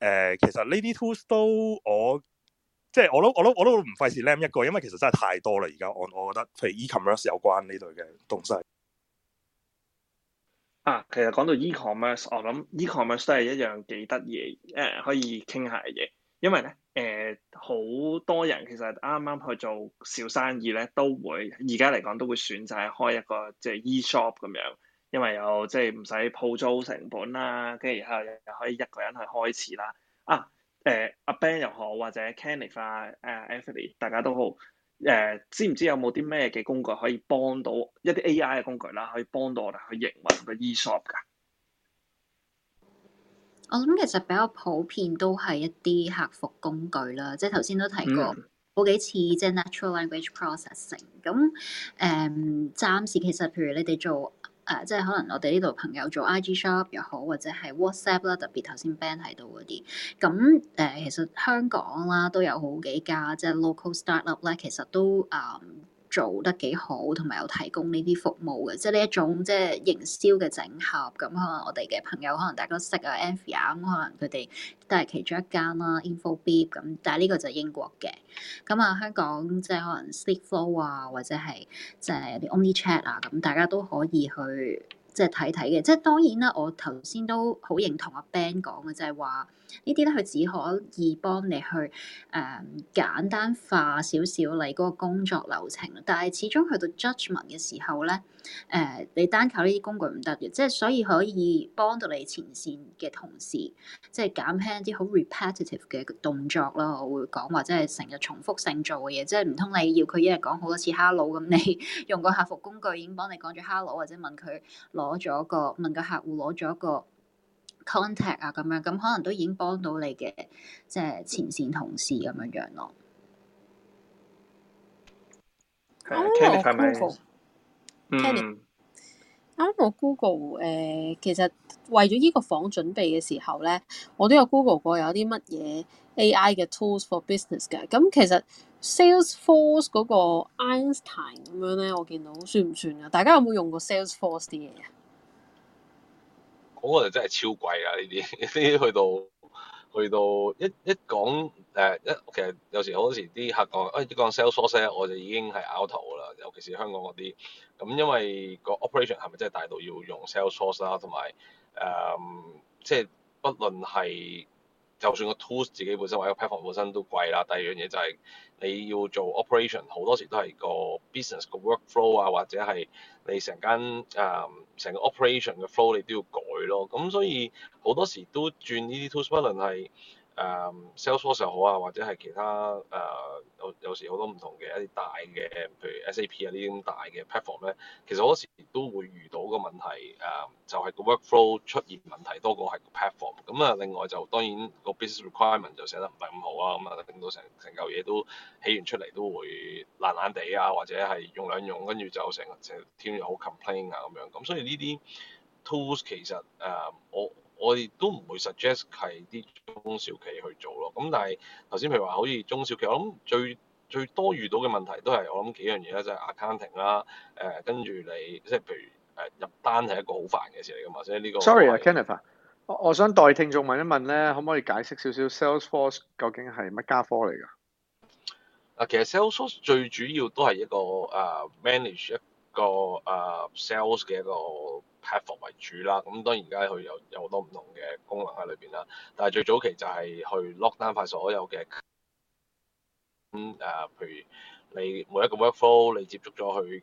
呃，其實呢啲 tools 都我。即係我都我都我都唔費事 lem 一個，因為其實真係太多啦。而家我我覺得，譬如 e-commerce 有關呢類嘅東西啊，其實講到 e-commerce，我諗 e-commerce 都係一樣幾得意誒，可以傾下嘅嘢。因為咧誒，好、呃、多人其實啱啱去做小生意咧，都會而家嚟講都會選擇開一個即係 e-shop 咁樣，因為有即係唔使鋪租成本啦，跟住然後又可以一個人去開始啦啊。誒阿、uh, Ben 又好，或者 Kenneth 啊、誒、uh, Anthony，大家都好誒，uh, 知唔知有冇啲咩嘅工具可以幫到一啲 AI 嘅工具啦，可以幫到我哋去營運個 e-shop 㗎？我諗其實比較普遍都係一啲客服工具啦，即係頭先都提過好、嗯、幾次，即係 natural language processing。咁、嗯、誒，暫時其實譬如你哋做。誒、啊，即係可能我哋呢度朋友做 IG shop 又好，或者係 WhatsApp 啦，特別頭先 ban 喺度嗰啲，咁、啊、誒，其實香港啦都有好幾家即係 local startup 咧，其實都誒。嗯做得幾好，同埋有提供呢啲服務嘅，即係呢一種即係營銷嘅整合。咁可能我哋嘅朋友，可能大家都識啊 Enfia 咁，via，可能佢哋都係其中一間啦，Infobip 咁。Infobip，但係呢個就係英國嘅。咁啊，香港即係可能 SleekFlow 啊，或者係即係啲 OnlyChat 啊，咁大家都可以去。即係睇睇嘅，即係當然啦。我頭先都好認同阿 Ben 講嘅，就係話呢啲咧，佢只可以幫你去誒、嗯、簡單化少少你嗰個工作流程，但係始終去到 judgement 嘅時候咧。誒、呃，你單靠呢啲工具唔得嘅，即係所以可以幫到你前線嘅同事，即係減輕一啲好 repetitive 嘅動作啦。我會講或者係成日重複性做嘅嘢，即係唔通你要佢一日講好多次 hello 咁，你用個客服工具已經幫你講咗 hello，或者問佢攞咗個問客戶個客戶攞咗個 contact 啊咁樣，咁可能都已經幫到你嘅即係前線同事咁樣樣咯。聽啲，啱、嗯、我 Google 誒、呃，其實為咗依個房準備嘅時候咧，我都有 Google 過有啲乜嘢 AI 嘅 tools for business 嘅。咁其實 Salesforce 嗰個 Einstein 咁樣咧，我見到算唔算啊？大家有冇用過 Salesforce 啲嘢啊？嗰個就真係超貴啊！呢啲呢啲去到。去到一一講誒一其實有時好多時啲客講誒、哎、一講 Salesforce 咧我就已經係經係拗頭啦，尤其是香港啲。咁因為個 operation 係咪真係大到要用 Salesforce 啦、啊，同埋誒即係不論係就算個 tools 自己本身或者個 platform 本身都貴啦。第二樣嘢就係、是、你要做 operation 好多時都係個 business 個 workflow 啊，或者係你成間誒成個 operation 嘅 flow 你都要改。咯，咁所以好多時都轉呢啲 tools，無論係誒、呃、Salesforce 又好啊，或者係其他誒有、呃、有時好多唔同嘅一啲大嘅，譬如 SAP 啊呢啲咁大嘅 platform 咧，其實好多時都會遇到個問題，誒、呃、就係、是、個 workflow 出現問題多過係個 platform。咁啊，另外就當然個 business requirement 就寫得唔係咁好啊，咁啊令到成成嚿嘢都起完出嚟都會爛爛地啊，或者係用兩用，跟住就成成 team 又好 complain 啊咁樣。咁所以呢啲。Tools 其實誒、uh, 我我哋都唔會 suggest 係啲中小企去做咯。咁但係頭先譬如話，好似中小企，我諗最最多遇到嘅問題都係我諗幾樣嘢咧，就係、是、accounting 啦、uh,，誒跟住你即係譬如誒入單係一個好煩嘅事嚟嘅嘛。所以呢個。Sorry 啊，Kenneth 啊，我想代聽眾問一問咧，可唔可以解釋少少 Salesforce 究竟係乜家科嚟㗎？啊，uh, 其實 Salesforce 最主要都係一個誒、uh, manage 個誒、uh, sales 嘅一個 platform 為主啦，咁當然而家佢有有好多唔同嘅功能喺裏邊啦，但係最早期就係去 lock down 曬所有嘅，咁、uh, 誒譬如你每一個 workflow 你接觸咗佢誒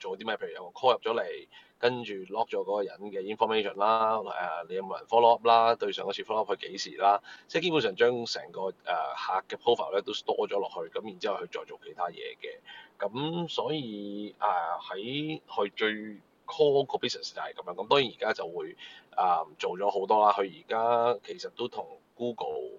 做啲咩，譬如有個 call 入咗嚟。跟住 lock 咗嗰個人嘅 information 啦，誒，你有冇人 follow up 啦？對上一次 follow up 係幾時啦？即係基本上將成個誒客嘅 profile 咧都 store 咗落去，咁然之後去再做其他嘢嘅。咁所以誒喺佢最 core 嗰個 business 就係咁樣。咁當然而家就會誒做咗好多啦。佢而家其實都同 Google。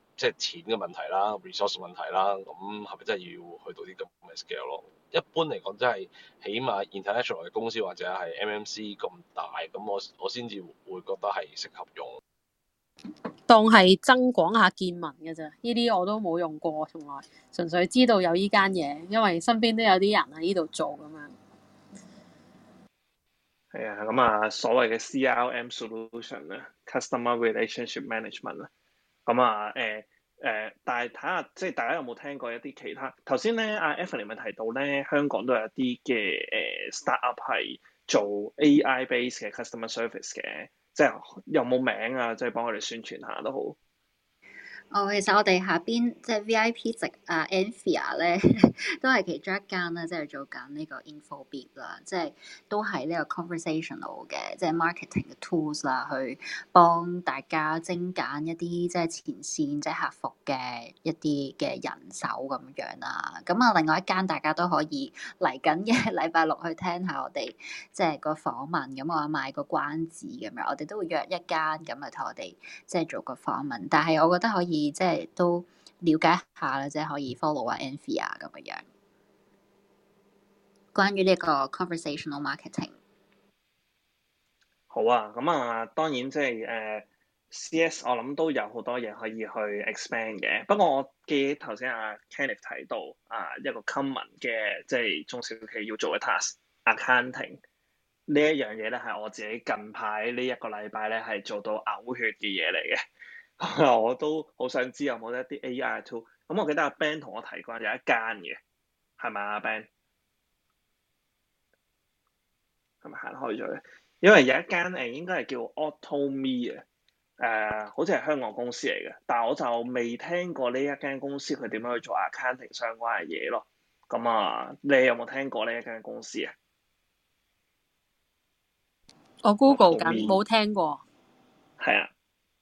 即係錢嘅問題啦，resource 問題啦，咁係咪真係要去到啲咁嘅 scale 咯？一般嚟講，真係起碼 international 嘅公司或者係 MMC 咁大，咁我我先至會覺得係適合用。當係增廣下見聞嘅啫，呢啲我都冇用過，從來純粹知道有依間嘢，因為身邊都有啲人喺呢度做咁樣。係啊，咁啊，所謂嘅 CRM solution 啊，customer relationship management 啦，咁啊，誒、欸。誒、呃，但係睇下，即係大家有冇聽過一啲其他？頭先咧，阿 Anthony 咪提到咧，香港都有一啲嘅誒、呃、start-up 係做 AI base 嘅 customer service 嘅，即係、哦、有冇名啊？即係幫我哋宣傳下都好。哦，其實我哋下邊即係、就是、VIP 席啊 Anphia 咧都係其中一間、就是、ip, 啦，即係做緊呢個 Infobip 啦，即係都係呢個 Conversational 嘅，即係 marketing 嘅 tools 啦，去幫大家精簡一啲即係前線即係客服嘅一啲嘅人手咁樣啦。咁啊，另外一間大家都可以嚟緊一禮拜六去聽下我哋即係個訪問咁我買個關子咁樣，我哋都會約一間咁啊，同我哋即係做個訪問，但係我覺得可以。即係都了解下啦，即係可以 follow 啊 Enfia 咁嘅樣。關於呢個 conversational marketing，好啊，咁啊，當然即係誒 CS，我諗都有好多嘢可以去 expand 嘅。不過我記起得頭先阿 Kenneth 睇到啊一個 common 嘅即係、就是、中小企要做嘅 task，accounting 呢一樣嘢咧，係我自己近排呢一個禮拜咧係做到嘔血嘅嘢嚟嘅。 [laughs] 我都好想知有冇一啲 AI tool 咁我記得阿 Ben 同我提過有一間嘅，係咪阿 Ben？係咪行開咗咧？因為有一間誒應該係叫 Automy 嘅、呃，誒好似係香港公司嚟嘅，但係我就未聽過呢一間公司佢點樣去做 accounting 相關嘅嘢咯。咁啊，你有冇聽過呢一間公司啊？我 Google 緊，冇聽過。係啊。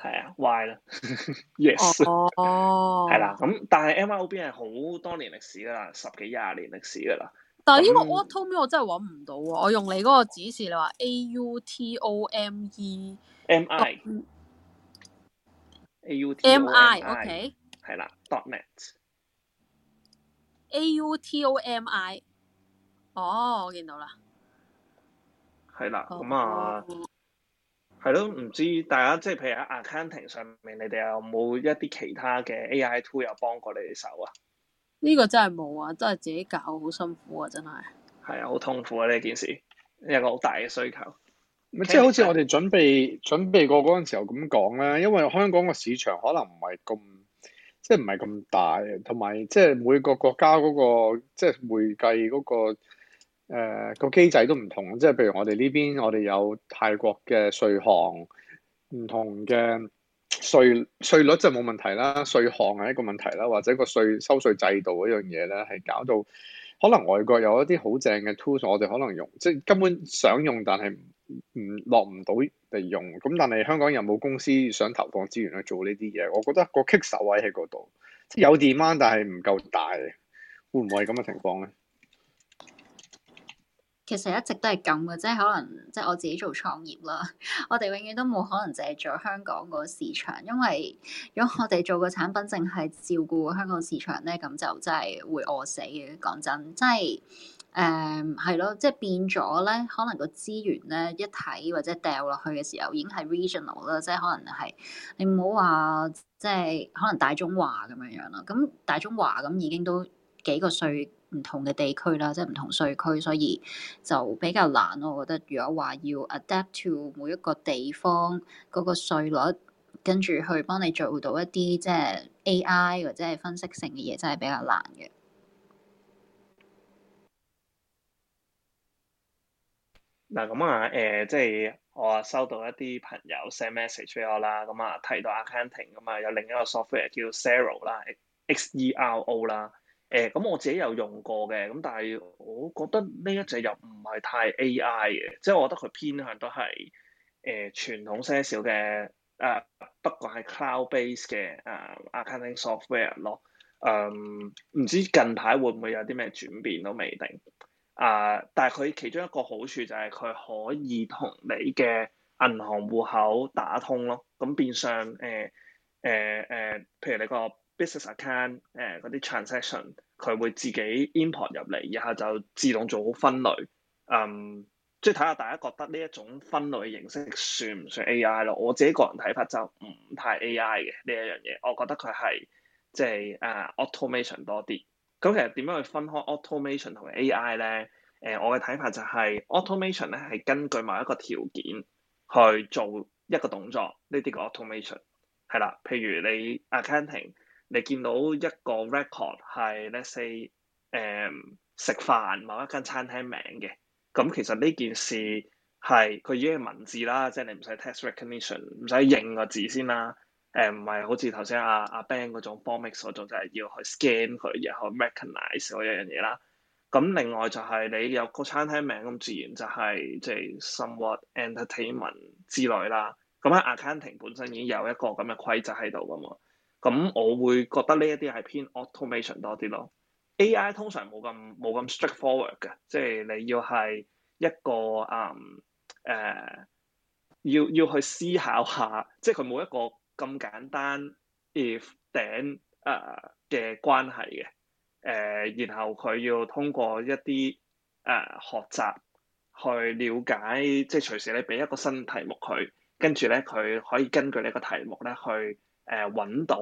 係啊，Y 啦，Yes，哦， [laughs] 係啦，咁但係 MIOB 係好多年歷史噶啦，十幾廿年歷史噶啦。但係呢個 Automi 我真係搵唔到喎，那我用你嗰個指示，你話 A U T O M E、w、M I A U T O M I，OK，、okay. 係啦，dotnet A U T O M I，哦，我見到啦，係、oh. 那對啦，咁啊。係咯，唔知大家即係譬如喺 accounting 上面，你哋有冇一啲其他嘅 AI tool 有幫過你哋手啊？呢個真係冇啊，真係自己搞好辛苦啊，真係。係啊，好痛苦啊！呢件事有一個好大嘅需求。即係其他好似我哋準備準備過嗰陣時候咁講啦，因為香港個市場可能唔係咁，即係唔係咁大，同埋即係每個國家嗰個即係會計嗰個。就是誒、uh, 個機制都唔同，即係譬如我哋呢邊，我哋有泰國嘅稅項，唔同嘅稅稅，稅率就冇問題啦，稅項係一個問題啦，或者個稅收稅制度嗰樣嘢咧，係搞到可能外國有一啲好正嘅 tools，我哋可能用即係根本想用，但係唔落唔到嚟用。咁但係香港有冇公司想投放資源去做呢啲嘢？我覺得個棘手位喺嗰度，即係有 demand，但係唔夠大，會唔會係咁嘅情況咧？其實一直都係咁嘅，即係可能即係我自己做創業啦。我哋永遠都冇可能淨係做香港個市場，因為如果我哋做個產品淨係照顧香港市場咧，咁就真係會餓死嘅。講真，即係誒係咯，即係變咗咧，可能個資源咧一睇或者掉落去嘅時候，已經係 regional 啦，即係可能係你唔好話即係可能大中華咁樣樣啦。咁大中華咁已經都幾個歲。唔同嘅地區啦，即係唔同稅區，所以就比較難咯。我覺得，如果話要 adapt to 每一個地方嗰個稅率，跟住去幫你做到一啲即係 AI 或者係分析性嘅嘢，真係比較難嘅。嗱咁啊，誒、呃，即係我收到一啲朋友 send message 俾我啦，咁啊，提到 accounting 咁啊，有另一個 software 叫 Xero 啦，X E R O 啦。誒咁、嗯、我自己有用過嘅，咁但係我覺得呢一隻又唔係太 AI 嘅，即係我覺得佢偏向都係誒、呃、傳統些少嘅，誒、呃、不過係 cloud base 嘅誒、呃、accounting software 咯、呃。嗯，唔知近排會唔會有啲咩轉變都未定。啊、呃，但係佢其中一個好處就係佢可以同你嘅銀行戶口打通咯，咁變相誒誒誒，譬如你個，Business account 誒嗰啲 transaction，佢會自己 import 入嚟，然後就自動做好分類。嗯，即係睇下大家覺得呢一種分類形式算唔算 AI 咯？我自己個人睇法就唔太 AI 嘅呢一樣嘢。我覺得佢係即係誒 automation 多啲。咁其實點樣去分開 automation 同埋 AI 咧？誒、uh，我嘅睇法就係、是、automation 咧係根據某一個條件去做一個動作，呢啲嘅 automation 係啦。譬如你 accounting。你見到一個 record 係 let's say 誒食飯某一間餐廳名嘅，咁其實呢件事係佢已經係文字啦，即係你唔使 text recognition，唔使認個字先啦。誒唔係好似頭先阿阿 Ben 嗰種 formic 嗰種，就係要去 scan 佢然後 recognize 嗰樣嘢啦。咁另外就係你有個餐廳名咁自然就係、是、即係 somewhat entertainment 之類啦。咁喺阿 accounting 本身已經有一個咁嘅規則喺度㗎嘛。咁我會覺得呢一啲係偏 automation 多啲咯。AI 通常冇咁冇咁 straightforward 嘅，即係你要係一個誒、嗯呃，要要去思考下，即係佢冇一個咁簡單 if then 嘅、呃、關係嘅。誒、呃，然後佢要通過一啲誒、呃、學習去了解，即係隨時你俾一個新題目佢，跟住咧佢可以根據呢個題目咧去。誒揾、呃、到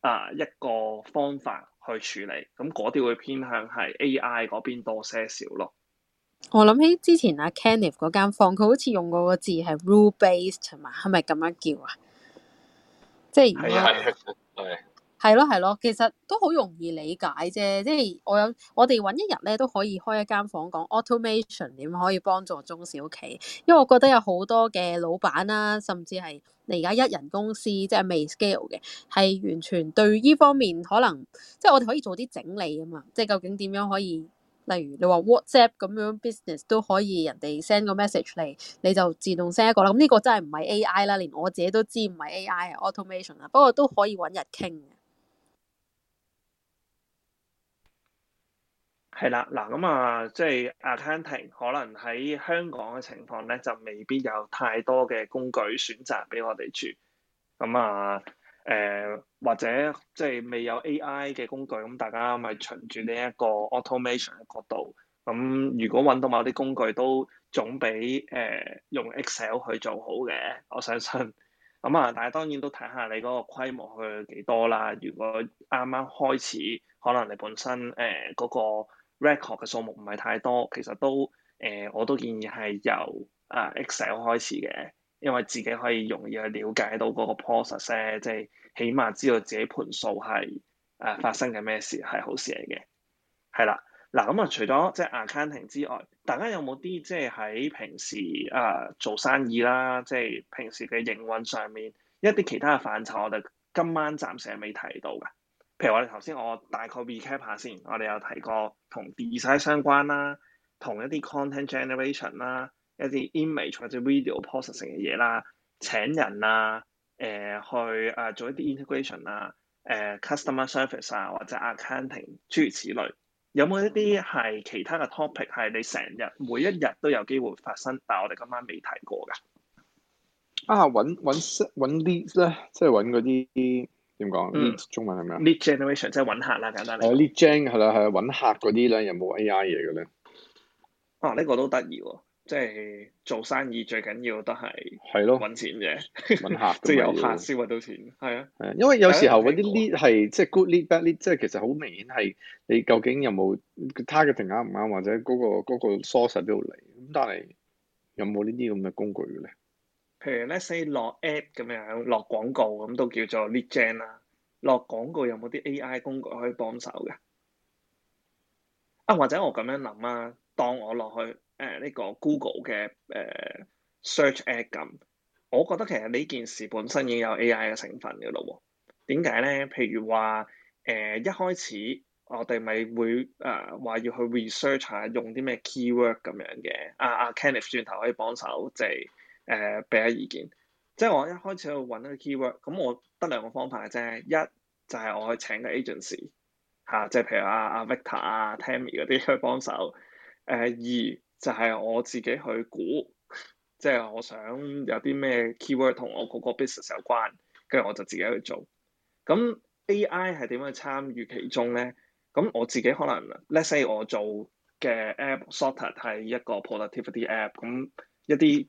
啊、呃、一個方法去處理，咁嗰啲會偏向係 AI 嗰邊多些少咯。我諗起之前阿、啊、Kenneth 嗰間房，佢好似用過個字係 rule-based 係嘛？係咪咁樣叫啊？即係係啊，係、啊。 [laughs] 係咯係咯，其實都好容易理解啫。即係我有我哋搵一日咧，都可以開一間房講 automation 點可以幫助中小企。因為我覺得有好多嘅老闆啦、啊，甚至係你而家一人公司即係未 scale 嘅，係完全對呢方面可能即係我哋可以做啲整理啊嘛。即係究竟點樣可以，例如你話 WhatsApp 咁樣 business 都可以人哋 send 個 message 嚟，你就自動 send 一個啦。咁、嗯、呢、呢個真係唔係 AI 啦，連我自己都知唔係 AI 係 automation 啊。不過都可以搵日傾。係啦，嗱咁啊，即係 accounting 可能喺香港嘅情況咧，就未必有太多嘅工具選擇俾我哋住。咁啊，誒、呃、或者即係未有 AI 嘅工具，咁大家咪循住呢一個 automation 嘅角度。咁如果揾到某啲工具，都總比誒、呃、用 Excel 去做好嘅。我相信。咁啊，但係當然都睇下你嗰個規模去幾多啦。如果啱啱開始，可能你本身誒嗰、呃那個 record 嘅數目唔係太多，其實都誒、呃，我都建議係由啊 Excel 開始嘅，因為自己可以容易去了解到嗰個 process 咧，即、就、係、是、起碼知道自己盤數係誒、啊、發生緊咩事係好事嚟嘅。係啦，嗱咁啊，除咗即係阿 c c 之外，大家有冇啲即係喺平時啊做生意啦，即係平時嘅營運，運上面一啲其他嘅範疇，我哋今晚暫時係未睇到嘅。譬如我哋頭先，我大概 recap 下先。我哋有提過同 design 相關啦，同一啲 content generation 啦，一啲 image 或者 video processing 嘅嘢啦，請人啊，誒、呃、去啊做一啲 integration 啊、呃，誒 customer service 啊，或者 accounting，諸如此類。有冇一啲係其他嘅 topic 係你成日每一日都有機會發生，但係我哋今晚未提過㗎？啊，揾揾啲咧，即係揾嗰啲。點講、嗯、中文係咩啊？Lead generation 即係搵客啦，簡單啲。哦，lead gen 係啦係，搵客嗰啲咧有冇 AI 嘢嘅咧？哦，呢個都得意喎！即係做生意最緊要都係係咯，搵錢嘅客，即係有客先搵到錢，係啊。因為有時候啲 lead 係即係 good lead bad lead，即係其實好明顯係你究竟有冇 targeting 啱唔啱，或者嗰個嗰個 source 喺邊度嚟咁？但係有冇呢啲咁嘅工具嘅咧？譬如咧，say 落 app 咁樣，落廣告咁都叫做 lead gen 啦。落廣告有冇啲 AI 工具可以幫手嘅？啊，或者我咁樣諗啊，當我落去誒呢、呃這個 Google 嘅誒、呃、search ad 咁，我覺得其實呢件事本身已經有 AI 嘅成分嘅咯、啊。點解咧？譬如話誒、呃，一開始我哋咪會誒話、呃、要去 research 下用啲咩 keyword 咁樣嘅。啊啊，Kenneth 轉頭可以幫手，即、就、係、是、～誒俾下意見，即係我一開始去揾一個 keyword，咁我得兩個方法嘅啫，一就係、是、我去請嘅 agency，嚇、啊，即係譬如阿阿 Victor 啊、Tammy 嗰啲去幫手。誒、呃、二就係、是、我自己去估，即係我想有啲咩 keyword 同我嗰個 business 有關，跟住我就自己去做。咁 AI 係點樣去參與其中咧？咁我自己可能，let's say 我做嘅 app sorted 係一個 productivity app，咁一啲。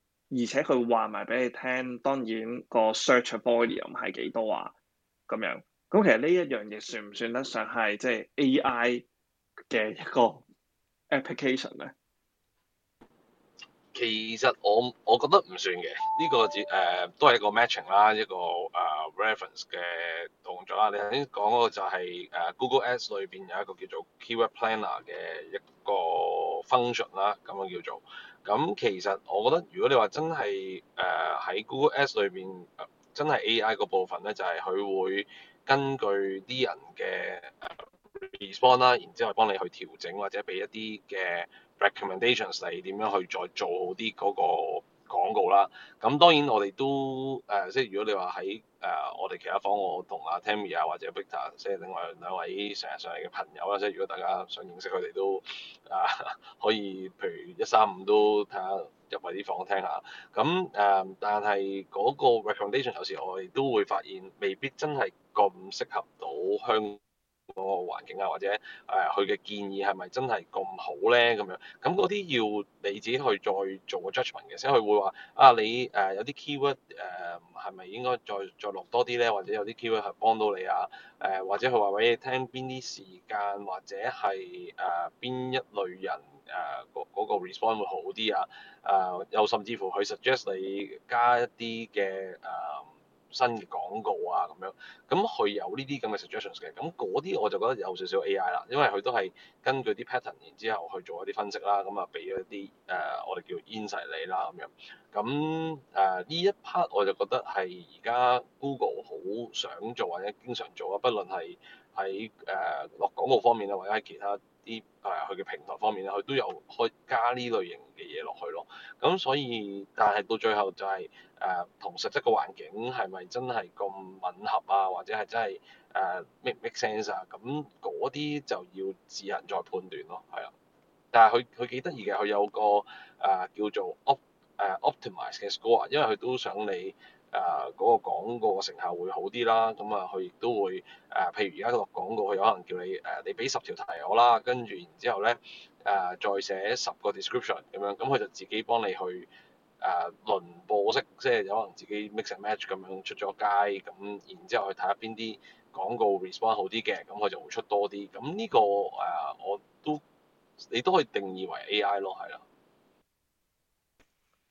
而且佢話埋俾你聽，當然個 search volume 係幾多啊？咁樣，咁其實呢一樣嘢算唔算得上係即係 AI 嘅一個 application 咧？其實我我覺得唔算嘅，呢、這個字誒、呃、都係一個 matching 啦，一個啊、呃、reference 嘅動作啦。你頭先講嗰個就係、是、誒、呃、Google Ads 裏邊有一個叫做 Keyword Planner 嘅一個 function 啦，咁樣叫做。咁其實我覺得，如果你話真係誒喺 Google Ads 裏面，真係 AI 個部分咧，就係佢會根據啲人嘅 response 啦，然之後幫你去調整或者俾一啲嘅 recommendations 你點樣去再做好啲嗰個廣告啦，咁當然我哋都誒、呃，即係如果你話喺誒我哋其他房，我同阿 Tammy 啊或者 Victor 即係另外兩位成日上嚟嘅朋友啦，即係如果大家想認識佢哋都啊、呃、可以，譬如 1, 3, 看看聽聽一三五都睇下入埋啲房聽下。咁誒、呃，但係嗰個 recommendation 有時我哋都會發現未必真係咁適合到香嗰個環境啊，或者誒佢嘅建議係咪真係咁好咧？咁樣，咁嗰啲要你自己去再做個 judgment 嘅，即係佢會話啊，你誒、呃、有啲 keyword 誒、呃、係咪應該再再落多啲咧？或者有啲 keyword 係幫到你啊？誒、呃、或者佢話俾你聽邊啲時間或者係誒邊一類人誒嗰、呃嗰個 response 會好啲啊？誒、呃、又甚至乎佢 suggest 你加一啲嘅誒。呃新嘅廣告啊，咁樣，咁佢有呢啲咁嘅 suggestions 嘅，咁嗰啲我就覺得有少少 AI 啦，因為佢都係根據啲 pattern，然之後去做一啲分析啦，咁啊俾咗一啲誒、呃、我哋叫 insight 你啦，咁樣，咁誒呢一 part 我就覺得係而家 Google 好想做或者經常做啊，不論係喺誒落廣告方面啊，或者喺其他啲誒佢嘅平台方面咧，佢都有可以加呢類型嘅嘢落去咯，咁所以但係到最後就係、是。誒同實質個環境係咪真係咁吻合啊？或者係真係誒 make make sense 啊？咁嗰啲就要自行再判斷咯，係啊。但係佢佢幾得意嘅，佢有，有個誒、uh, 叫做 opt optimise 嘅 score，因為佢都想你誒嗰、uh, 個廣告嘅成效會好啲啦。咁啊，佢亦都會誒，uh, 譬如而家個廣告，佢有可能叫你誒，uh, 你俾十條題我啦，跟住然之後咧誒，uh, 再寫十個 description 咁樣，咁佢就自己幫你去。誒、uh, 輪播式，即係有可能自己 mix and match 咁樣出咗街，咁然之後去睇下邊啲廣告 respond 好啲嘅，咁佢就會出多啲。咁呢、這個誒，uh, 我都你都可以定義為 A.I. 咯，係啦。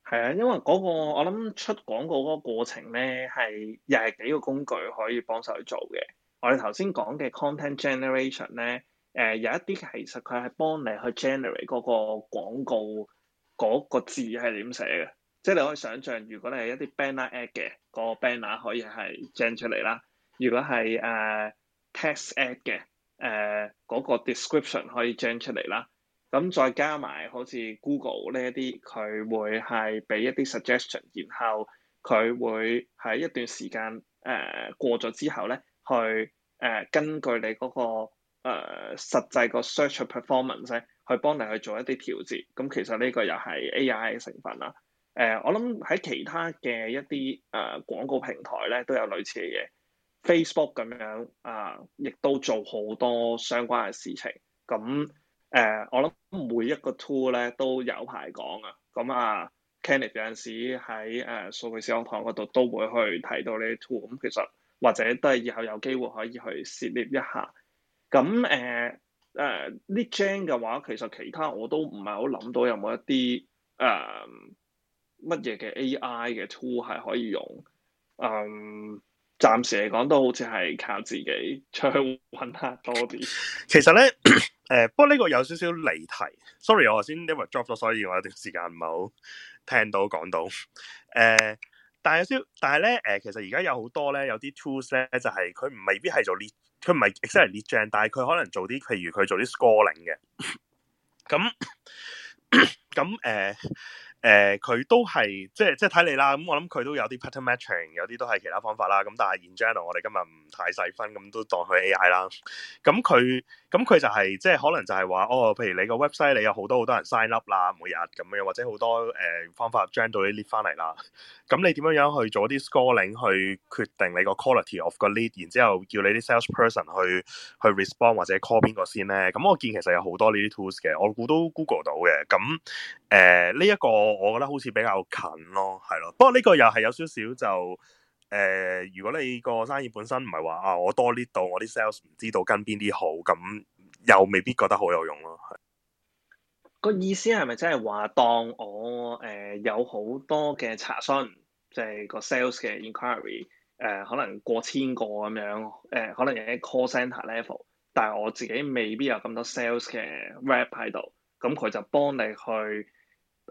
係啊，因為嗰、那個我諗出廣告嗰個過程咧，係又係幾個工具可以幫手去做嘅。我哋頭先講嘅 content generation 咧，誒、呃、有一啲其實佢係幫你去 generate 嗰個廣告嗰、那個字係點寫嘅。即係你可以想象，如果你係一啲 banner ad 嘅、個 banner 可以係 generate 出嚟啦。如果係誒、uh, text ad 嘅誒嗰個 description 可以 generate 出嚟啦。咁再加埋好似 Google 呢一啲，佢會係俾一啲 suggestion，然後佢會喺一段時間誒、uh, 過咗之後咧，去誒、uh, 根據你嗰、個誒、uh, 實際個 search performance 去幫你去做一啲調節。咁其實呢個又係 AI 成分啦。誒、呃，我諗喺其他嘅一啲誒、呃、廣告平台咧，都有類似嘅嘢，Facebook 咁樣啊，亦、呃、都做好多相關嘅事情。咁誒、呃，我諗每一個 tool 咧都有排講啊。咁啊 Kenneth 有陣時喺誒、呃、數據視覺堂嗰度都會去睇到呢啲 tool。咁其實或者都係以後有機會可以去涉獵一下。咁誒誒，呢 change 嘅話，其實其他我都唔係好諗到有冇一啲誒。呃乜嘢嘅 AI 嘅 tool 係可以用？嗯、um，暫時嚟講都好似係靠自己出去揾下多啲。其實咧，誒、呃，不過呢個有少少離題。Sorry，我頭先 drop 咗，所以我有段時間唔係好聽到講到。誒、呃，但係有少，但係咧，誒、呃，其實而家有好多咧，有啲 tools 咧，就係佢唔未必係做 lead，佢唔係 exactly lead gen，但係佢可能做啲，譬如佢做啲 scoring 嘅。咁，咁誒。誒，佢都係即係即係睇你啦，咁我諗佢都有啲 pattern matching，有啲都係其他方法啦，咁但係 in general 我哋今日唔太細分，咁都當佢 AI 啦。咁佢咁佢就係即係可能就係話哦，譬如你個 website 你有好多好多人 sign up 啦，每日咁樣，或者好多誒方法將到啲 lead 翻嚟啦。咁你點樣樣去做啲 scoring 去決定你個 quality of 個 lead，然之後叫你啲 sales person 去去 respond 或者 call 邊個先咧？咁我見其實有好多呢啲 tools 嘅，我估都 google 到嘅。咁誒呢一個。我覺得好似比較近咯，係咯。不過呢個又係有少少就誒、呃，如果你個生意本身唔係話啊，我多呢度，我啲 sales 唔知道跟邊啲好，咁又未必覺得好有用咯。個意思係咪真係話，當我誒有好多嘅查詢，即係個 sales 嘅 inquiry，誒、呃、可能過千個咁樣，誒、呃、可能有喺 call centre level，但係我自己未必有咁多 sales 嘅 rap 喺度，咁佢就幫你去。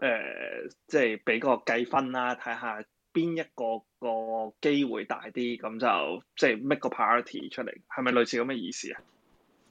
誒、呃，即係俾個計分啦，睇下邊一個個機會大啲，咁就即係 make 個 priority 出嚟，係咪類似咁嘅意思啊？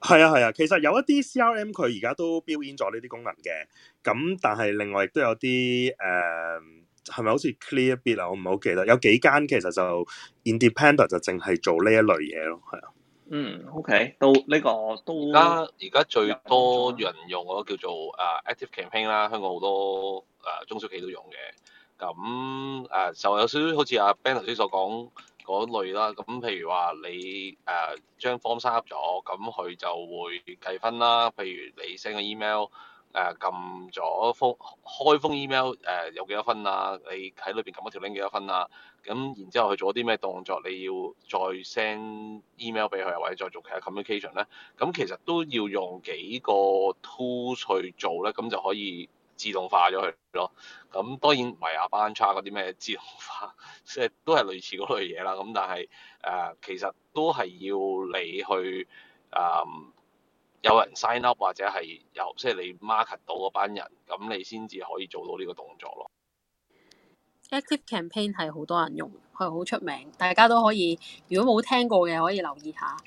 係啊，係啊，其實有一啲 CRM 佢而家都 build in 咗呢啲功能嘅，咁但係另外亦都有啲誒，係、呃、咪好似 Clearbit 啊？我唔係好記得，有幾間其實就 Independent 就淨係做呢一類嘢咯，係啊。嗯，OK，到呢、這個都而家而家最多人用嗰個叫做啊、uh, active campaign 啦，香港好多誒、uh，中小企都用嘅，咁誒、uh，就有少少好似阿、啊、Ben 頭先所講嗰類啦，咁譬如話你誒將、uh, form fill 咗，咁佢就會計分啦，譬如你 send 個 email。誒撳咗封開封 email 誒、呃、有幾多分啊？你喺裏邊撳一條 link 幾多分啊？咁然之後去做啲咩動作？你要再 send email 俾佢，或者再做其他 communication 咧？咁其實都要用幾個 tools 去做咧，咁就可以自動化咗佢咯。咁當然唔係阿 b 叉嗰啲咩自動化，即 [laughs] 誒都係類似嗰類嘢啦。咁但係誒、呃、其實都係要你去誒。呃有人 sign up 或者係由，即係你 market 到嗰班人，咁你先至可以做到呢個動作咯。Active campaign 係好多人用，係好出名，大家都可以。如果冇聽過嘅，可以留意下。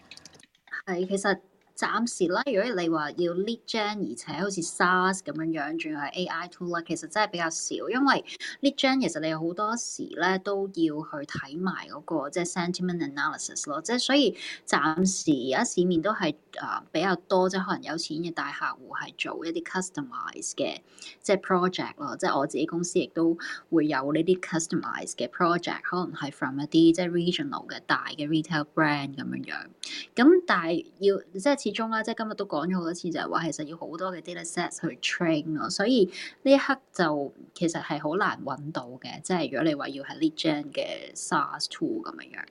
係其實。暫時啦，如果你話要 lead gen，而且好似 SaaS 咁樣樣，仲有 AI tool 啦，其實真係比較少，因為 lead gen 其實你有好多時咧都要去睇埋嗰個即係 sentiment analysis 咯，即係所以暫時而家市面都係誒比較多，即係可能有錢嘅大客戶係做一啲 customise 嘅即係 project 咯，即係我自己公司亦都會有呢啲 customise 嘅 project，可能係 from 一啲即係 regional 嘅大嘅 retail brand 咁樣樣，咁但係要即係。始終啦，即係今日都講咗好多次，就係話其實要好多嘅 datasets 去 train 咯，所以呢一刻就其實係好難揾到嘅，即係如果你話要係 lead gen 嘅 SaaS tool 咁樣樣，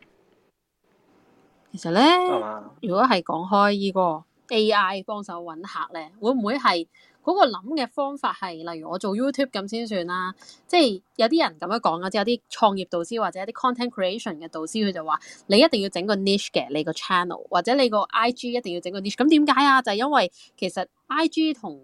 其實咧、嗯、如果係講開呢個 AI 幫手揾客咧，會唔會係？嗰個諗嘅方法係，例如我做 YouTube 咁先算啦。即係有啲人咁樣講啊，即有啲創業導師或者有啲 content creation 嘅導師，佢就話：你一定要整個 niche 嘅你個 channel，或者你個 IG 一定要整個 niche。咁點解啊？就係因為其實 IG 同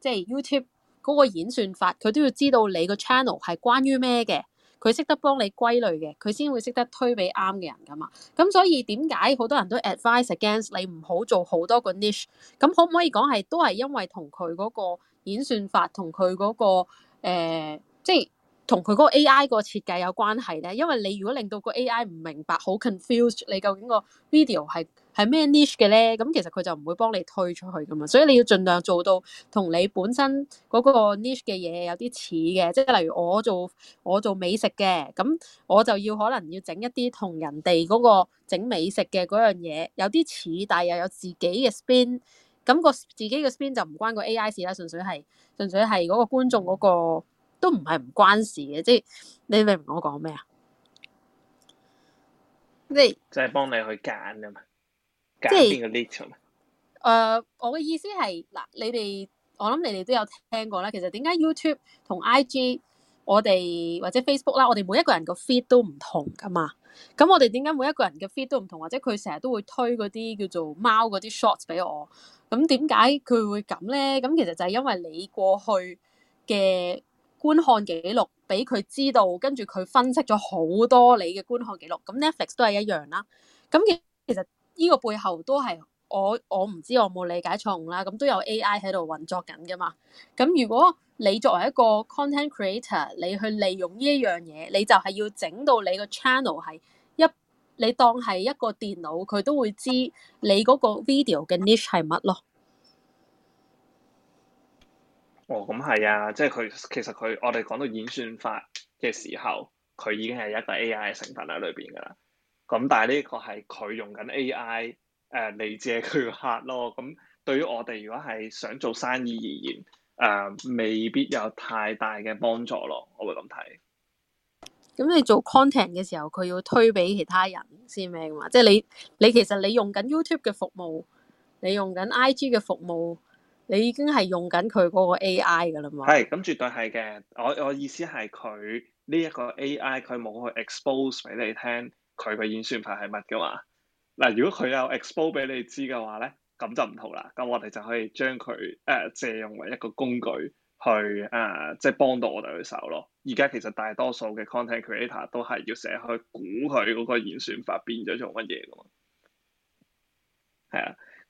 即係 YouTube 嗰個演算法，佢都要知道你個 channel 係關於咩嘅。佢識得幫你歸類嘅，佢先會識得推俾啱嘅人噶嘛。咁所以點解好多人都 advise against 你唔好做好多個 niche？咁可唔可以講係都係因為同佢嗰個演算法同佢嗰個、呃、即係同佢嗰個 AI 個設計有關係咧？因為你如果令到個 AI 唔明白，好 confuse 你究竟個 video 係係咩 niche 嘅咧？咁其實佢就唔會幫你推出去噶嘛，所以你要盡量做到同你本身嗰個 niche 嘅嘢有啲似嘅，即係例如我做我做美食嘅，咁我就要可能要整一啲同人哋嗰個整美食嘅嗰樣嘢有啲似，但係又有自己嘅 spin。咁個自己嘅 spin 就唔關個 AI 事啦，純粹係純粹係嗰個觀眾嗰個都唔係唔關事嘅。即係你明唔明我講咩啊？即係幫你去揀噶嘛。即係邊個 nature 啊？誒、就是呃，我嘅意思係嗱，你哋我諗你哋都有聽過啦。其實點解 YouTube 同 IG 我哋或者 Facebook 啦，我哋每一個人個 feed 都唔同噶嘛。咁我哋點解每一個人嘅 feed 都唔同？或者佢成日都會推嗰啲叫做貓嗰啲 shorts 俾我。咁點解佢會咁咧？咁其實就係因為你過去嘅觀看記錄俾佢知道，跟住佢分析咗好多你嘅觀看記錄。咁 Netflix 都係一樣啦。咁其其實。呢個背後都係我我唔知我冇理解錯誤啦，咁、嗯、都有 AI 喺度運作緊噶嘛。咁、嗯、如果你作為一個 content creator，你去利用呢一樣嘢，你就係要整到你個 channel 係一，你當係一個電腦，佢都會知你嗰個 video 嘅 niche 係乜咯。哦，咁係啊，即係佢其實佢我哋講到演算法嘅時候，佢已經係一個 AI 嘅成分喺裏邊噶啦。咁但係呢個係佢用緊 AI 誒嚟借佢客咯。咁、嗯、對於我哋如果係想做生意而言，誒、呃、未必有太大嘅幫助咯。我會咁睇。咁你做 content 嘅時候，佢要推俾其他人先咩嘅嘛？即係你你其實你用緊 YouTube 嘅服務，你用緊 IG 嘅服務，你已經係用緊佢嗰個 AI 㗎啦嘛？係，咁、嗯、絕對係嘅。我我意思係佢呢一個 AI，佢冇去 expose 俾你聽。佢個演算法係乜嘅嘛？嗱，如果佢有 expose 俾你知嘅話咧，咁就唔同啦。咁我哋就可以將佢誒借用為一個工具去誒、呃，即係幫到我哋去手咯。而家其實大多數嘅 content creator 都係要成日去估佢嗰個演算法變咗做乜嘢嘅嘛，係啊。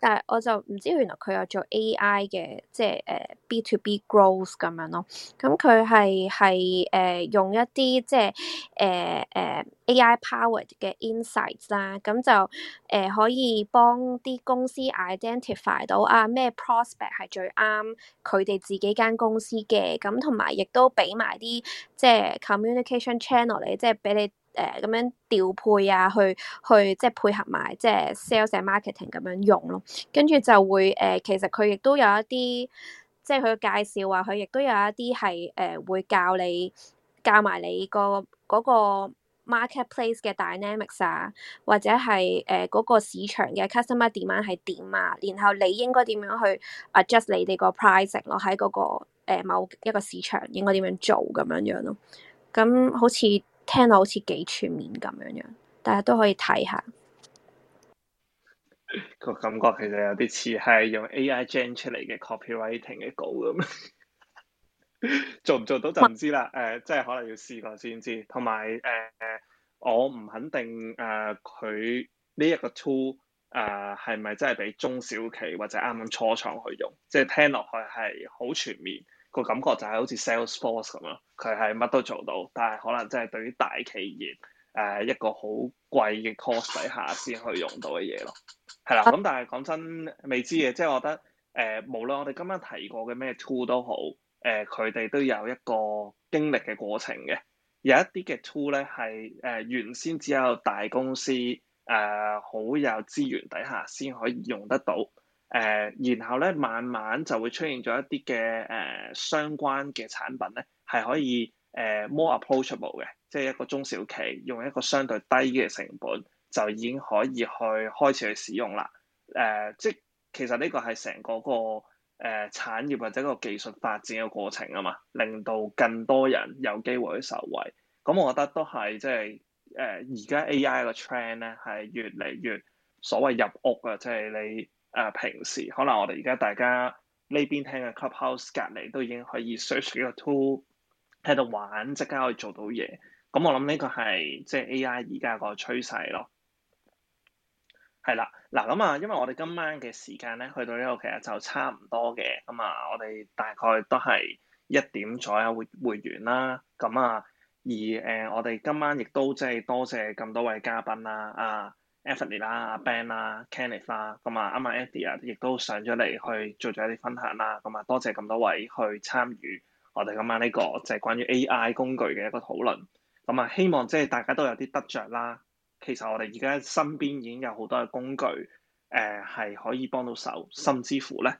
但係我就唔知原來佢有做 AI 嘅，即係誒 B to B growth 咁樣咯。咁佢係係誒用一啲即係誒誒 AI powered 嘅 insights 啦，咁就誒、呃、可以幫啲公司 identify 到啊咩 prospect 係最啱佢哋自己間公司嘅，咁同埋亦都俾埋啲即係 communication channel 你，即係俾你。誒咁、呃、樣調配啊，去去即係配合埋即係 sales marketing 咁樣用咯，跟住就會誒、呃，其實佢亦都有一啲，即係佢介紹啊，佢亦都有一啲係誒會教你教埋你、嗰個嗰、嗰個 marketplace 嘅 dynamics 啊，或者係誒嗰個市場嘅 customer demand 係點啊，然後你應該點樣去 adjust 你哋、啊嗰個 pricing 咯，喺嗰個某一個市場應該點樣做咁樣樣咯，咁好似。聽落好似幾全面咁樣樣，大家都可以睇下個感覺，其實有啲似係用 AI generate 出嚟嘅 copywriting 嘅稿咁。 [laughs] 做唔做到就唔知啦，誒哇，即係、呃、可能要試過先知。同埋誒，我唔肯定誒，佢呢一個 tool 誒係咪真係俾中小企或者啱啱初創去用？即係聽落去係好全面。個感覺就係好似 Salesforce 咁咯，佢係乜都做到，但係可能真係對於大企業誒、呃、一個好貴嘅 cost 底下先可以用到嘅嘢咯，係啦。咁但係講真，未知嘅，即係我覺得誒、呃，無論我哋今日提過嘅咩 tool 都好，誒佢哋都有一個經歷嘅過程嘅。有一啲嘅 tool 咧係誒、呃、原先只有大公司誒、呃、好有資源底下先可以用得到。誒，uh, 然後咧，慢慢就會出現咗一啲嘅誒相關嘅產品咧，係可以誒、uh, more approachable 嘅，即係一個中小企用一個相對低嘅成本就已經可以去開始去使用啦。誒、uh，即其實呢個係成個個誒、uh, 產業或者一個技術發展嘅過程啊嘛，令到更多人有機會受惠。咁、嗯、我覺得都係即係誒而家 AI 嘅 trend 咧係越嚟越所謂入屋啊，即係你。誒、呃、平時可能我哋而家大家呢邊聽嘅 Clubhouse 隔離都已經可以 search 幾個 tool 喺度玩，即刻可以做到嘢。咁我諗呢個係即係 AI 而家個趨勢咯。係啦，嗱咁啊，因為我哋今晚嘅時間咧去到呢度其實就差唔多嘅。咁啊，我哋大概都係一點左右會會完啦。咁啊，而誒、呃、我哋今晚亦都即係多謝咁多，多位嘉賓啦、啊，啊！Anthony 啦、阿 Ben 啦、Kenneth 啦，咁啊，啱啱 Eddie 啊，亦都上咗嚟去做咗一啲分享啦，咁啊，多謝咁多位去參與我哋今晚呢個即係關於 AI 工具嘅一個討論。咁啊，希望即係大家都有啲得着啦。其實我哋而家身邊已經有好多嘅工具，誒、呃，係可以幫到手，甚至乎咧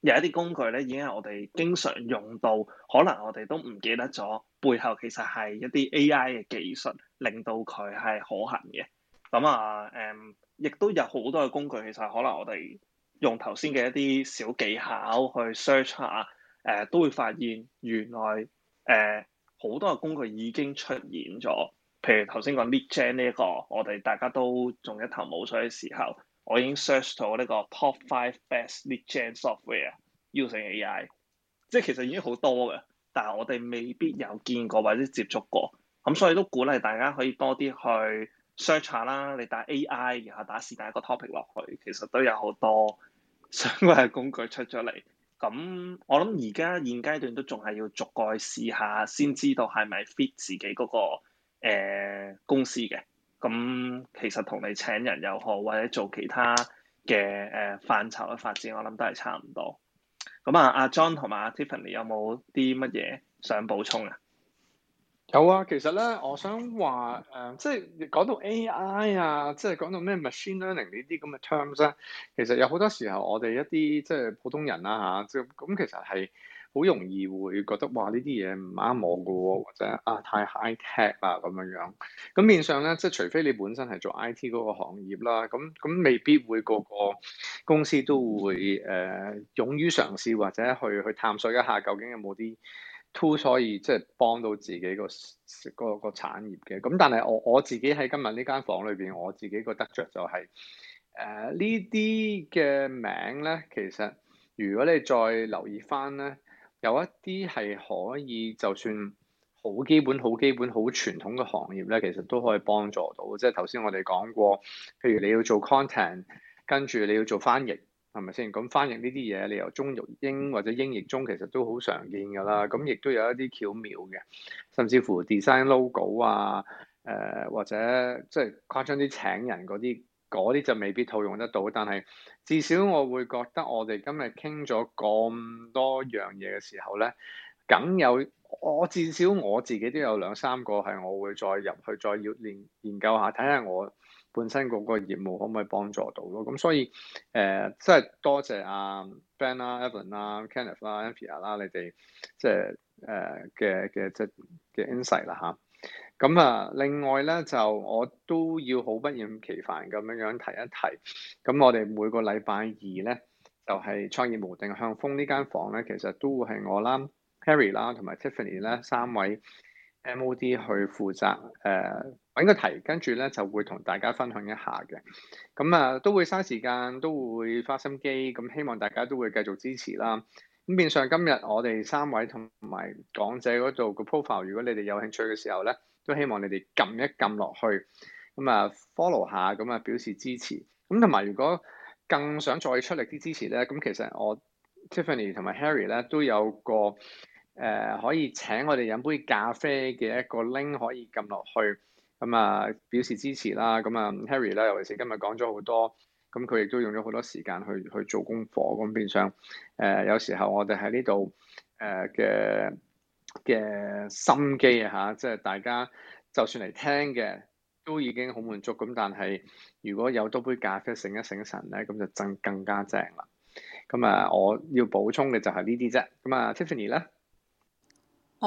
有一啲工具咧已經係我哋經常用到，可能我哋都唔記得咗背後其實係一啲 AI 嘅技術令到佢係可行嘅。咁啊，誒、嗯，亦都有好多嘅工具。其實可能我哋用頭先嘅一啲小技巧去 search 下，誒、呃，都會發現原來誒好、呃、多嘅工具已經出現咗。譬如頭先講 lead gen 呢、這、一個，我哋大家都仲一頭霧水嘅時候，我已經 search 到呢個 top five best lead gen software using AI，即係其實已經好多嘅，但係我哋未必有見過或者接觸過。咁所以都鼓勵大家可以多啲去。search 啦，你打 AI 然後打時間一個 topic 落去，其實都有好多相關嘅工具出咗嚟。咁我諗而家現階段都仲係要逐個去試下，先知道係咪 fit 自己嗰個、呃、公司嘅。咁其實同你請人又好，或者做其他嘅誒範疇嘅發展，我諗都係差唔多。咁啊，阿 John 同埋阿 Tiffany 有冇啲乜嘢想補充啊？有、哦、啊，其實咧，我想話誒、呃，即係講到 A.I. 啊，即係講到咩 machine learning 呢啲咁嘅 terms 咧、啊，其實有好多時候我，我哋一啲即係普通人啦、啊、嚇、啊，即咁其實係好容易會覺得哇，呢啲嘢唔啱我嘅、啊，或者啊太 high tech 啊咁樣樣。咁面上咧，即係除非你本身係做 I.T. 嗰個行業啦，咁咁未必會個個公司都會誒、呃、勇於嘗試或者去去探索一下究竟有冇啲。to 所以即係幫到自己個個產業嘅，咁但係我我自己喺今日呢間房裏邊我自己個得着就係、是、誒、呃、呢啲嘅名咧，其實如果你再留意翻咧，有一啲係可以就算好基本、好基本、好傳統嘅行業咧，其實都可以幫助到。即係頭先我哋講過，譬如你要做 content，跟住你要做翻譯。係咪先？咁翻譯呢啲嘢，你由中譯英或者英譯中，其實都好常見㗎啦。咁亦都有一啲巧妙嘅，甚至乎 design logo 啊，誒、呃、或者即係、就是、誇張啲請人嗰啲，嗰啲就未必套用得到。但係至少我會覺得，我哋今日傾咗咁多樣嘢嘅時候咧，梗有我至少我自己都有兩三個係我會再入去再要研研究下，睇下我。本身嗰個業務可唔可以幫助到咯？咁所以誒，即、呃、係多謝阿、啊、Ben 啦、啊、啊、Evan 啦、啊、Kenneth 啦、啊、Amelia 啦，你哋即係誒嘅嘅即嘅 insight 啦嚇。咁啊，另外咧就我都要好不厭其煩咁樣樣提一提。咁、啊、我哋每個禮拜二咧，就係、是、創業無定向瘋呢間房咧，其實都會係我啦、Harry 啦同埋 Tiffany 啦三位。M.O.D. 去負責誒揾、呃、個題，跟住咧就會同大家分享一下嘅。咁、嗯、啊，都會嘥時間，都會花心機。咁、嗯、希望大家都會繼續支持啦。咁、嗯、變相今日我哋三位同埋港姐嗰度個 profile，如果你哋有興趣嘅時候咧，都希望你哋撳一撳落去。咁、嗯、啊，follow 下，咁、嗯、啊表示支持。咁同埋如果更想再出力啲支持咧，咁、嗯、其實我 Tiffany 同埋 Harry 咧都有個。誒、呃、可以請我哋飲杯咖啡嘅一個 link 可以撳落去，咁、嗯、啊、呃、表示支持啦，咁、嗯、啊 Harry 啦，尤其是今日講咗好多，咁佢亦都用咗好多時間去去做功課，咁、嗯、變相誒、呃、有時候我哋喺呢度誒嘅嘅心機啊，即係、就是、大家就算嚟聽嘅都已經好滿足咁、嗯，但係如果有多杯咖啡醒一醒神咧，咁就真更加正啦。咁、嗯、啊、呃，我要補充嘅就係、嗯呃、呢啲啫，咁啊 Tiffany 咧。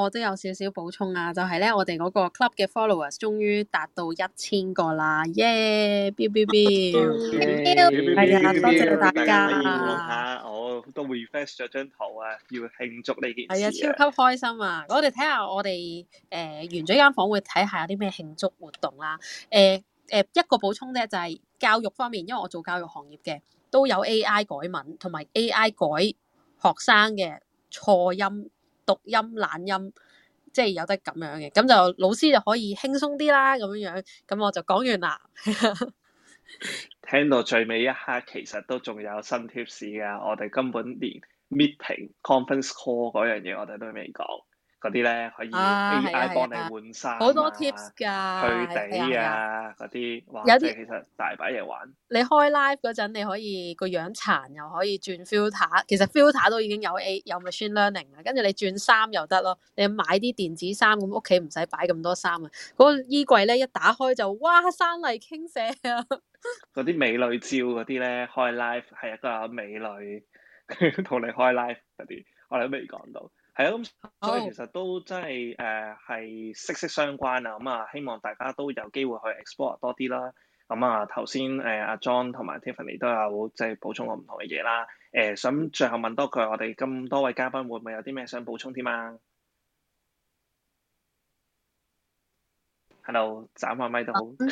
我都有少少補充啊，就係、是、咧，我哋嗰個 club 嘅 followers 終於達到一千個啦，yeah！biu biu biu，多謝大家吓 [noise] ，我都 refresh r 咗張圖啊，要慶祝呢件事。係啊，超級開心啊！我哋睇下我哋誒、呃、完咗間房會睇下有啲咩慶祝活動啦、啊。誒、呃、誒、呃，一個補充咧，就係、是、教育方面，因為我做教育行業嘅，都有 A I 改文同埋 A I 改學，學生嘅錯音。讀音懶音，即係有得咁樣嘅，咁就老師就可以輕鬆啲啦。咁樣樣，咁我就講完啦。 [laughs] 聽到最尾一刻，其實都仲有新貼士噶，我哋根本連 meeting conference call 嗰樣嘢，我哋都未講。嗰啲咧可以 AI、啊啊啊、幫你換衫、啊，好多 tips 㗎，佢哋啊嗰啲、啊啊啊，哇！有啲點其實大把嘢玩。你開 live 嗰陣，你可以個樣殘，又可以轉 filter。其實 filter 都已經有 A，有 machine learning 啦。跟住你轉衫又得咯，你買啲電子衫咁，屋企唔使擺咁多衫啊。嗰、那個衣櫃咧一打開就哇，山泥傾瀉啊！嗰 [laughs] 啲美女照嗰啲咧，開 live 係一個美女同 [laughs] 你開 live 嗰啲，我哋都未講到。係啊，咁所以其實都真係誒係息息相關啊。咁、嗯、啊，希望大家都有機會去 explore 多啲啦。咁、嗯呃、啊，頭先誒阿 John 同埋 Tiffany 都有即係、就是、補充我唔同嘅嘢啦。誒、呃，想最後問多句，我哋咁多位嘉賓會唔會有啲咩想補充添啊？Hello，眨下咪都好、嗯。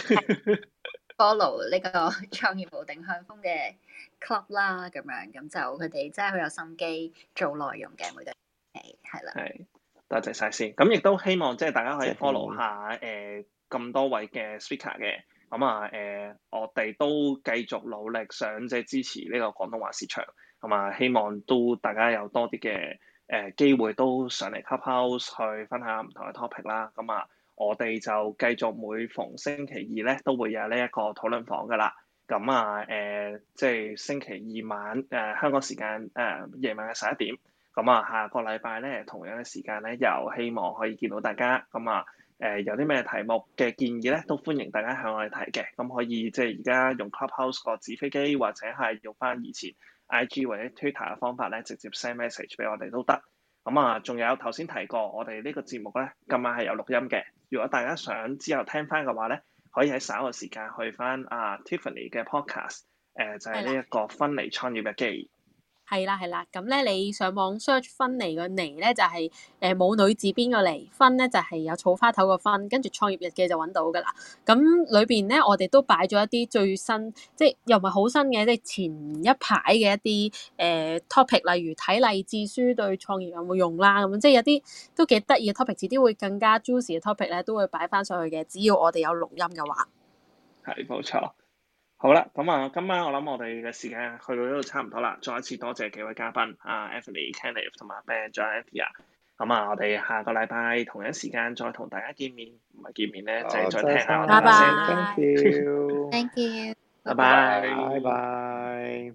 [laughs] follow 呢個創業無定向瘋嘅 club 啦，咁樣咁就佢哋真係好有心機做內容嘅，係，啦，係， [noise] [noise] 多謝晒先。咁亦都希望即係大家可以 follow 下誒咁、呃、多位嘅 speaker 嘅，咁啊誒、呃、我哋都繼續努力，想即係支持呢個廣東話市場，同、啊、埋希望都大家有多啲嘅誒機會都上嚟 Clubhouse 去分享唔同嘅 topic 啦。咁啊，我哋就繼續每逢星期二咧都會有呢一個討論房噶啦。咁啊誒、呃、即係星期二晚誒、呃、香港時間誒、呃、夜晚嘅十一點。咁啊、嗯，下個禮拜咧，同樣嘅時間咧，又希望可以見到大家。咁、嗯、啊，誒、呃，有啲咩題目嘅建議咧，都歡迎大家向我哋提嘅。咁、嗯、可以即係而家用 Clubhouse 個紙飛機，或者係用翻以前 IG 或者 Twitter 嘅方法咧，直接 send message 俾我哋都得。咁、嗯、啊，仲有頭先提過，我哋呢個節目咧，今晚係有錄音嘅。如果大家想之後聽翻嘅話咧，可以喺稍後時間去翻啊 Tiffany 嘅 podcast，誒、呃、就係呢一個分離創業嘅機。係啦，係啦，咁咧，你上網 search 分離，離、就係、個離咧，離就係誒冇女子邊個離分咧，就係有草花頭個分，跟住創業日記就揾到噶啦。咁裏邊咧，我哋都擺咗一啲最新，即係又唔係好新嘅，即係前一排嘅一啲誒、呃、topic，例如睇勵志書對創業有冇用啦，咁即係有啲都幾得意嘅 topic，遲啲會更加 juicy 嘅 topic 咧，都會擺翻上去嘅。只要我哋有錄音嘅話，係冇錯。好啦，咁啊，今晚我諗我哋嘅時間去到呢度差唔多啦。再一次多謝幾位嘉賓，uh, Anthony, Kenneth, Ben, Jonathan, 啊，Anthony, Kenneth 同埋 Ben, Jonathan。咁啊，我哋下個禮拜同一時間再同大家見面，唔係見面咧，哦、就係再聽下我哋。拜拜，Thank you，拜拜，拜拜。